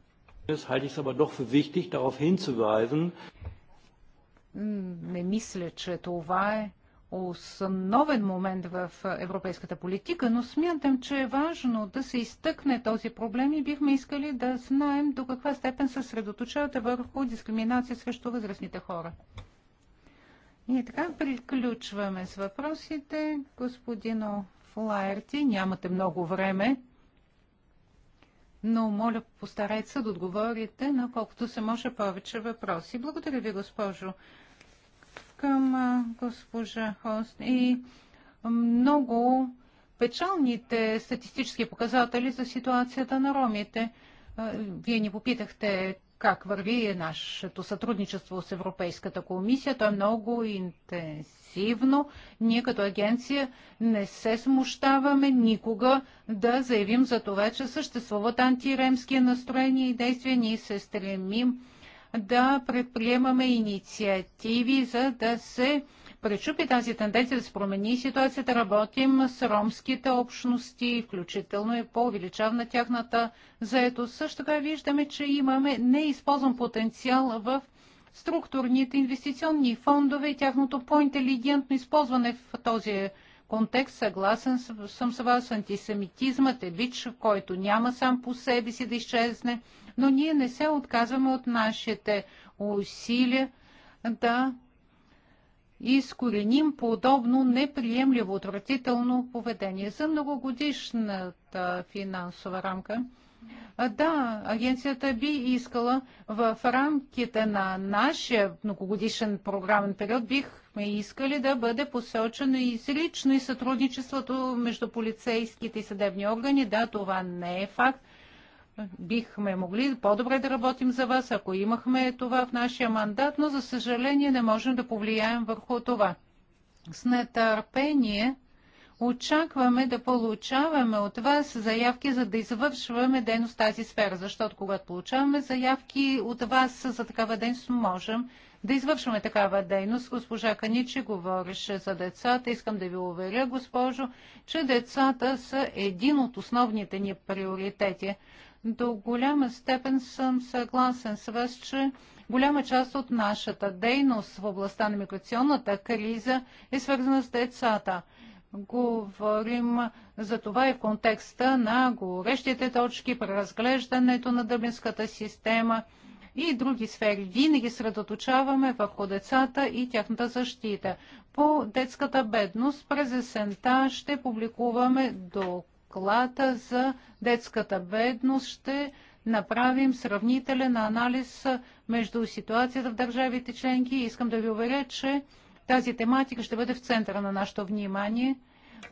Speaker 1: Не мисля, че това е основен момент в европейската политика, но смятам, че е важно да се изтъкне този проблем и бихме искали да знаем до каква степен се средоточавате върху дискриминация срещу възрастните хора. И така приключваме с въпросите. Господино Флаерти, нямате много време, но моля постарайте се да отговорите на колкото се може повече въпроси. Благодаря ви, госпожо към госпожа Хост и много печалните статистически показатели за ситуацията на ромите. Вие ни попитахте как върви нашето сътрудничество с Европейската комисия. То е много интенсивно. Ние като агенция не се смущаваме никога да заявим за това, че съществуват антиремски настроения и действия. Ние се стремим да предприемаме инициативи, за да се пречупи тази тенденция да се промени ситуацията. Работим с ромските общности, включително и по увеличаване на тяхната заето. Също така виждаме, че имаме неизползван потенциал в структурните инвестиционни фондове и тяхното по-интелигентно използване в този контекст. Съгласен съм с вас, антисемитизмът е Вич, който няма сам по себе си да изчезне но ние не се отказваме от нашите усилия да изкореним подобно неприемливо отвратително поведение за многогодишната финансова рамка. Да, агенцията би искала в рамките на нашия многогодишен програмен период бихме искали да бъде посочено изрично и сътрудничеството между полицейските и съдебни органи. Да, това не е факт, бихме могли по-добре да работим за вас, ако имахме това в нашия мандат, но за съжаление не можем да повлияем върху това. С нетърпение очакваме да получаваме от вас заявки, за да извършваме дейност в тази сфера, защото когато получаваме заявки от вас за такава дейност, можем да извършваме такава дейност. Госпожа Каничи говореше за децата. Искам да ви уверя, госпожо, че децата са един от основните ни приоритети до голяма степен съм съгласен с вас, че голяма част от нашата дейност в областта на миграционната криза е свързана с децата. Говорим за това и в контекста на горещите точки, преразглеждането на дъблинската система и други сфери. Винаги средоточаваме върху децата и тяхната защита. По детската бедност през есента ще публикуваме доклад доклада за детската бедност ще направим сравнителен анализ между ситуацията в държавите членки и искам да ви уверя, че тази тематика ще бъде в центъра на нашето внимание.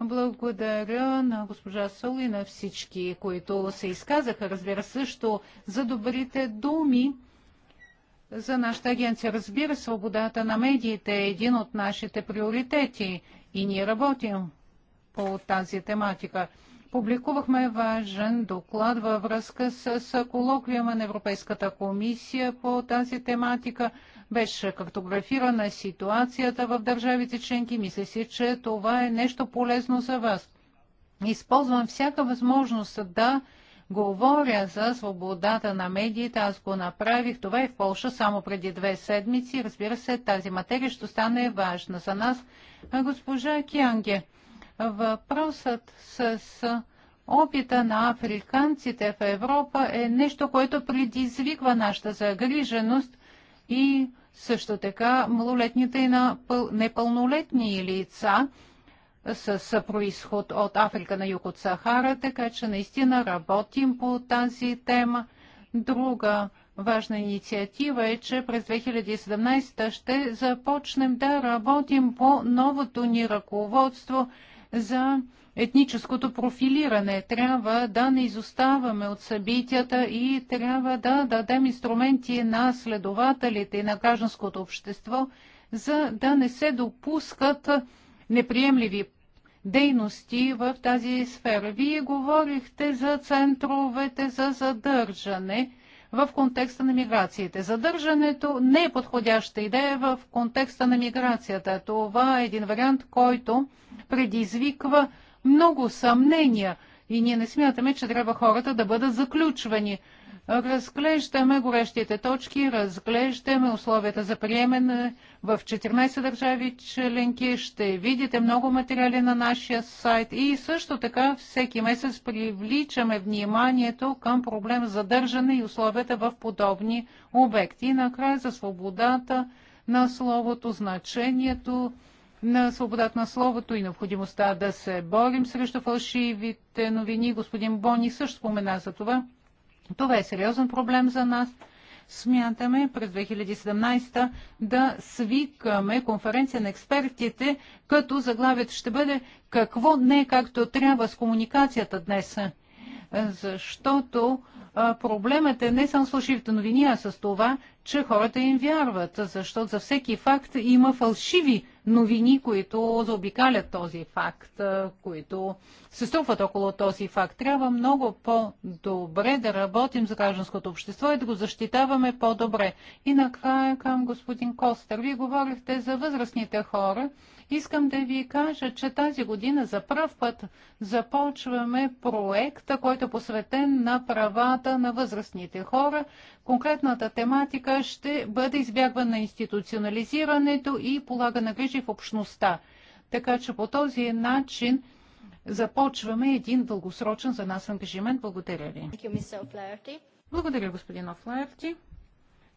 Speaker 1: Благодаря на госпожа Сол и на всички, които се изказаха, разбира също, за добрите думи за нашата агенция. Разбира, свободата на медиите е един от нашите приоритети и ние работим по тази тематика публикувахме важен доклад във връзка с колоквиума на Европейската комисия по тази тематика. Беше картографирана ситуацията в държавите членки. Мисля си, че това е нещо полезно за вас. Използвам всяка възможност да говоря за свободата на медиите. Аз го направих. Това е в Польша само преди две седмици. Разбира се, тази материя ще стане важна за нас. Госпожа Кянге, Въпросът с опита на африканците в Европа е нещо, което предизвиква нашата загриженост и също така малолетните и на непълнолетни лица с происход от Африка на юг от Сахара, така че наистина работим по тази тема. Друга важна инициатива е, че през 2017 ще започнем да работим по новото ни ръководство – за етническото профилиране. Трябва да не изоставаме от събитията и трябва да дадем инструменти на следователите и на гражданското общество, за да не се допускат неприемливи дейности в тази сфера. Вие говорихте за центровете за задържане в контекста на миграциите. Задържането не е подходяща идея в контекста на миграцията. Това е един вариант, който предизвиква много съмнения и ние не смятаме, че трябва хората да бъдат заключвани. Разглеждаме горещите точки, разглеждаме условията за приемане в 14 държави членки. Ще видите много материали на нашия сайт и също така всеки месец привличаме вниманието към проблем задържане и условията в подобни обекти. И накрая за свободата на словото, значението на свободата на словото и необходимостта да се борим срещу фалшивите новини. Господин Бони също спомена за това. Това е сериозен проблем за нас. Смятаме през 2017 да свикаме конференция на експертите, като заглавието ще бъде какво не както трябва с комуникацията днес. Защото проблемът е не само с фалшивите новини, а с това, че хората им вярват, защото за всеки факт има фалшиви новини, които заобикалят този факт, които се струпват около този факт. Трябва много по-добре да работим за гражданското общество и да го защитаваме по-добре. И накрая към господин Костър. Вие говорихте за възрастните хора. Искам да ви кажа, че тази година за първ път започваме проекта, който е посветен на правата на възрастните хора. Конкретната тематика ще бъде избягване на институционализирането и полагане грижи в общността. Така че по този начин започваме един дългосрочен за нас ангажимент. Благодаря ви. Благодаря, господин Офлаерти.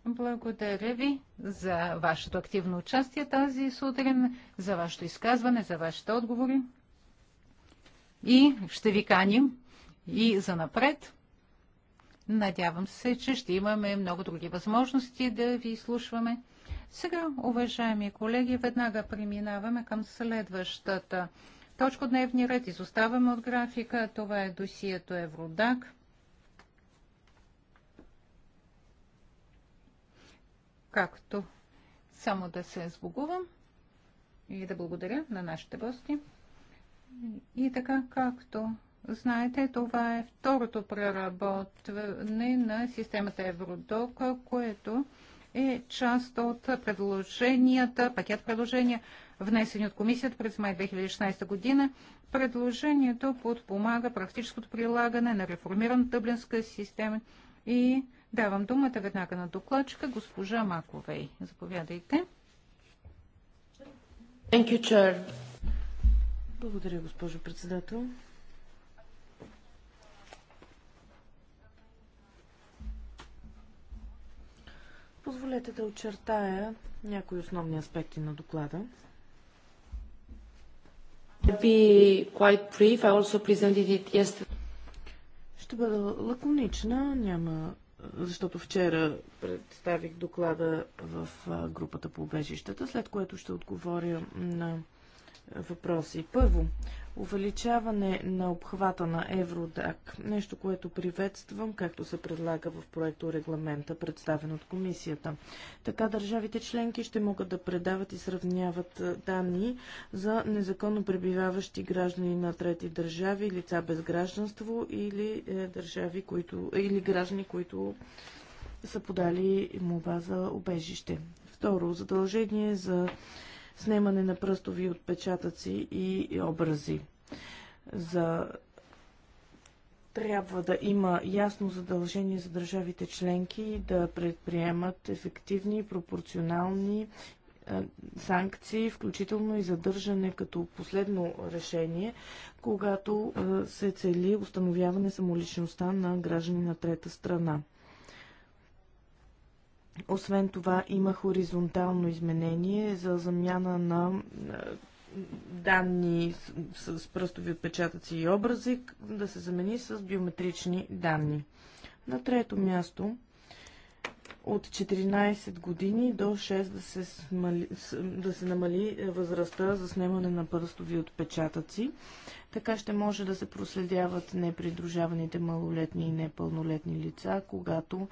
Speaker 1: Благодаря ви за вашето активно участие тази сутрин, за вашето изказване, за вашите отговори. И ще ви каним и за напред. Надявам се, че ще имаме много други възможности да ви слушваме. Сега, уважаеми колеги, веднага преминаваме към следващата точка дневния ред. Изоставаме от графика. Това е досието Евродак. както само да се сбогувам и да благодаря на нашите гости. И така, както знаете, това е второто преработване на системата Евродока, което е част от предложенията, пакет предложения, внесени от комисията през май 2016 година. Предложението подпомага практическото прилагане на реформираната дъблинска система и Давам думата веднага на докладчика госпожа Маковей. Заповядайте. Thank you, chair.
Speaker 3: Благодаря, госпожо председател. Позволете да очертая някои основни аспекти на доклада. Ще бъда лаконична, няма защото вчера представих доклада в групата по убежищата, след което ще отговоря на въпроси. Първо, увеличаване на обхвата на Евродак, нещо, което приветствам, както се предлага в проекто регламента, представен от комисията. Така държавите членки ще могат да предават и сравняват данни за незаконно пребиваващи граждани на трети държави, лица без гражданство или, е, държави, които, е, или граждани, които са подали моба за обежище. Второ, задължение за снимане на пръстови отпечатъци и образи. За... Трябва да има ясно задължение за държавите членки да предприемат ефективни, пропорционални е, санкции, включително и задържане като последно решение, когато е, се цели установяване самоличността на граждани на трета страна. Освен това има хоризонтално изменение за замяна на е, данни с, с пръстови отпечатъци и образи да се замени с биометрични данни. На трето място от 14 години до 6 да се, смали, да се намали възрастта за снимане на пръстови отпечатъци. Така ще може да се проследяват непридружаваните малолетни и непълнолетни лица, когато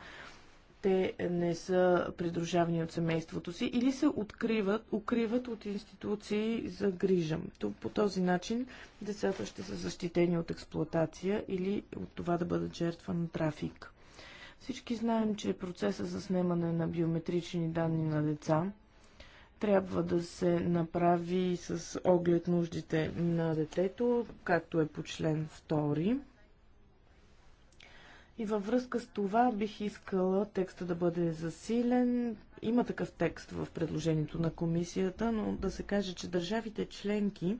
Speaker 3: те не са придружавани от семейството си или се откриват, укриват от институции за грижа. То, по този начин децата ще са защитени от експлоатация или от това да бъдат жертва на трафик. Всички знаем, че процеса за снимане на биометрични данни на деца трябва да се направи с оглед нуждите на детето, както е по член 2. И във връзка с това бих искала текста да бъде засилен. Има такъв текст в предложението на комисията, но да се каже, че държавите членки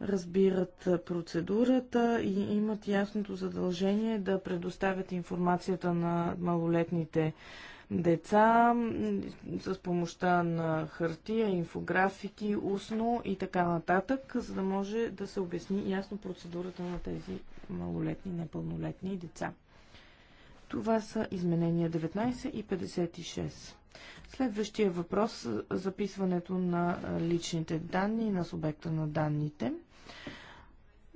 Speaker 3: разбират процедурата и имат ясното задължение да предоставят информацията на малолетните деца с помощта на хартия, инфографики, устно и така нататък, за да може да се обясни ясно процедурата на тези малолетни, непълнолетни деца. Това са изменения 19 и 56. Следващия въпрос – записването на личните данни на субекта на данните.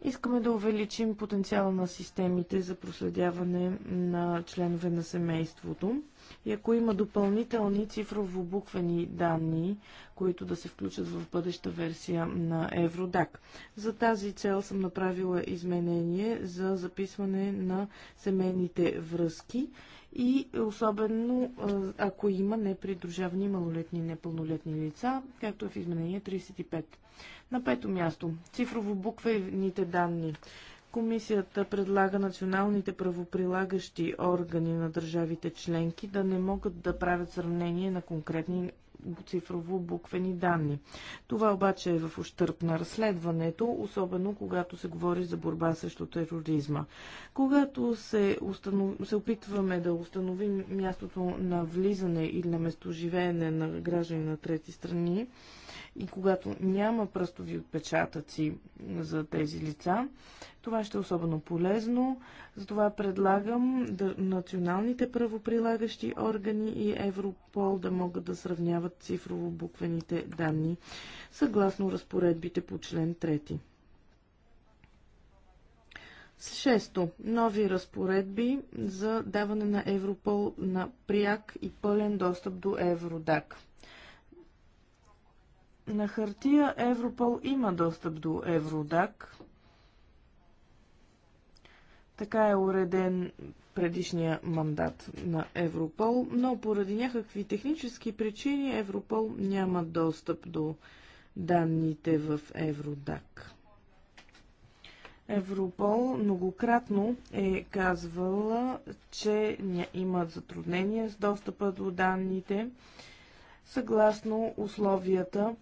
Speaker 3: Искаме да увеличим потенциала на системите за проследяване на членове на семейството. И ако има допълнителни цифрово-буквени данни, които да се включат в бъдеща версия на Евродак. За тази цел съм направила изменение за записване на семейните връзки и особено ако има непридружавани малолетни и непълнолетни лица, както е в изменение 35. На пето място, цифрово-буквените данни. Комисията предлага националните правоприлагащи органи на държавите членки да не могат да правят сравнение на конкретни цифрово-буквени данни. Това обаче е в ущърп на разследването, особено когато се говори за борба срещу тероризма. Когато се, установ... се опитваме да установим мястото на влизане или на местоживеене на граждани на трети страни, и когато няма пръстови отпечатъци за тези лица, това ще е особено полезно. Затова предлагам да националните правоприлагащи органи и Европол да могат да сравняват цифрово-буквените данни съгласно разпоредбите по член 3. Шесто. Нови разпоредби за даване на Европол на пряк и пълен достъп до Евродак. На хартия Европол има достъп до Евродак. Така е уреден предишния мандат на Европол, но поради някакви технически причини Европол няма достъп до данните в Евродак. Европол многократно е казвала, че има затруднения с достъпа до данните, съгласно условията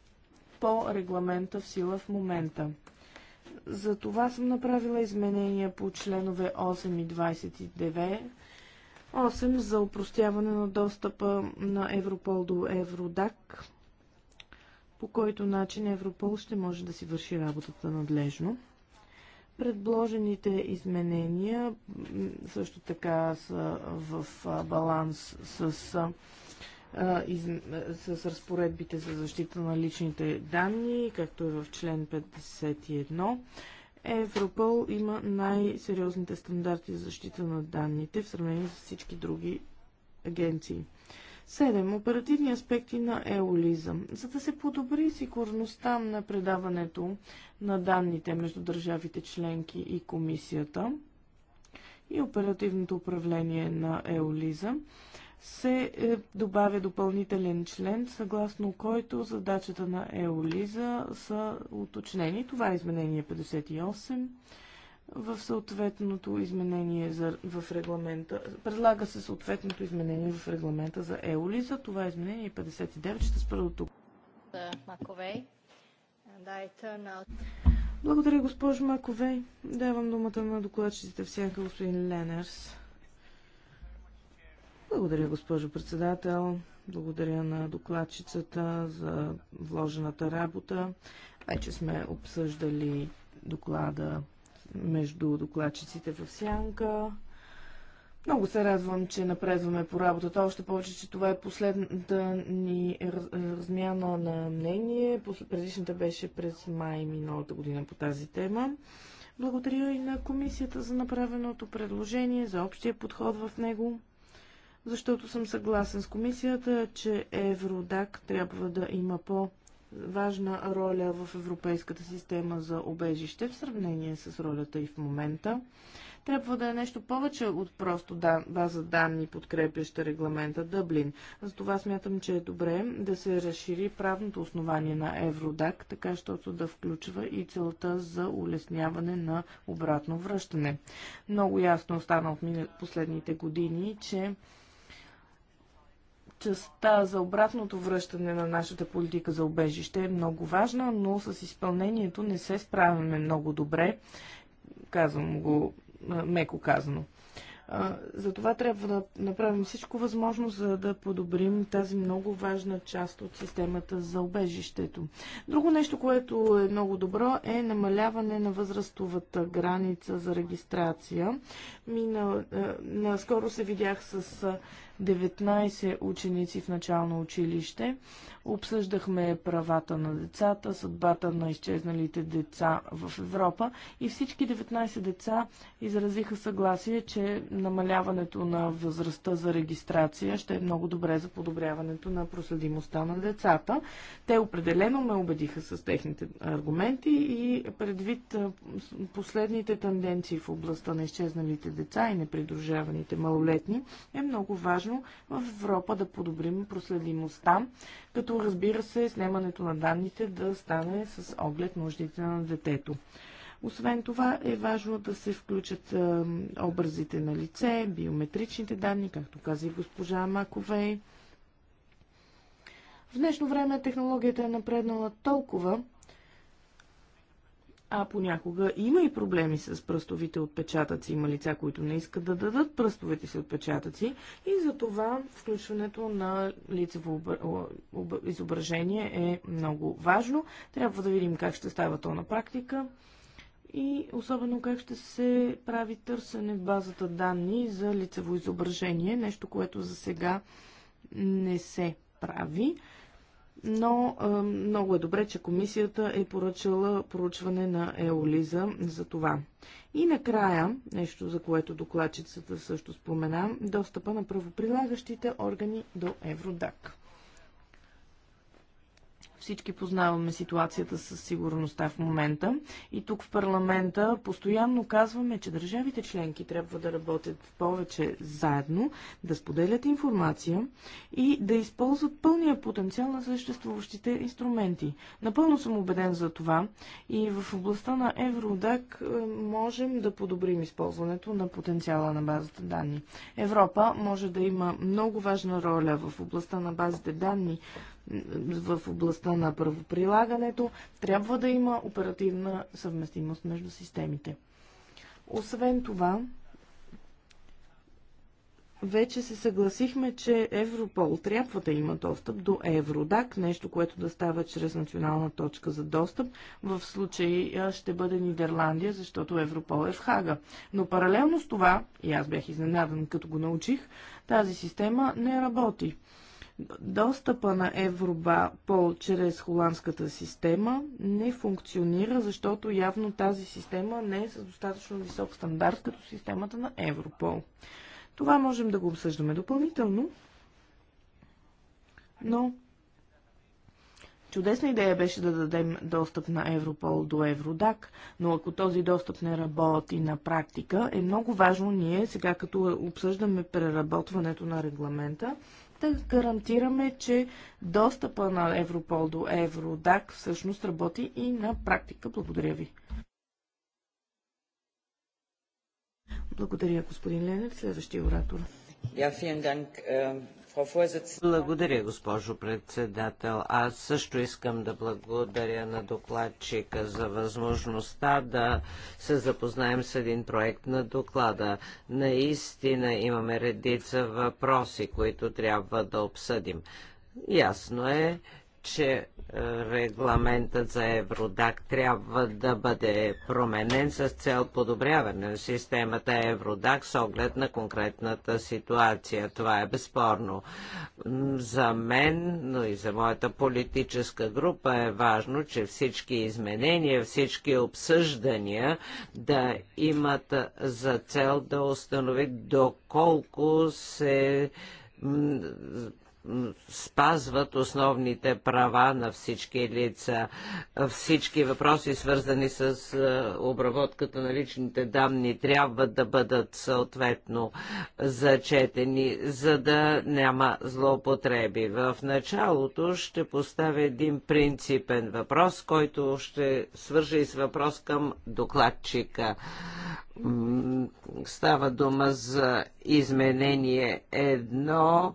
Speaker 3: по регламента в сила в момента. За това съм направила изменения по членове 8 и 29, 8 за упростяване на достъпа на Европол до Евродак, по който начин Европол ще може да си върши работата надлежно. Предложените изменения също така са в баланс с из... с разпоредбите за защита на личните данни, както е в член 51. Европол има най-сериозните стандарти за защита на данните в сравнение с всички други агенции. 7. Оперативни аспекти на еолиза. За да се подобри сигурността на предаването на данните между държавите членки и комисията и оперативното управление на еолиза, се е, добавя допълнителен член, съгласно който задачата на Еолиза са уточнени. Това е изменение 58 в съответното изменение за, в регламента. Предлага се съответното изменение в регламента за Еолиза. Това е изменение 59. Ще спра до тук. Благодаря, госпожо Маковей. Давам думата на докладчиците в сянка господин Ленерс. Благодаря, госпожо председател. Благодаря на докладчицата за вложената работа. Вече сме обсъждали доклада между докладчиците в Сянка. Много се радвам, че напредваме по работата, още повече, че това е последната ни размяна на мнение. Предишната беше през май миналата година по тази тема. Благодаря и на комисията за направеното предложение, за общия подход в него защото съм съгласен с комисията, че Евродак трябва да има по- важна роля в европейската система за обежище в сравнение с ролята и в момента. Трябва да е нещо повече от просто да, база данни, подкрепяща регламента Дъблин. За това смятам, че е добре да се разшири правното основание на Евродак, така защото да включва и целта за улесняване на обратно връщане. Много ясно остана от последните години, че частта за обратното връщане на нашата политика за обежище е много важна, но с изпълнението не се справяме много добре. Казвам го меко казано. Затова трябва да направим всичко възможно, за да подобрим тази много важна част от системата за обежището. Друго нещо, което е много добро, е намаляване на възрастовата граница за регистрация. Мина, наскоро се видях с 19 ученици в начално училище. Обсъждахме правата на децата, съдбата на изчезналите деца в Европа и всички 19 деца изразиха съгласие, че намаляването на възрастта за регистрация ще е много добре за подобряването на проследимостта на децата. Те определено ме убедиха с техните аргументи и предвид последните тенденции в областта на изчезналите деца и непридружаваните малолетни, е много важно в Европа да подобрим проследимостта, като като разбира се, снимането на данните да стане с оглед нуждите на детето. Освен това е важно да се включат а, е, образите на лице, биометричните данни, както каза и госпожа Маковей. В днешно време технологията е напреднала толкова, а понякога има и проблеми с пръстовите отпечатъци. Има лица, които не искат да дадат пръстовите си отпечатъци и за това включването на лицево изображение е много важно. Трябва да видим как ще става то на практика и особено как ще се прави търсене в базата данни за лицево изображение, нещо, което за сега не се прави но е, много е добре, че комисията е поръчала проучване на Еолиза за това. И накрая, нещо за което докладчицата също спомена, достъпа на правоприлагащите органи до Евродак. Всички познаваме ситуацията със сигурността в момента. И тук в парламента постоянно казваме, че държавите членки трябва да работят повече заедно, да споделят информация и да използват пълния потенциал на съществуващите инструменти. Напълно съм убеден за това и в областта на Евродак е, можем да подобрим използването на потенциала на базата данни. Европа може да има много важна роля в областта на базите данни, в областта на правоприлагането, трябва да има оперативна съвместимост между системите. Освен това, вече се съгласихме, че Европол трябва да има достъп до Евродак, нещо, което да става чрез национална точка за достъп. В случай ще бъде Нидерландия, защото Европол е в Хага. Но паралелно с това, и аз бях изненадан като го научих, тази система не работи. Достъпа на Европол чрез холандската система не функционира, защото явно тази система не е с достатъчно висок стандарт като системата на Европол. Това можем да го обсъждаме допълнително, но Чудесна идея беше да дадем достъп на Европол до Евродак, но ако този достъп не работи на практика, е много важно ние, сега като обсъждаме преработването на регламента, да гарантираме, че достъпа на Европол до Евродак всъщност работи и на практика. Благодаря ви. Благодаря, господин Ленер. Следващия оратор.
Speaker 2: Ja, vielen Dank. Благодаря, госпожо председател. Аз също искам да благодаря на докладчика за възможността да се запознаем с един проект на доклада. Наистина имаме редица въпроси, които трябва да обсъдим. Ясно е, че е, регламентът за Евродак трябва да бъде променен с цел подобряване на системата Евродак с оглед на конкретната ситуация. Това е безспорно. За мен, но и за моята политическа група е важно, че всички изменения, всички обсъждания да имат за цел да установи доколко се спазват основните права на всички лица. Всички въпроси, свързани с е, обработката на личните данни, трябва да бъдат съответно зачетени, за да няма злоупотреби. В началото ще поставя един принципен въпрос, който ще свържа и с въпрос към докладчика. Става дума за изменение едно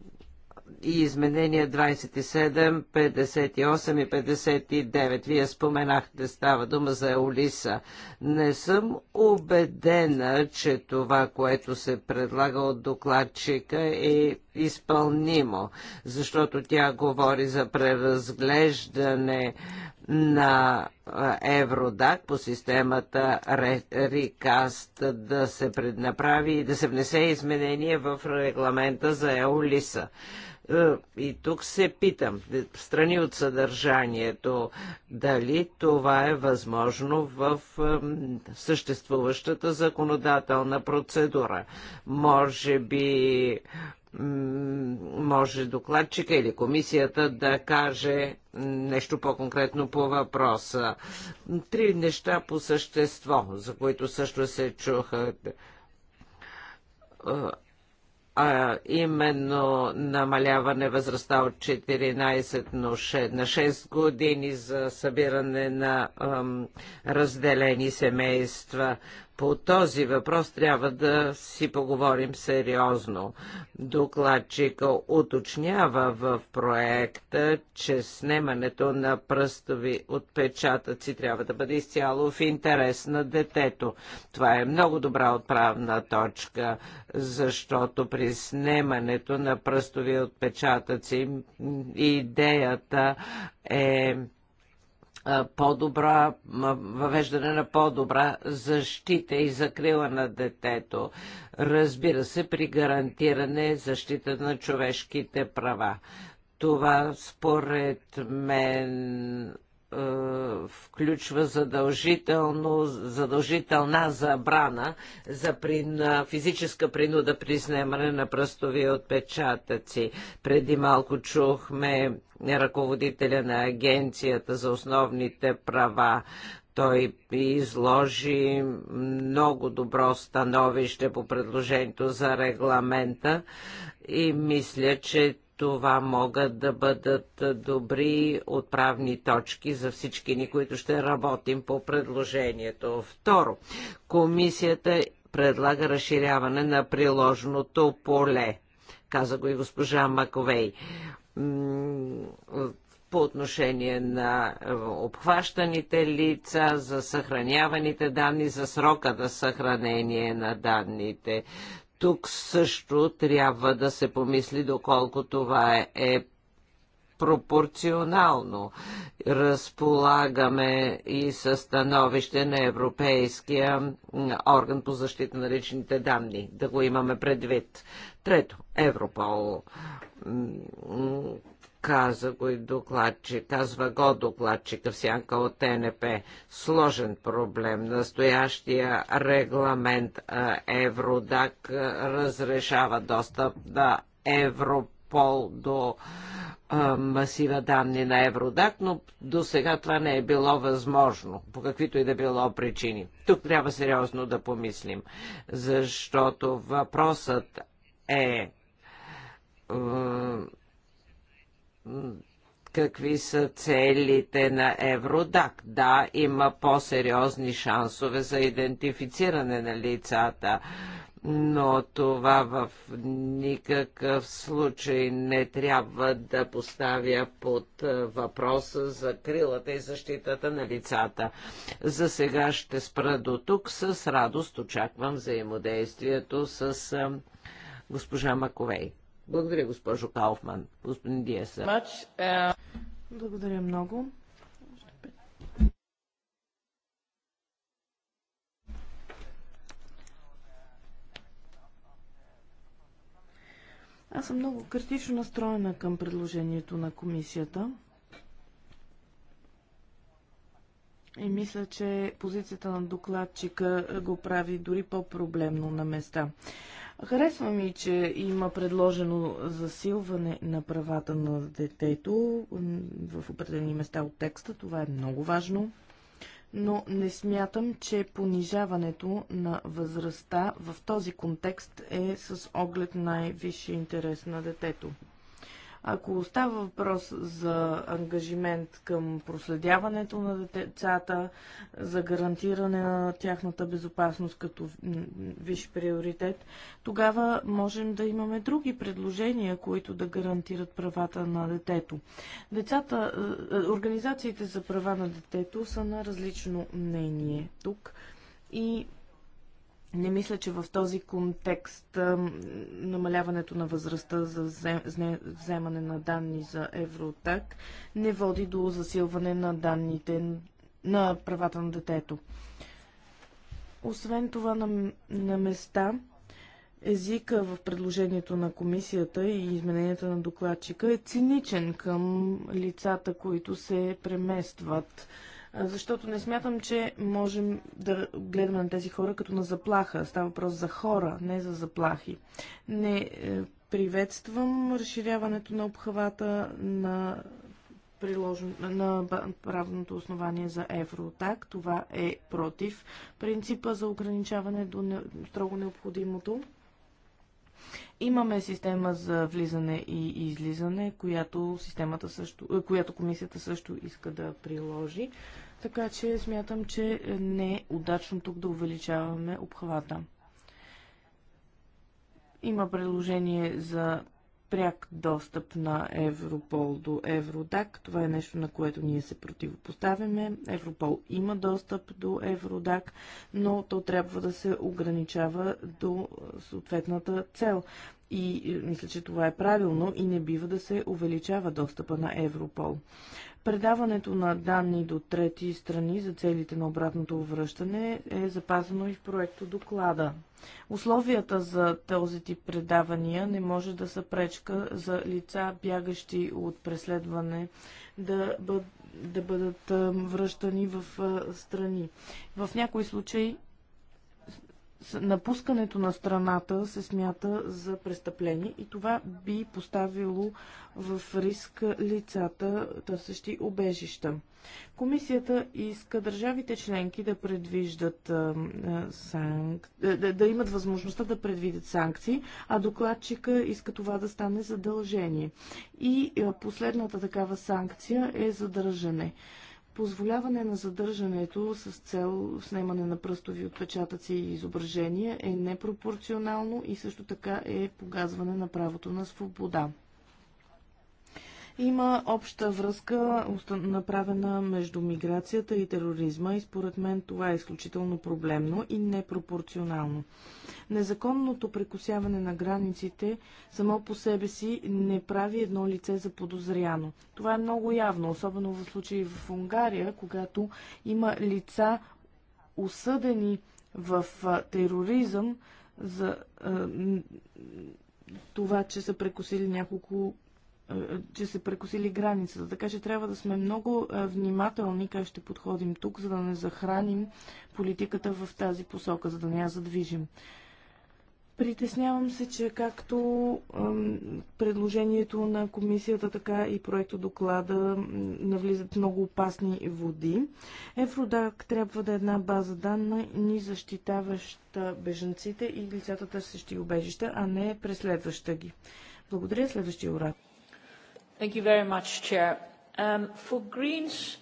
Speaker 2: и изменения 27, 58 и 59. Вие споменахте, става дума за Олиса. Не съм убедена, че това, което се предлага от докладчика е изпълнимо, защото тя говори за преразглеждане на Евродак по системата Рикаст да се преднаправи и да се внесе изменение в регламента за Еолиса. Е, и тук се питам, е, страни от съдържанието, дали това е възможно в е, съществуващата законодателна процедура. Може би може докладчика или комисията да каже нещо по-конкретно по въпроса. Три неща по същество, за които също се чуха а именно намаляване възрастта от 14 на 6 години за събиране на разделени семейства. По този въпрос трябва да си поговорим сериозно. Докладчика уточнява в проекта, че снемането на пръстови отпечатъци трябва да бъде изцяло в интерес на детето. Това е много добра отправна точка, защото при снемането на пръстови отпечатъци идеята е по-добра, въвеждане на по-добра защита и закрила на детето. Разбира се, при гарантиране защита на човешките права. Това според мен е, включва задължително, задължителна забрана за прин, физическа принуда при снемане на пръстови отпечатъци. Преди малко чухме ръководителя на Агенцията за основните права. Той изложи много добро становище по предложението за регламента и мисля, че това могат да бъдат добри отправни точки за всички ни, които ще работим по предложението. Второ, комисията предлага разширяване на приложното поле. Каза го и госпожа Маковей по отношение на обхващаните лица, за съхраняваните данни, за срока на съхранение на данните. Тук също трябва да се помисли доколко това е пропорционално. Разполагаме и със становище на Европейския орган по защита на личните данни, да го имаме предвид. Трето, Европол. Каза го и докладчик, казва го докладчика в сянка от ТНП. Сложен проблем. Настоящия регламент Евродак разрешава достъп на Европол до масива данни на Евродак, но до сега това не е било възможно, по каквито и да било причини. Тук трябва сериозно да помислим, защото въпросът е какви са целите на Евродак. Да, има по-сериозни шансове за идентифициране на лицата, но това в никакъв случай не трябва да поставя под въпроса за крилата и защитата на лицата. За сега ще спра до тук. С радост очаквам взаимодействието с госпожа Маковей. Благодаря, госпожо Кауфман. Господин Диеса.
Speaker 3: Uh, Благодаря много. Аз съм много критично настроена към предложението на комисията. И мисля, че позицията на докладчика го прави дори по-проблемно на места. Харесва ми, че има предложено засилване на правата на детето в определени места от текста. Това е много важно. Но не смятам, че понижаването на възрастта в този контекст е с оглед най-висши интерес на детето. Ако става въпрос за ангажимент към проследяването на децата, за гарантиране на тяхната безопасност като висш приоритет, тогава можем да имаме други предложения, които да гарантират правата на детето. Децата, е, е, организациите за права на детето са на различно мнение тук и не мисля, че в този контекст намаляването на възрастта за вземане на данни за Евротак не води до засилване на данните на правата на детето. Освен това на, на места езика в предложението на комисията и измененията на докладчика е циничен към лицата, които се преместват защото не смятам, че можем да гледаме на тези хора като на заплаха. Става въпрос за хора, не за заплахи. Не е, приветствам разширяването на обхвата на приложен, на правното основание за Евротак. Това е против принципа за ограничаване до не, строго необходимото. Имаме система за влизане и излизане, която, системата също, е, която комисията също иска да приложи. Така че смятам, че не е удачно тук да увеличаваме обхвата. Има предложение за пряк достъп на Европол до Евродак. Това е нещо, на което ние се противопоставяме. Европол има достъп до Евродак, но то трябва да се ограничава до съответната цел. И е, мисля, че това е правилно и не бива да се увеличава достъпа на Европол. Предаването на данни до трети страни за целите на обратното връщане е запазено и в проекто доклада. Условията за този тип предавания не може да са пречка за лица, бягащи от преследване, да, бъд, да бъдат връщани в страни. В някои случаи напускането на страната се смята за престъпление и това би поставило в риск лицата, търсещи обежища. Комисията иска държавите членки да предвиждат санк... да, да имат възможността да предвидят санкции, а докладчика иска това да стане задължение. И последната такава санкция е задържане. Позволяване на задържането с цел снимане на пръстови отпечатъци и изображения е непропорционално и също така е погазване на правото на свобода. Има обща връзка, направена между миграцията и тероризма и според мен това е изключително проблемно и непропорционално. Незаконното прекусяване на границите само по себе си не прави едно лице за подозряно. Това е много явно, особено в случаи в Унгария, когато има лица осъдени в тероризъм за това, че са прекусили няколко е, че се прекосили границата. Така че трябва да сме много е, внимателни как ще подходим тук, за да не захраним политиката в тази посока, за да не я задвижим. Притеснявам се, че както предложението на комисията, така и проекто доклада навлизат много опасни води. Евродак трябва да е една база данна, ни защитаваща беженците и лицата търсещи убежища, а не преследваща ги. Благодаря следващия оратор.
Speaker 1: Thank you very much, Chair. Um, for Greens...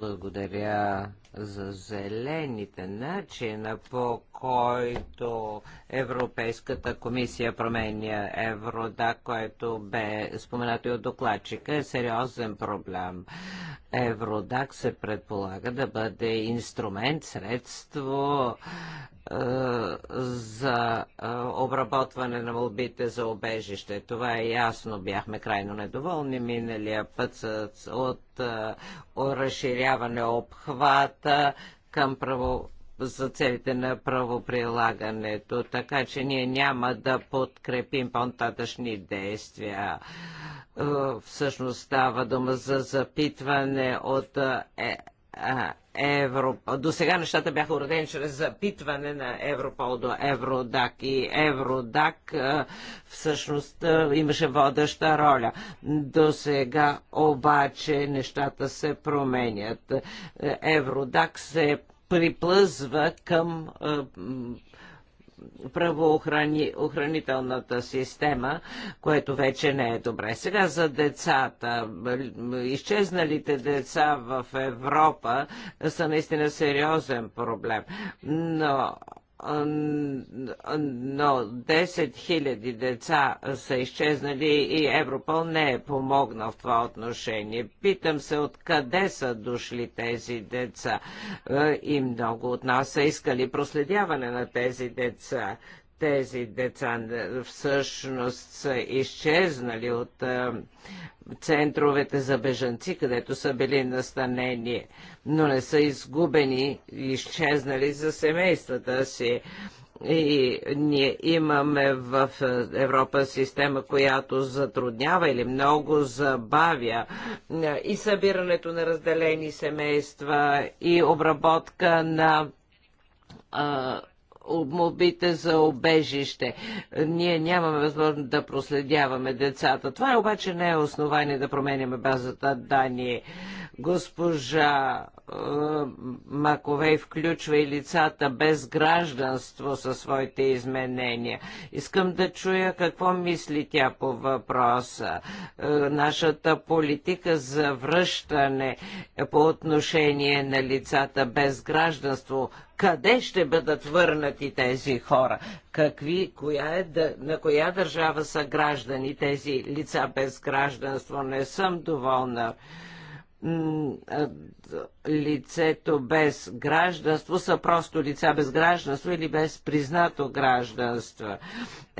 Speaker 2: Благодаря за зелените начина по който Европейската комисия променя Еврода, което бе споменато и от докладчика, е сериозен проблем. Евродак се предполага да бъде инструмент, средство е, за е, обработване на молбите за обежище. Това е ясно. Бяхме крайно недоволни миналия път от, е, разширяване обхват правилата към право за целите на правоприлагането, така че ние няма да подкрепим по-нататъчни действия. Е, всъщност става дума за запитване от е, Европа, До сега нещата бяха уредени чрез запитване на Европол до Евродак и Евродак всъщност имаше водеща роля. До сега обаче нещата се променят. Евродак се приплъзва към правоохранителната система, което вече не е добре. Сега за децата. Изчезналите деца в Европа са наистина сериозен проблем. Но но 10 хиляди деца са изчезнали и Европол не е помогнал в това отношение. Питам се откъде са дошли тези деца е, и много от нас са искали проследяване на тези деца тези деца всъщност са изчезнали от центровете за бежанци, където са били настанени, но не са изгубени, изчезнали за семействата си. И ние имаме в Европа система, която затруднява или много забавя и събирането на разделени семейства, и обработка на обмобите за обежище. Ние нямаме възможност да проследяваме децата. Това обаче не е основание да променяме базата данни. Госпожа э, Маковей включва и лицата без гражданство със своите изменения. Искам да чуя какво мисли тя по въпроса. Э, нашата политика за връщане по отношение на лицата без гражданство къде ще бъдат върнати тези хора, какви, коя е, на коя държава са граждани тези лица без гражданство. Не съм доволна лицето без гражданство са просто лица без гражданство или без признато гражданство.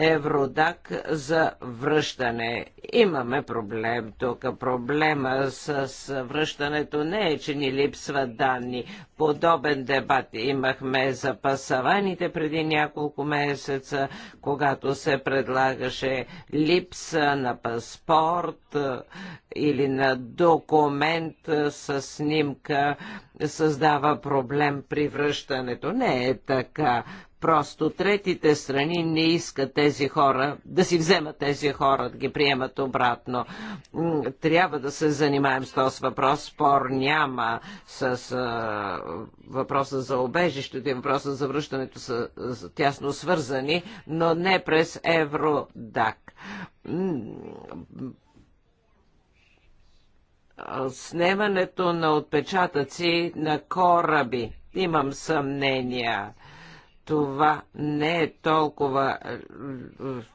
Speaker 2: Евродак за връщане. Имаме проблем тук. Проблема с връщането не е, че ни липсват данни. Подобен дебат имахме за пасаваните преди няколко месеца, когато се предлагаше липса на паспорт или на документ с снимка създава проблем при връщането. Не е така. Просто третите страни не искат тези хора, да си вземат тези хора, да ги приемат обратно. Трябва да се занимаем с този въпрос. Спор няма с а, въпроса за обежището и въпроса за връщането са тясно свързани, но не през Евродак снемането на отпечатъци на кораби. Имам съмнения това не е толкова е, е,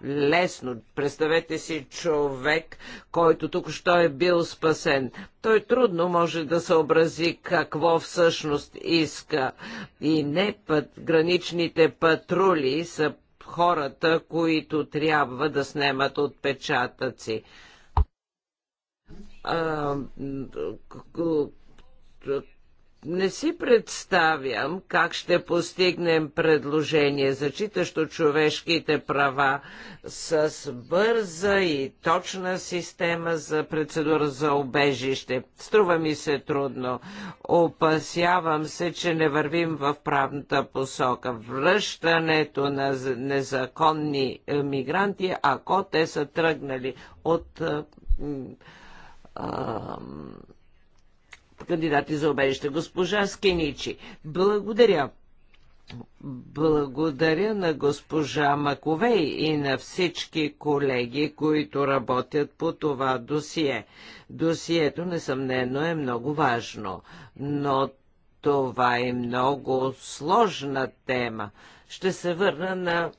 Speaker 2: лесно. Представете си човек, който тук що е бил спасен. Той трудно може да съобрази какво всъщност иска. И не път, граничните патрули са хората, които трябва да снемат отпечатъци. А, не си представям как ще постигнем предложение, зачитащо човешките права с бърза и точна система за процедура за обежище. Струва ми се трудно. Опасявам се, че не вървим в правната посока. Връщането на незаконни е, мигранти, ако те са тръгнали от а, е, а, кандидати за обежище. Госпожа Скиничи, благодаря. Благодаря на госпожа Маковей и на всички колеги, които работят по това досие. Досието несъмнено е много важно, но това е много сложна тема. Ще се върна на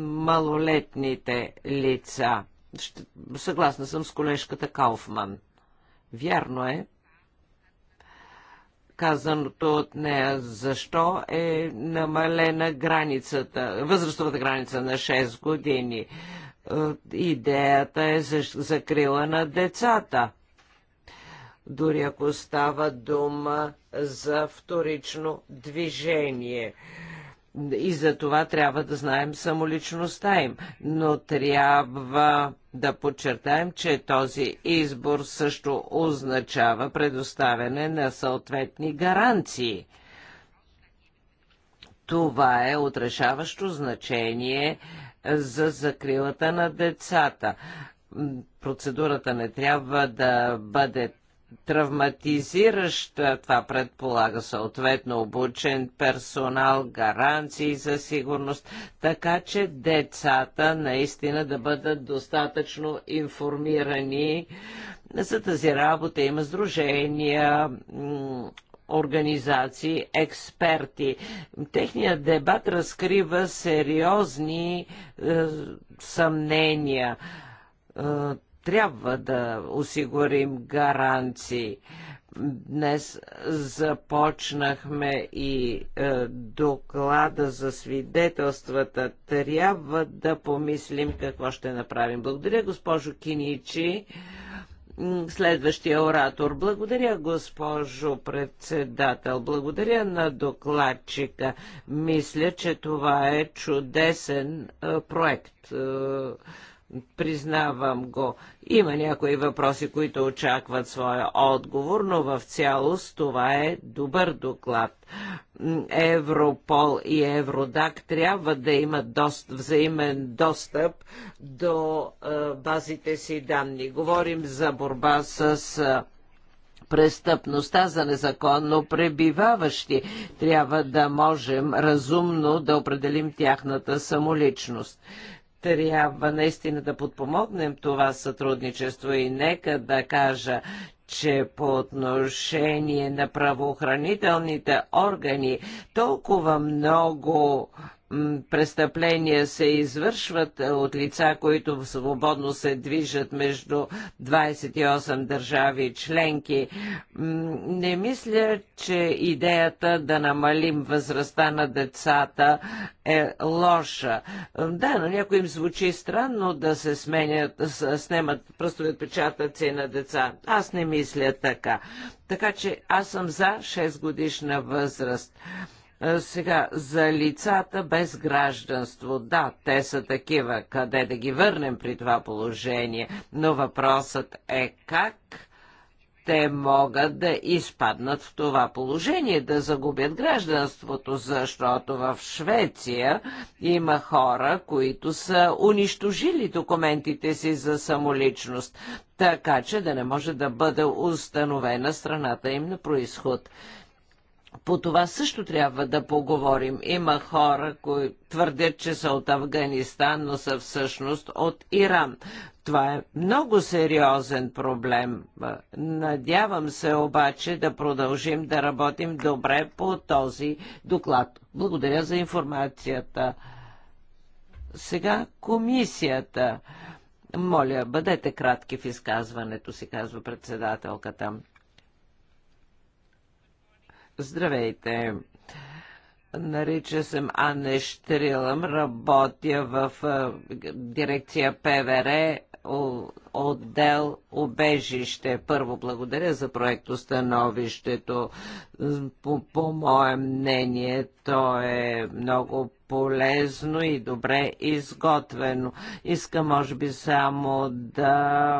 Speaker 2: малолетните лица. Съгласна съм с колежката Кауфман. Вярно е, казаното от нея. Защо е намалена границата, възрастовата граница на 6 години? Е, идеята е за закрила на децата. Дори ако става дума за вторично движение и за това трябва да знаем самоличността им, но трябва да подчертаем, че този избор също означава предоставяне на съответни гаранции. Това е отрешаващо значение за закрилата на децата процедурата не трябва да бъде травматизираща. Това предполага съответно обучен персонал, гаранции за сигурност, така че децата наистина да бъдат достатъчно информирани. За тази работа има сдружения, организации, експерти. Техният дебат разкрива сериозни е, съмнения е, трябва да осигурим гаранции. Днес започнахме и е, доклада за свидетелствата. Трябва да помислим какво ще направим. Благодаря, госпожо Киничи. Следващия оратор. Благодаря, госпожо председател. Благодаря на докладчика. Мисля, че това е чудесен е, проект. Е, Признавам го. Има някои въпроси, които очакват своя отговор, но в цялост това е добър доклад. Европол и Евродак трябва да имат дост, взаимен достъп до е, базите си данни. Говорим за борба с. Е, престъпността за незаконно пребиваващи. Трябва да можем разумно да определим тяхната самоличност трябва наистина да подпомогнем това сътрудничество и нека да кажа, че по отношение на правоохранителните органи толкова много престъпления се извършват е, от лица, които свободно се движат между 28 държави членки. Не мисля, че идеята да намалим възрастта на децата е лоша. Да, но някой им звучи странно да се сменят, снемат пръстови отпечатъци на деца. Аз не мисля така. Така че аз съм за 6 годишна възраст. Сега, за лицата без гражданство, да, те са такива, къде да ги върнем при това положение, но въпросът е как те могат да изпаднат в това положение, да загубят гражданството, защото в Швеция има хора, които са унищожили документите си за самоличност, така че да не може да бъде установена страната им на происход по това също трябва да поговорим. Има хора, които твърдят, че са от Афганистан, но са всъщност от Иран. Това е много сериозен проблем. Надявам се обаче да продължим да работим добре по този доклад. Благодаря за информацията. Сега комисията. Моля, бъдете кратки в изказването си, казва председателката. Здравейте! Нарича съм Анне Штрилъм, работя в дирекция ПВР, отдел обежище. Първо благодаря за становището. По, по мое мнение, то е много полезно и добре изготвено. Искам, може би, само да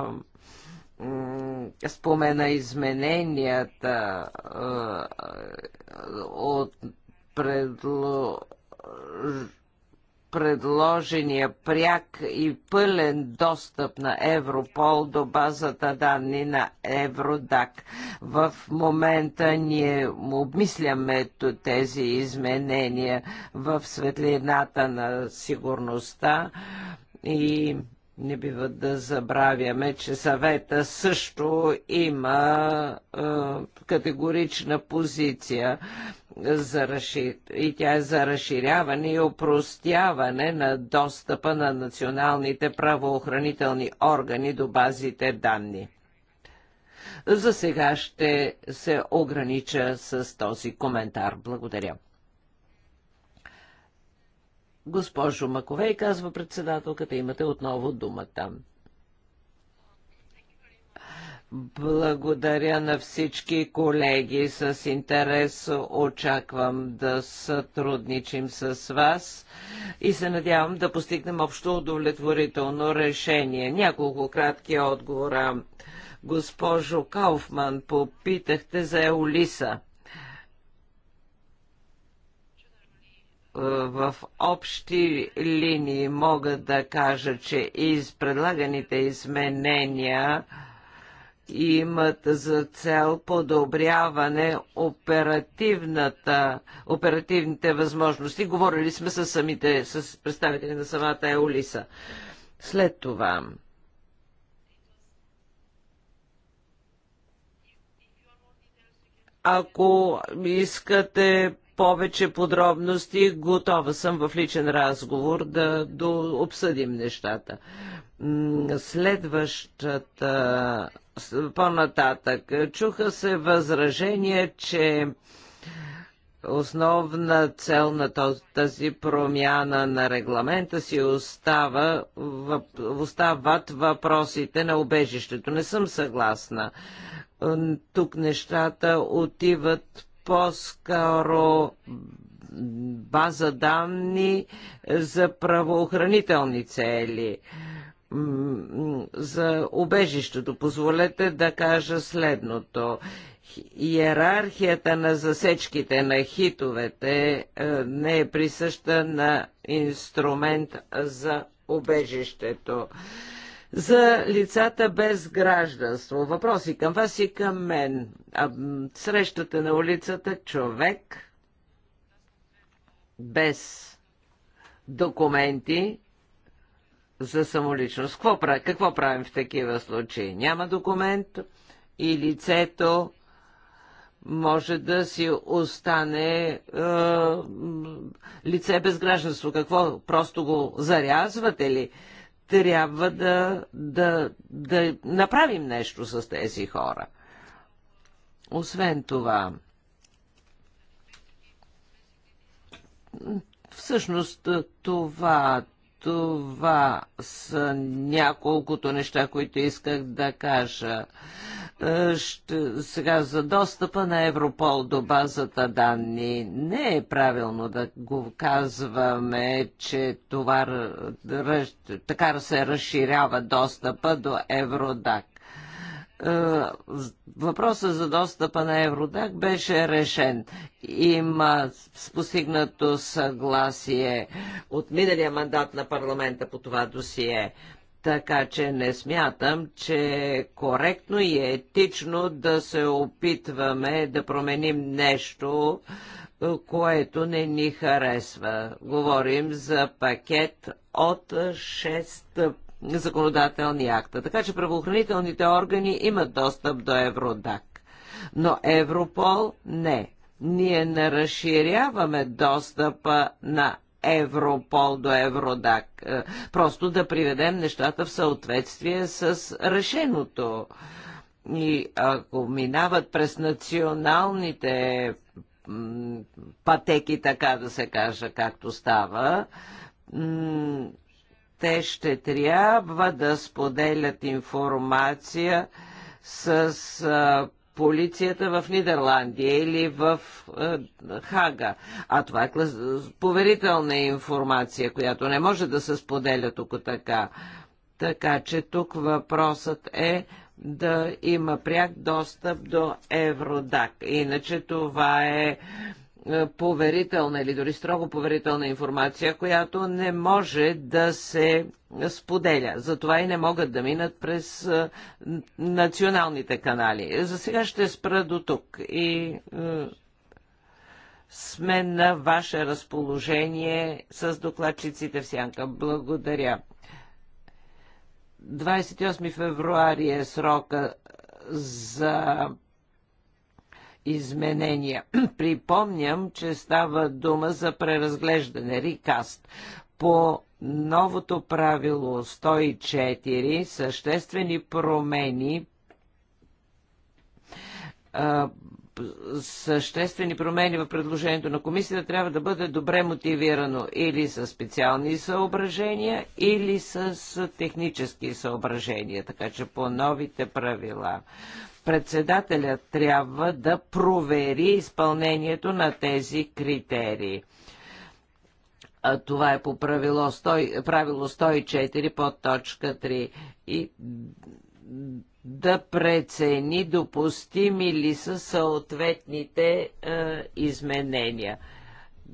Speaker 2: спомена измененията от предло предложения пряк и пълен достъп на Европол до базата данни на Евродак. В момента ние обмисляме тези изменения в светлината на сигурността и не бива да забравяме, че съвета също има е, категорична позиция за разшир... и тя е за разширяване и опростяване на достъпа на националните правоохранителни органи до базите данни. За сега ще се огранича с този коментар. Благодаря. Госпожо Маковей, казва председателката, имате отново думата. Благодаря на всички колеги. С интерес очаквам да сътрудничим с вас и се надявам да постигнем общо удовлетворително решение. Няколко кратки отговора. Госпожо Кауфман, попитахте за Еолиса. в общи линии мога да кажа, че из предлаганите изменения имат за цел подобряване оперативната, оперативните възможности. Говорили сме с, самите, с представители на самата Еолиса. След това ако искате повече подробности. Готова съм в личен разговор да, да обсъдим нещата. Следващата, по-нататък, чуха се възражения, че основна цел на тази промяна на регламента си остава, остават въпросите на убежището. Не съм съгласна. Тук нещата отиват по-скоро база данни за правоохранителни цели за убежището. Позволете да кажа следното. Иерархията на засечките на хитовете е, не е присъща на инструмент за убежището за лицата без гражданство. Въпроси към вас и към мен. А, срещате на улицата човек без документи за самоличност. Какво, какво правим в такива случаи? Няма документ и лицето може да си остане е, лице без гражданство. Какво? Просто го зарязвате ли? трябва да, да, да направим нещо с тези хора. Освен това, всъщност това, това са няколкото неща, които исках да кажа. Е, ще, сега за достъпа на Европол до базата данни. Не е правилно да го казваме, че това така се разширява достъпа до Евродак. Е, въпросът за достъпа на Евродак беше решен. Има спостигнато съгласие от миналия мандат на парламента по това досие. Така че не смятам, че е коректно и етично да се опитваме да променим нещо, което не ни харесва. Говорим за пакет от 6 законодателни акта. Така че правоохранителните органи имат достъп до Евродак. Но Европол не. Ние не разширяваме достъпа на Европол до Евродак. Е, просто да приведем нещата в съответствие с решеното. И ако минават през националните пътеки, така да се кажа, както става, те ще трябва да споделят информация с полицията в Нидерландия или в е, Хага. А това е клас... поверителна информация, която не може да се споделя тук така. Така че тук въпросът е да има пряк достъп до Евродак. Иначе това е е, поверителна или дори строго поверителна информация, която не може да се споделя. Затова и не могат да минат през е, националните канали. За сега ще спра до тук и е, сме на ваше разположение с докладчиците в Сянка. Благодаря. 28 февруари е срока за изменения. (clears throat) Припомням, че става дума за преразглеждане, рикаст. По новото правило 104 съществени промени съществени промени в предложението на комисията трябва да бъде добре мотивирано или с специални съображения, или с технически съображения, така че по новите правила председателят трябва да провери изпълнението на тези критерии. А това е по правило, 100, правило 104 под точка 3. И да прецени допустими ли са съответните е, изменения.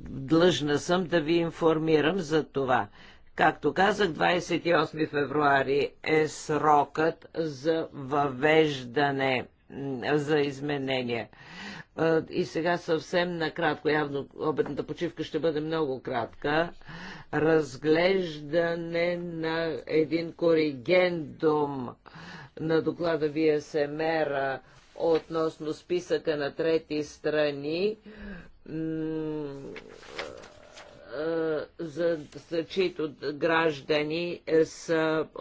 Speaker 2: Длъжна съм да ви информирам за това. Както казах, 28 февруари е срокът за въвеждане, за изменение. И сега съвсем накратко, явно обедната почивка ще бъде много кратка, разглеждане на един коригендум на доклада ВСМР относно списъка на трети страни е, за, чието граждани е, са е,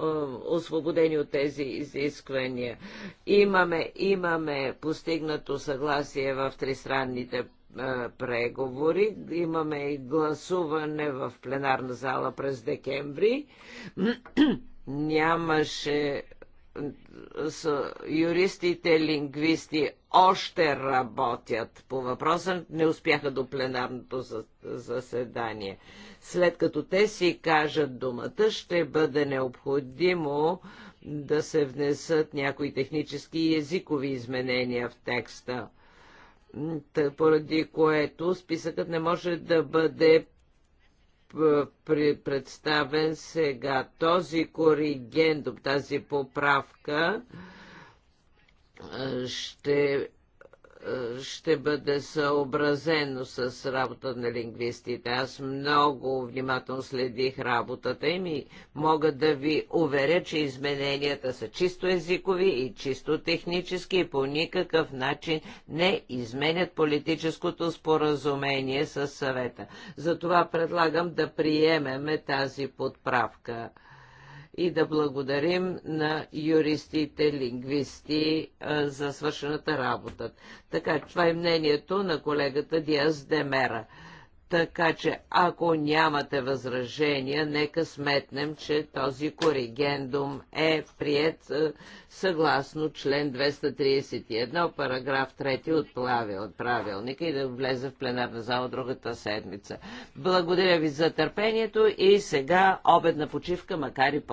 Speaker 2: освободени от тези изисквания. Имаме, имаме постигнато съгласие в тристранните преговори. Имаме и гласуване в пленарна зала през декември. (clears throat) Нямаше юристите, лингвисти още работят по въпроса, не успяха до пленарното заседание. След като те си кажат думата, ще бъде необходимо да се внесат някои технически и езикови изменения в текста, поради което списъкът не може да бъде представен сега. Този коригендум, тази поправка ще ще бъде съобразено с работа на лингвистите. Аз много внимателно следих работата им и мога да ви уверя, че измененията са чисто езикови и чисто технически и по никакъв начин не изменят политическото споразумение с съвета. Затова предлагам да приемеме тази подправка и да благодарим на юристите, лингвисти за свършената работа. Така, че това е мнението на колегата Диас Демера. Така че, ако нямате възражения, нека сметнем, че този коригендум е прият съгласно член 231, параграф 3 от, правил, от правилника и да влезе в пленарна зала другата седмица. Благодаря ви за търпението и сега обедна почивка, макар и по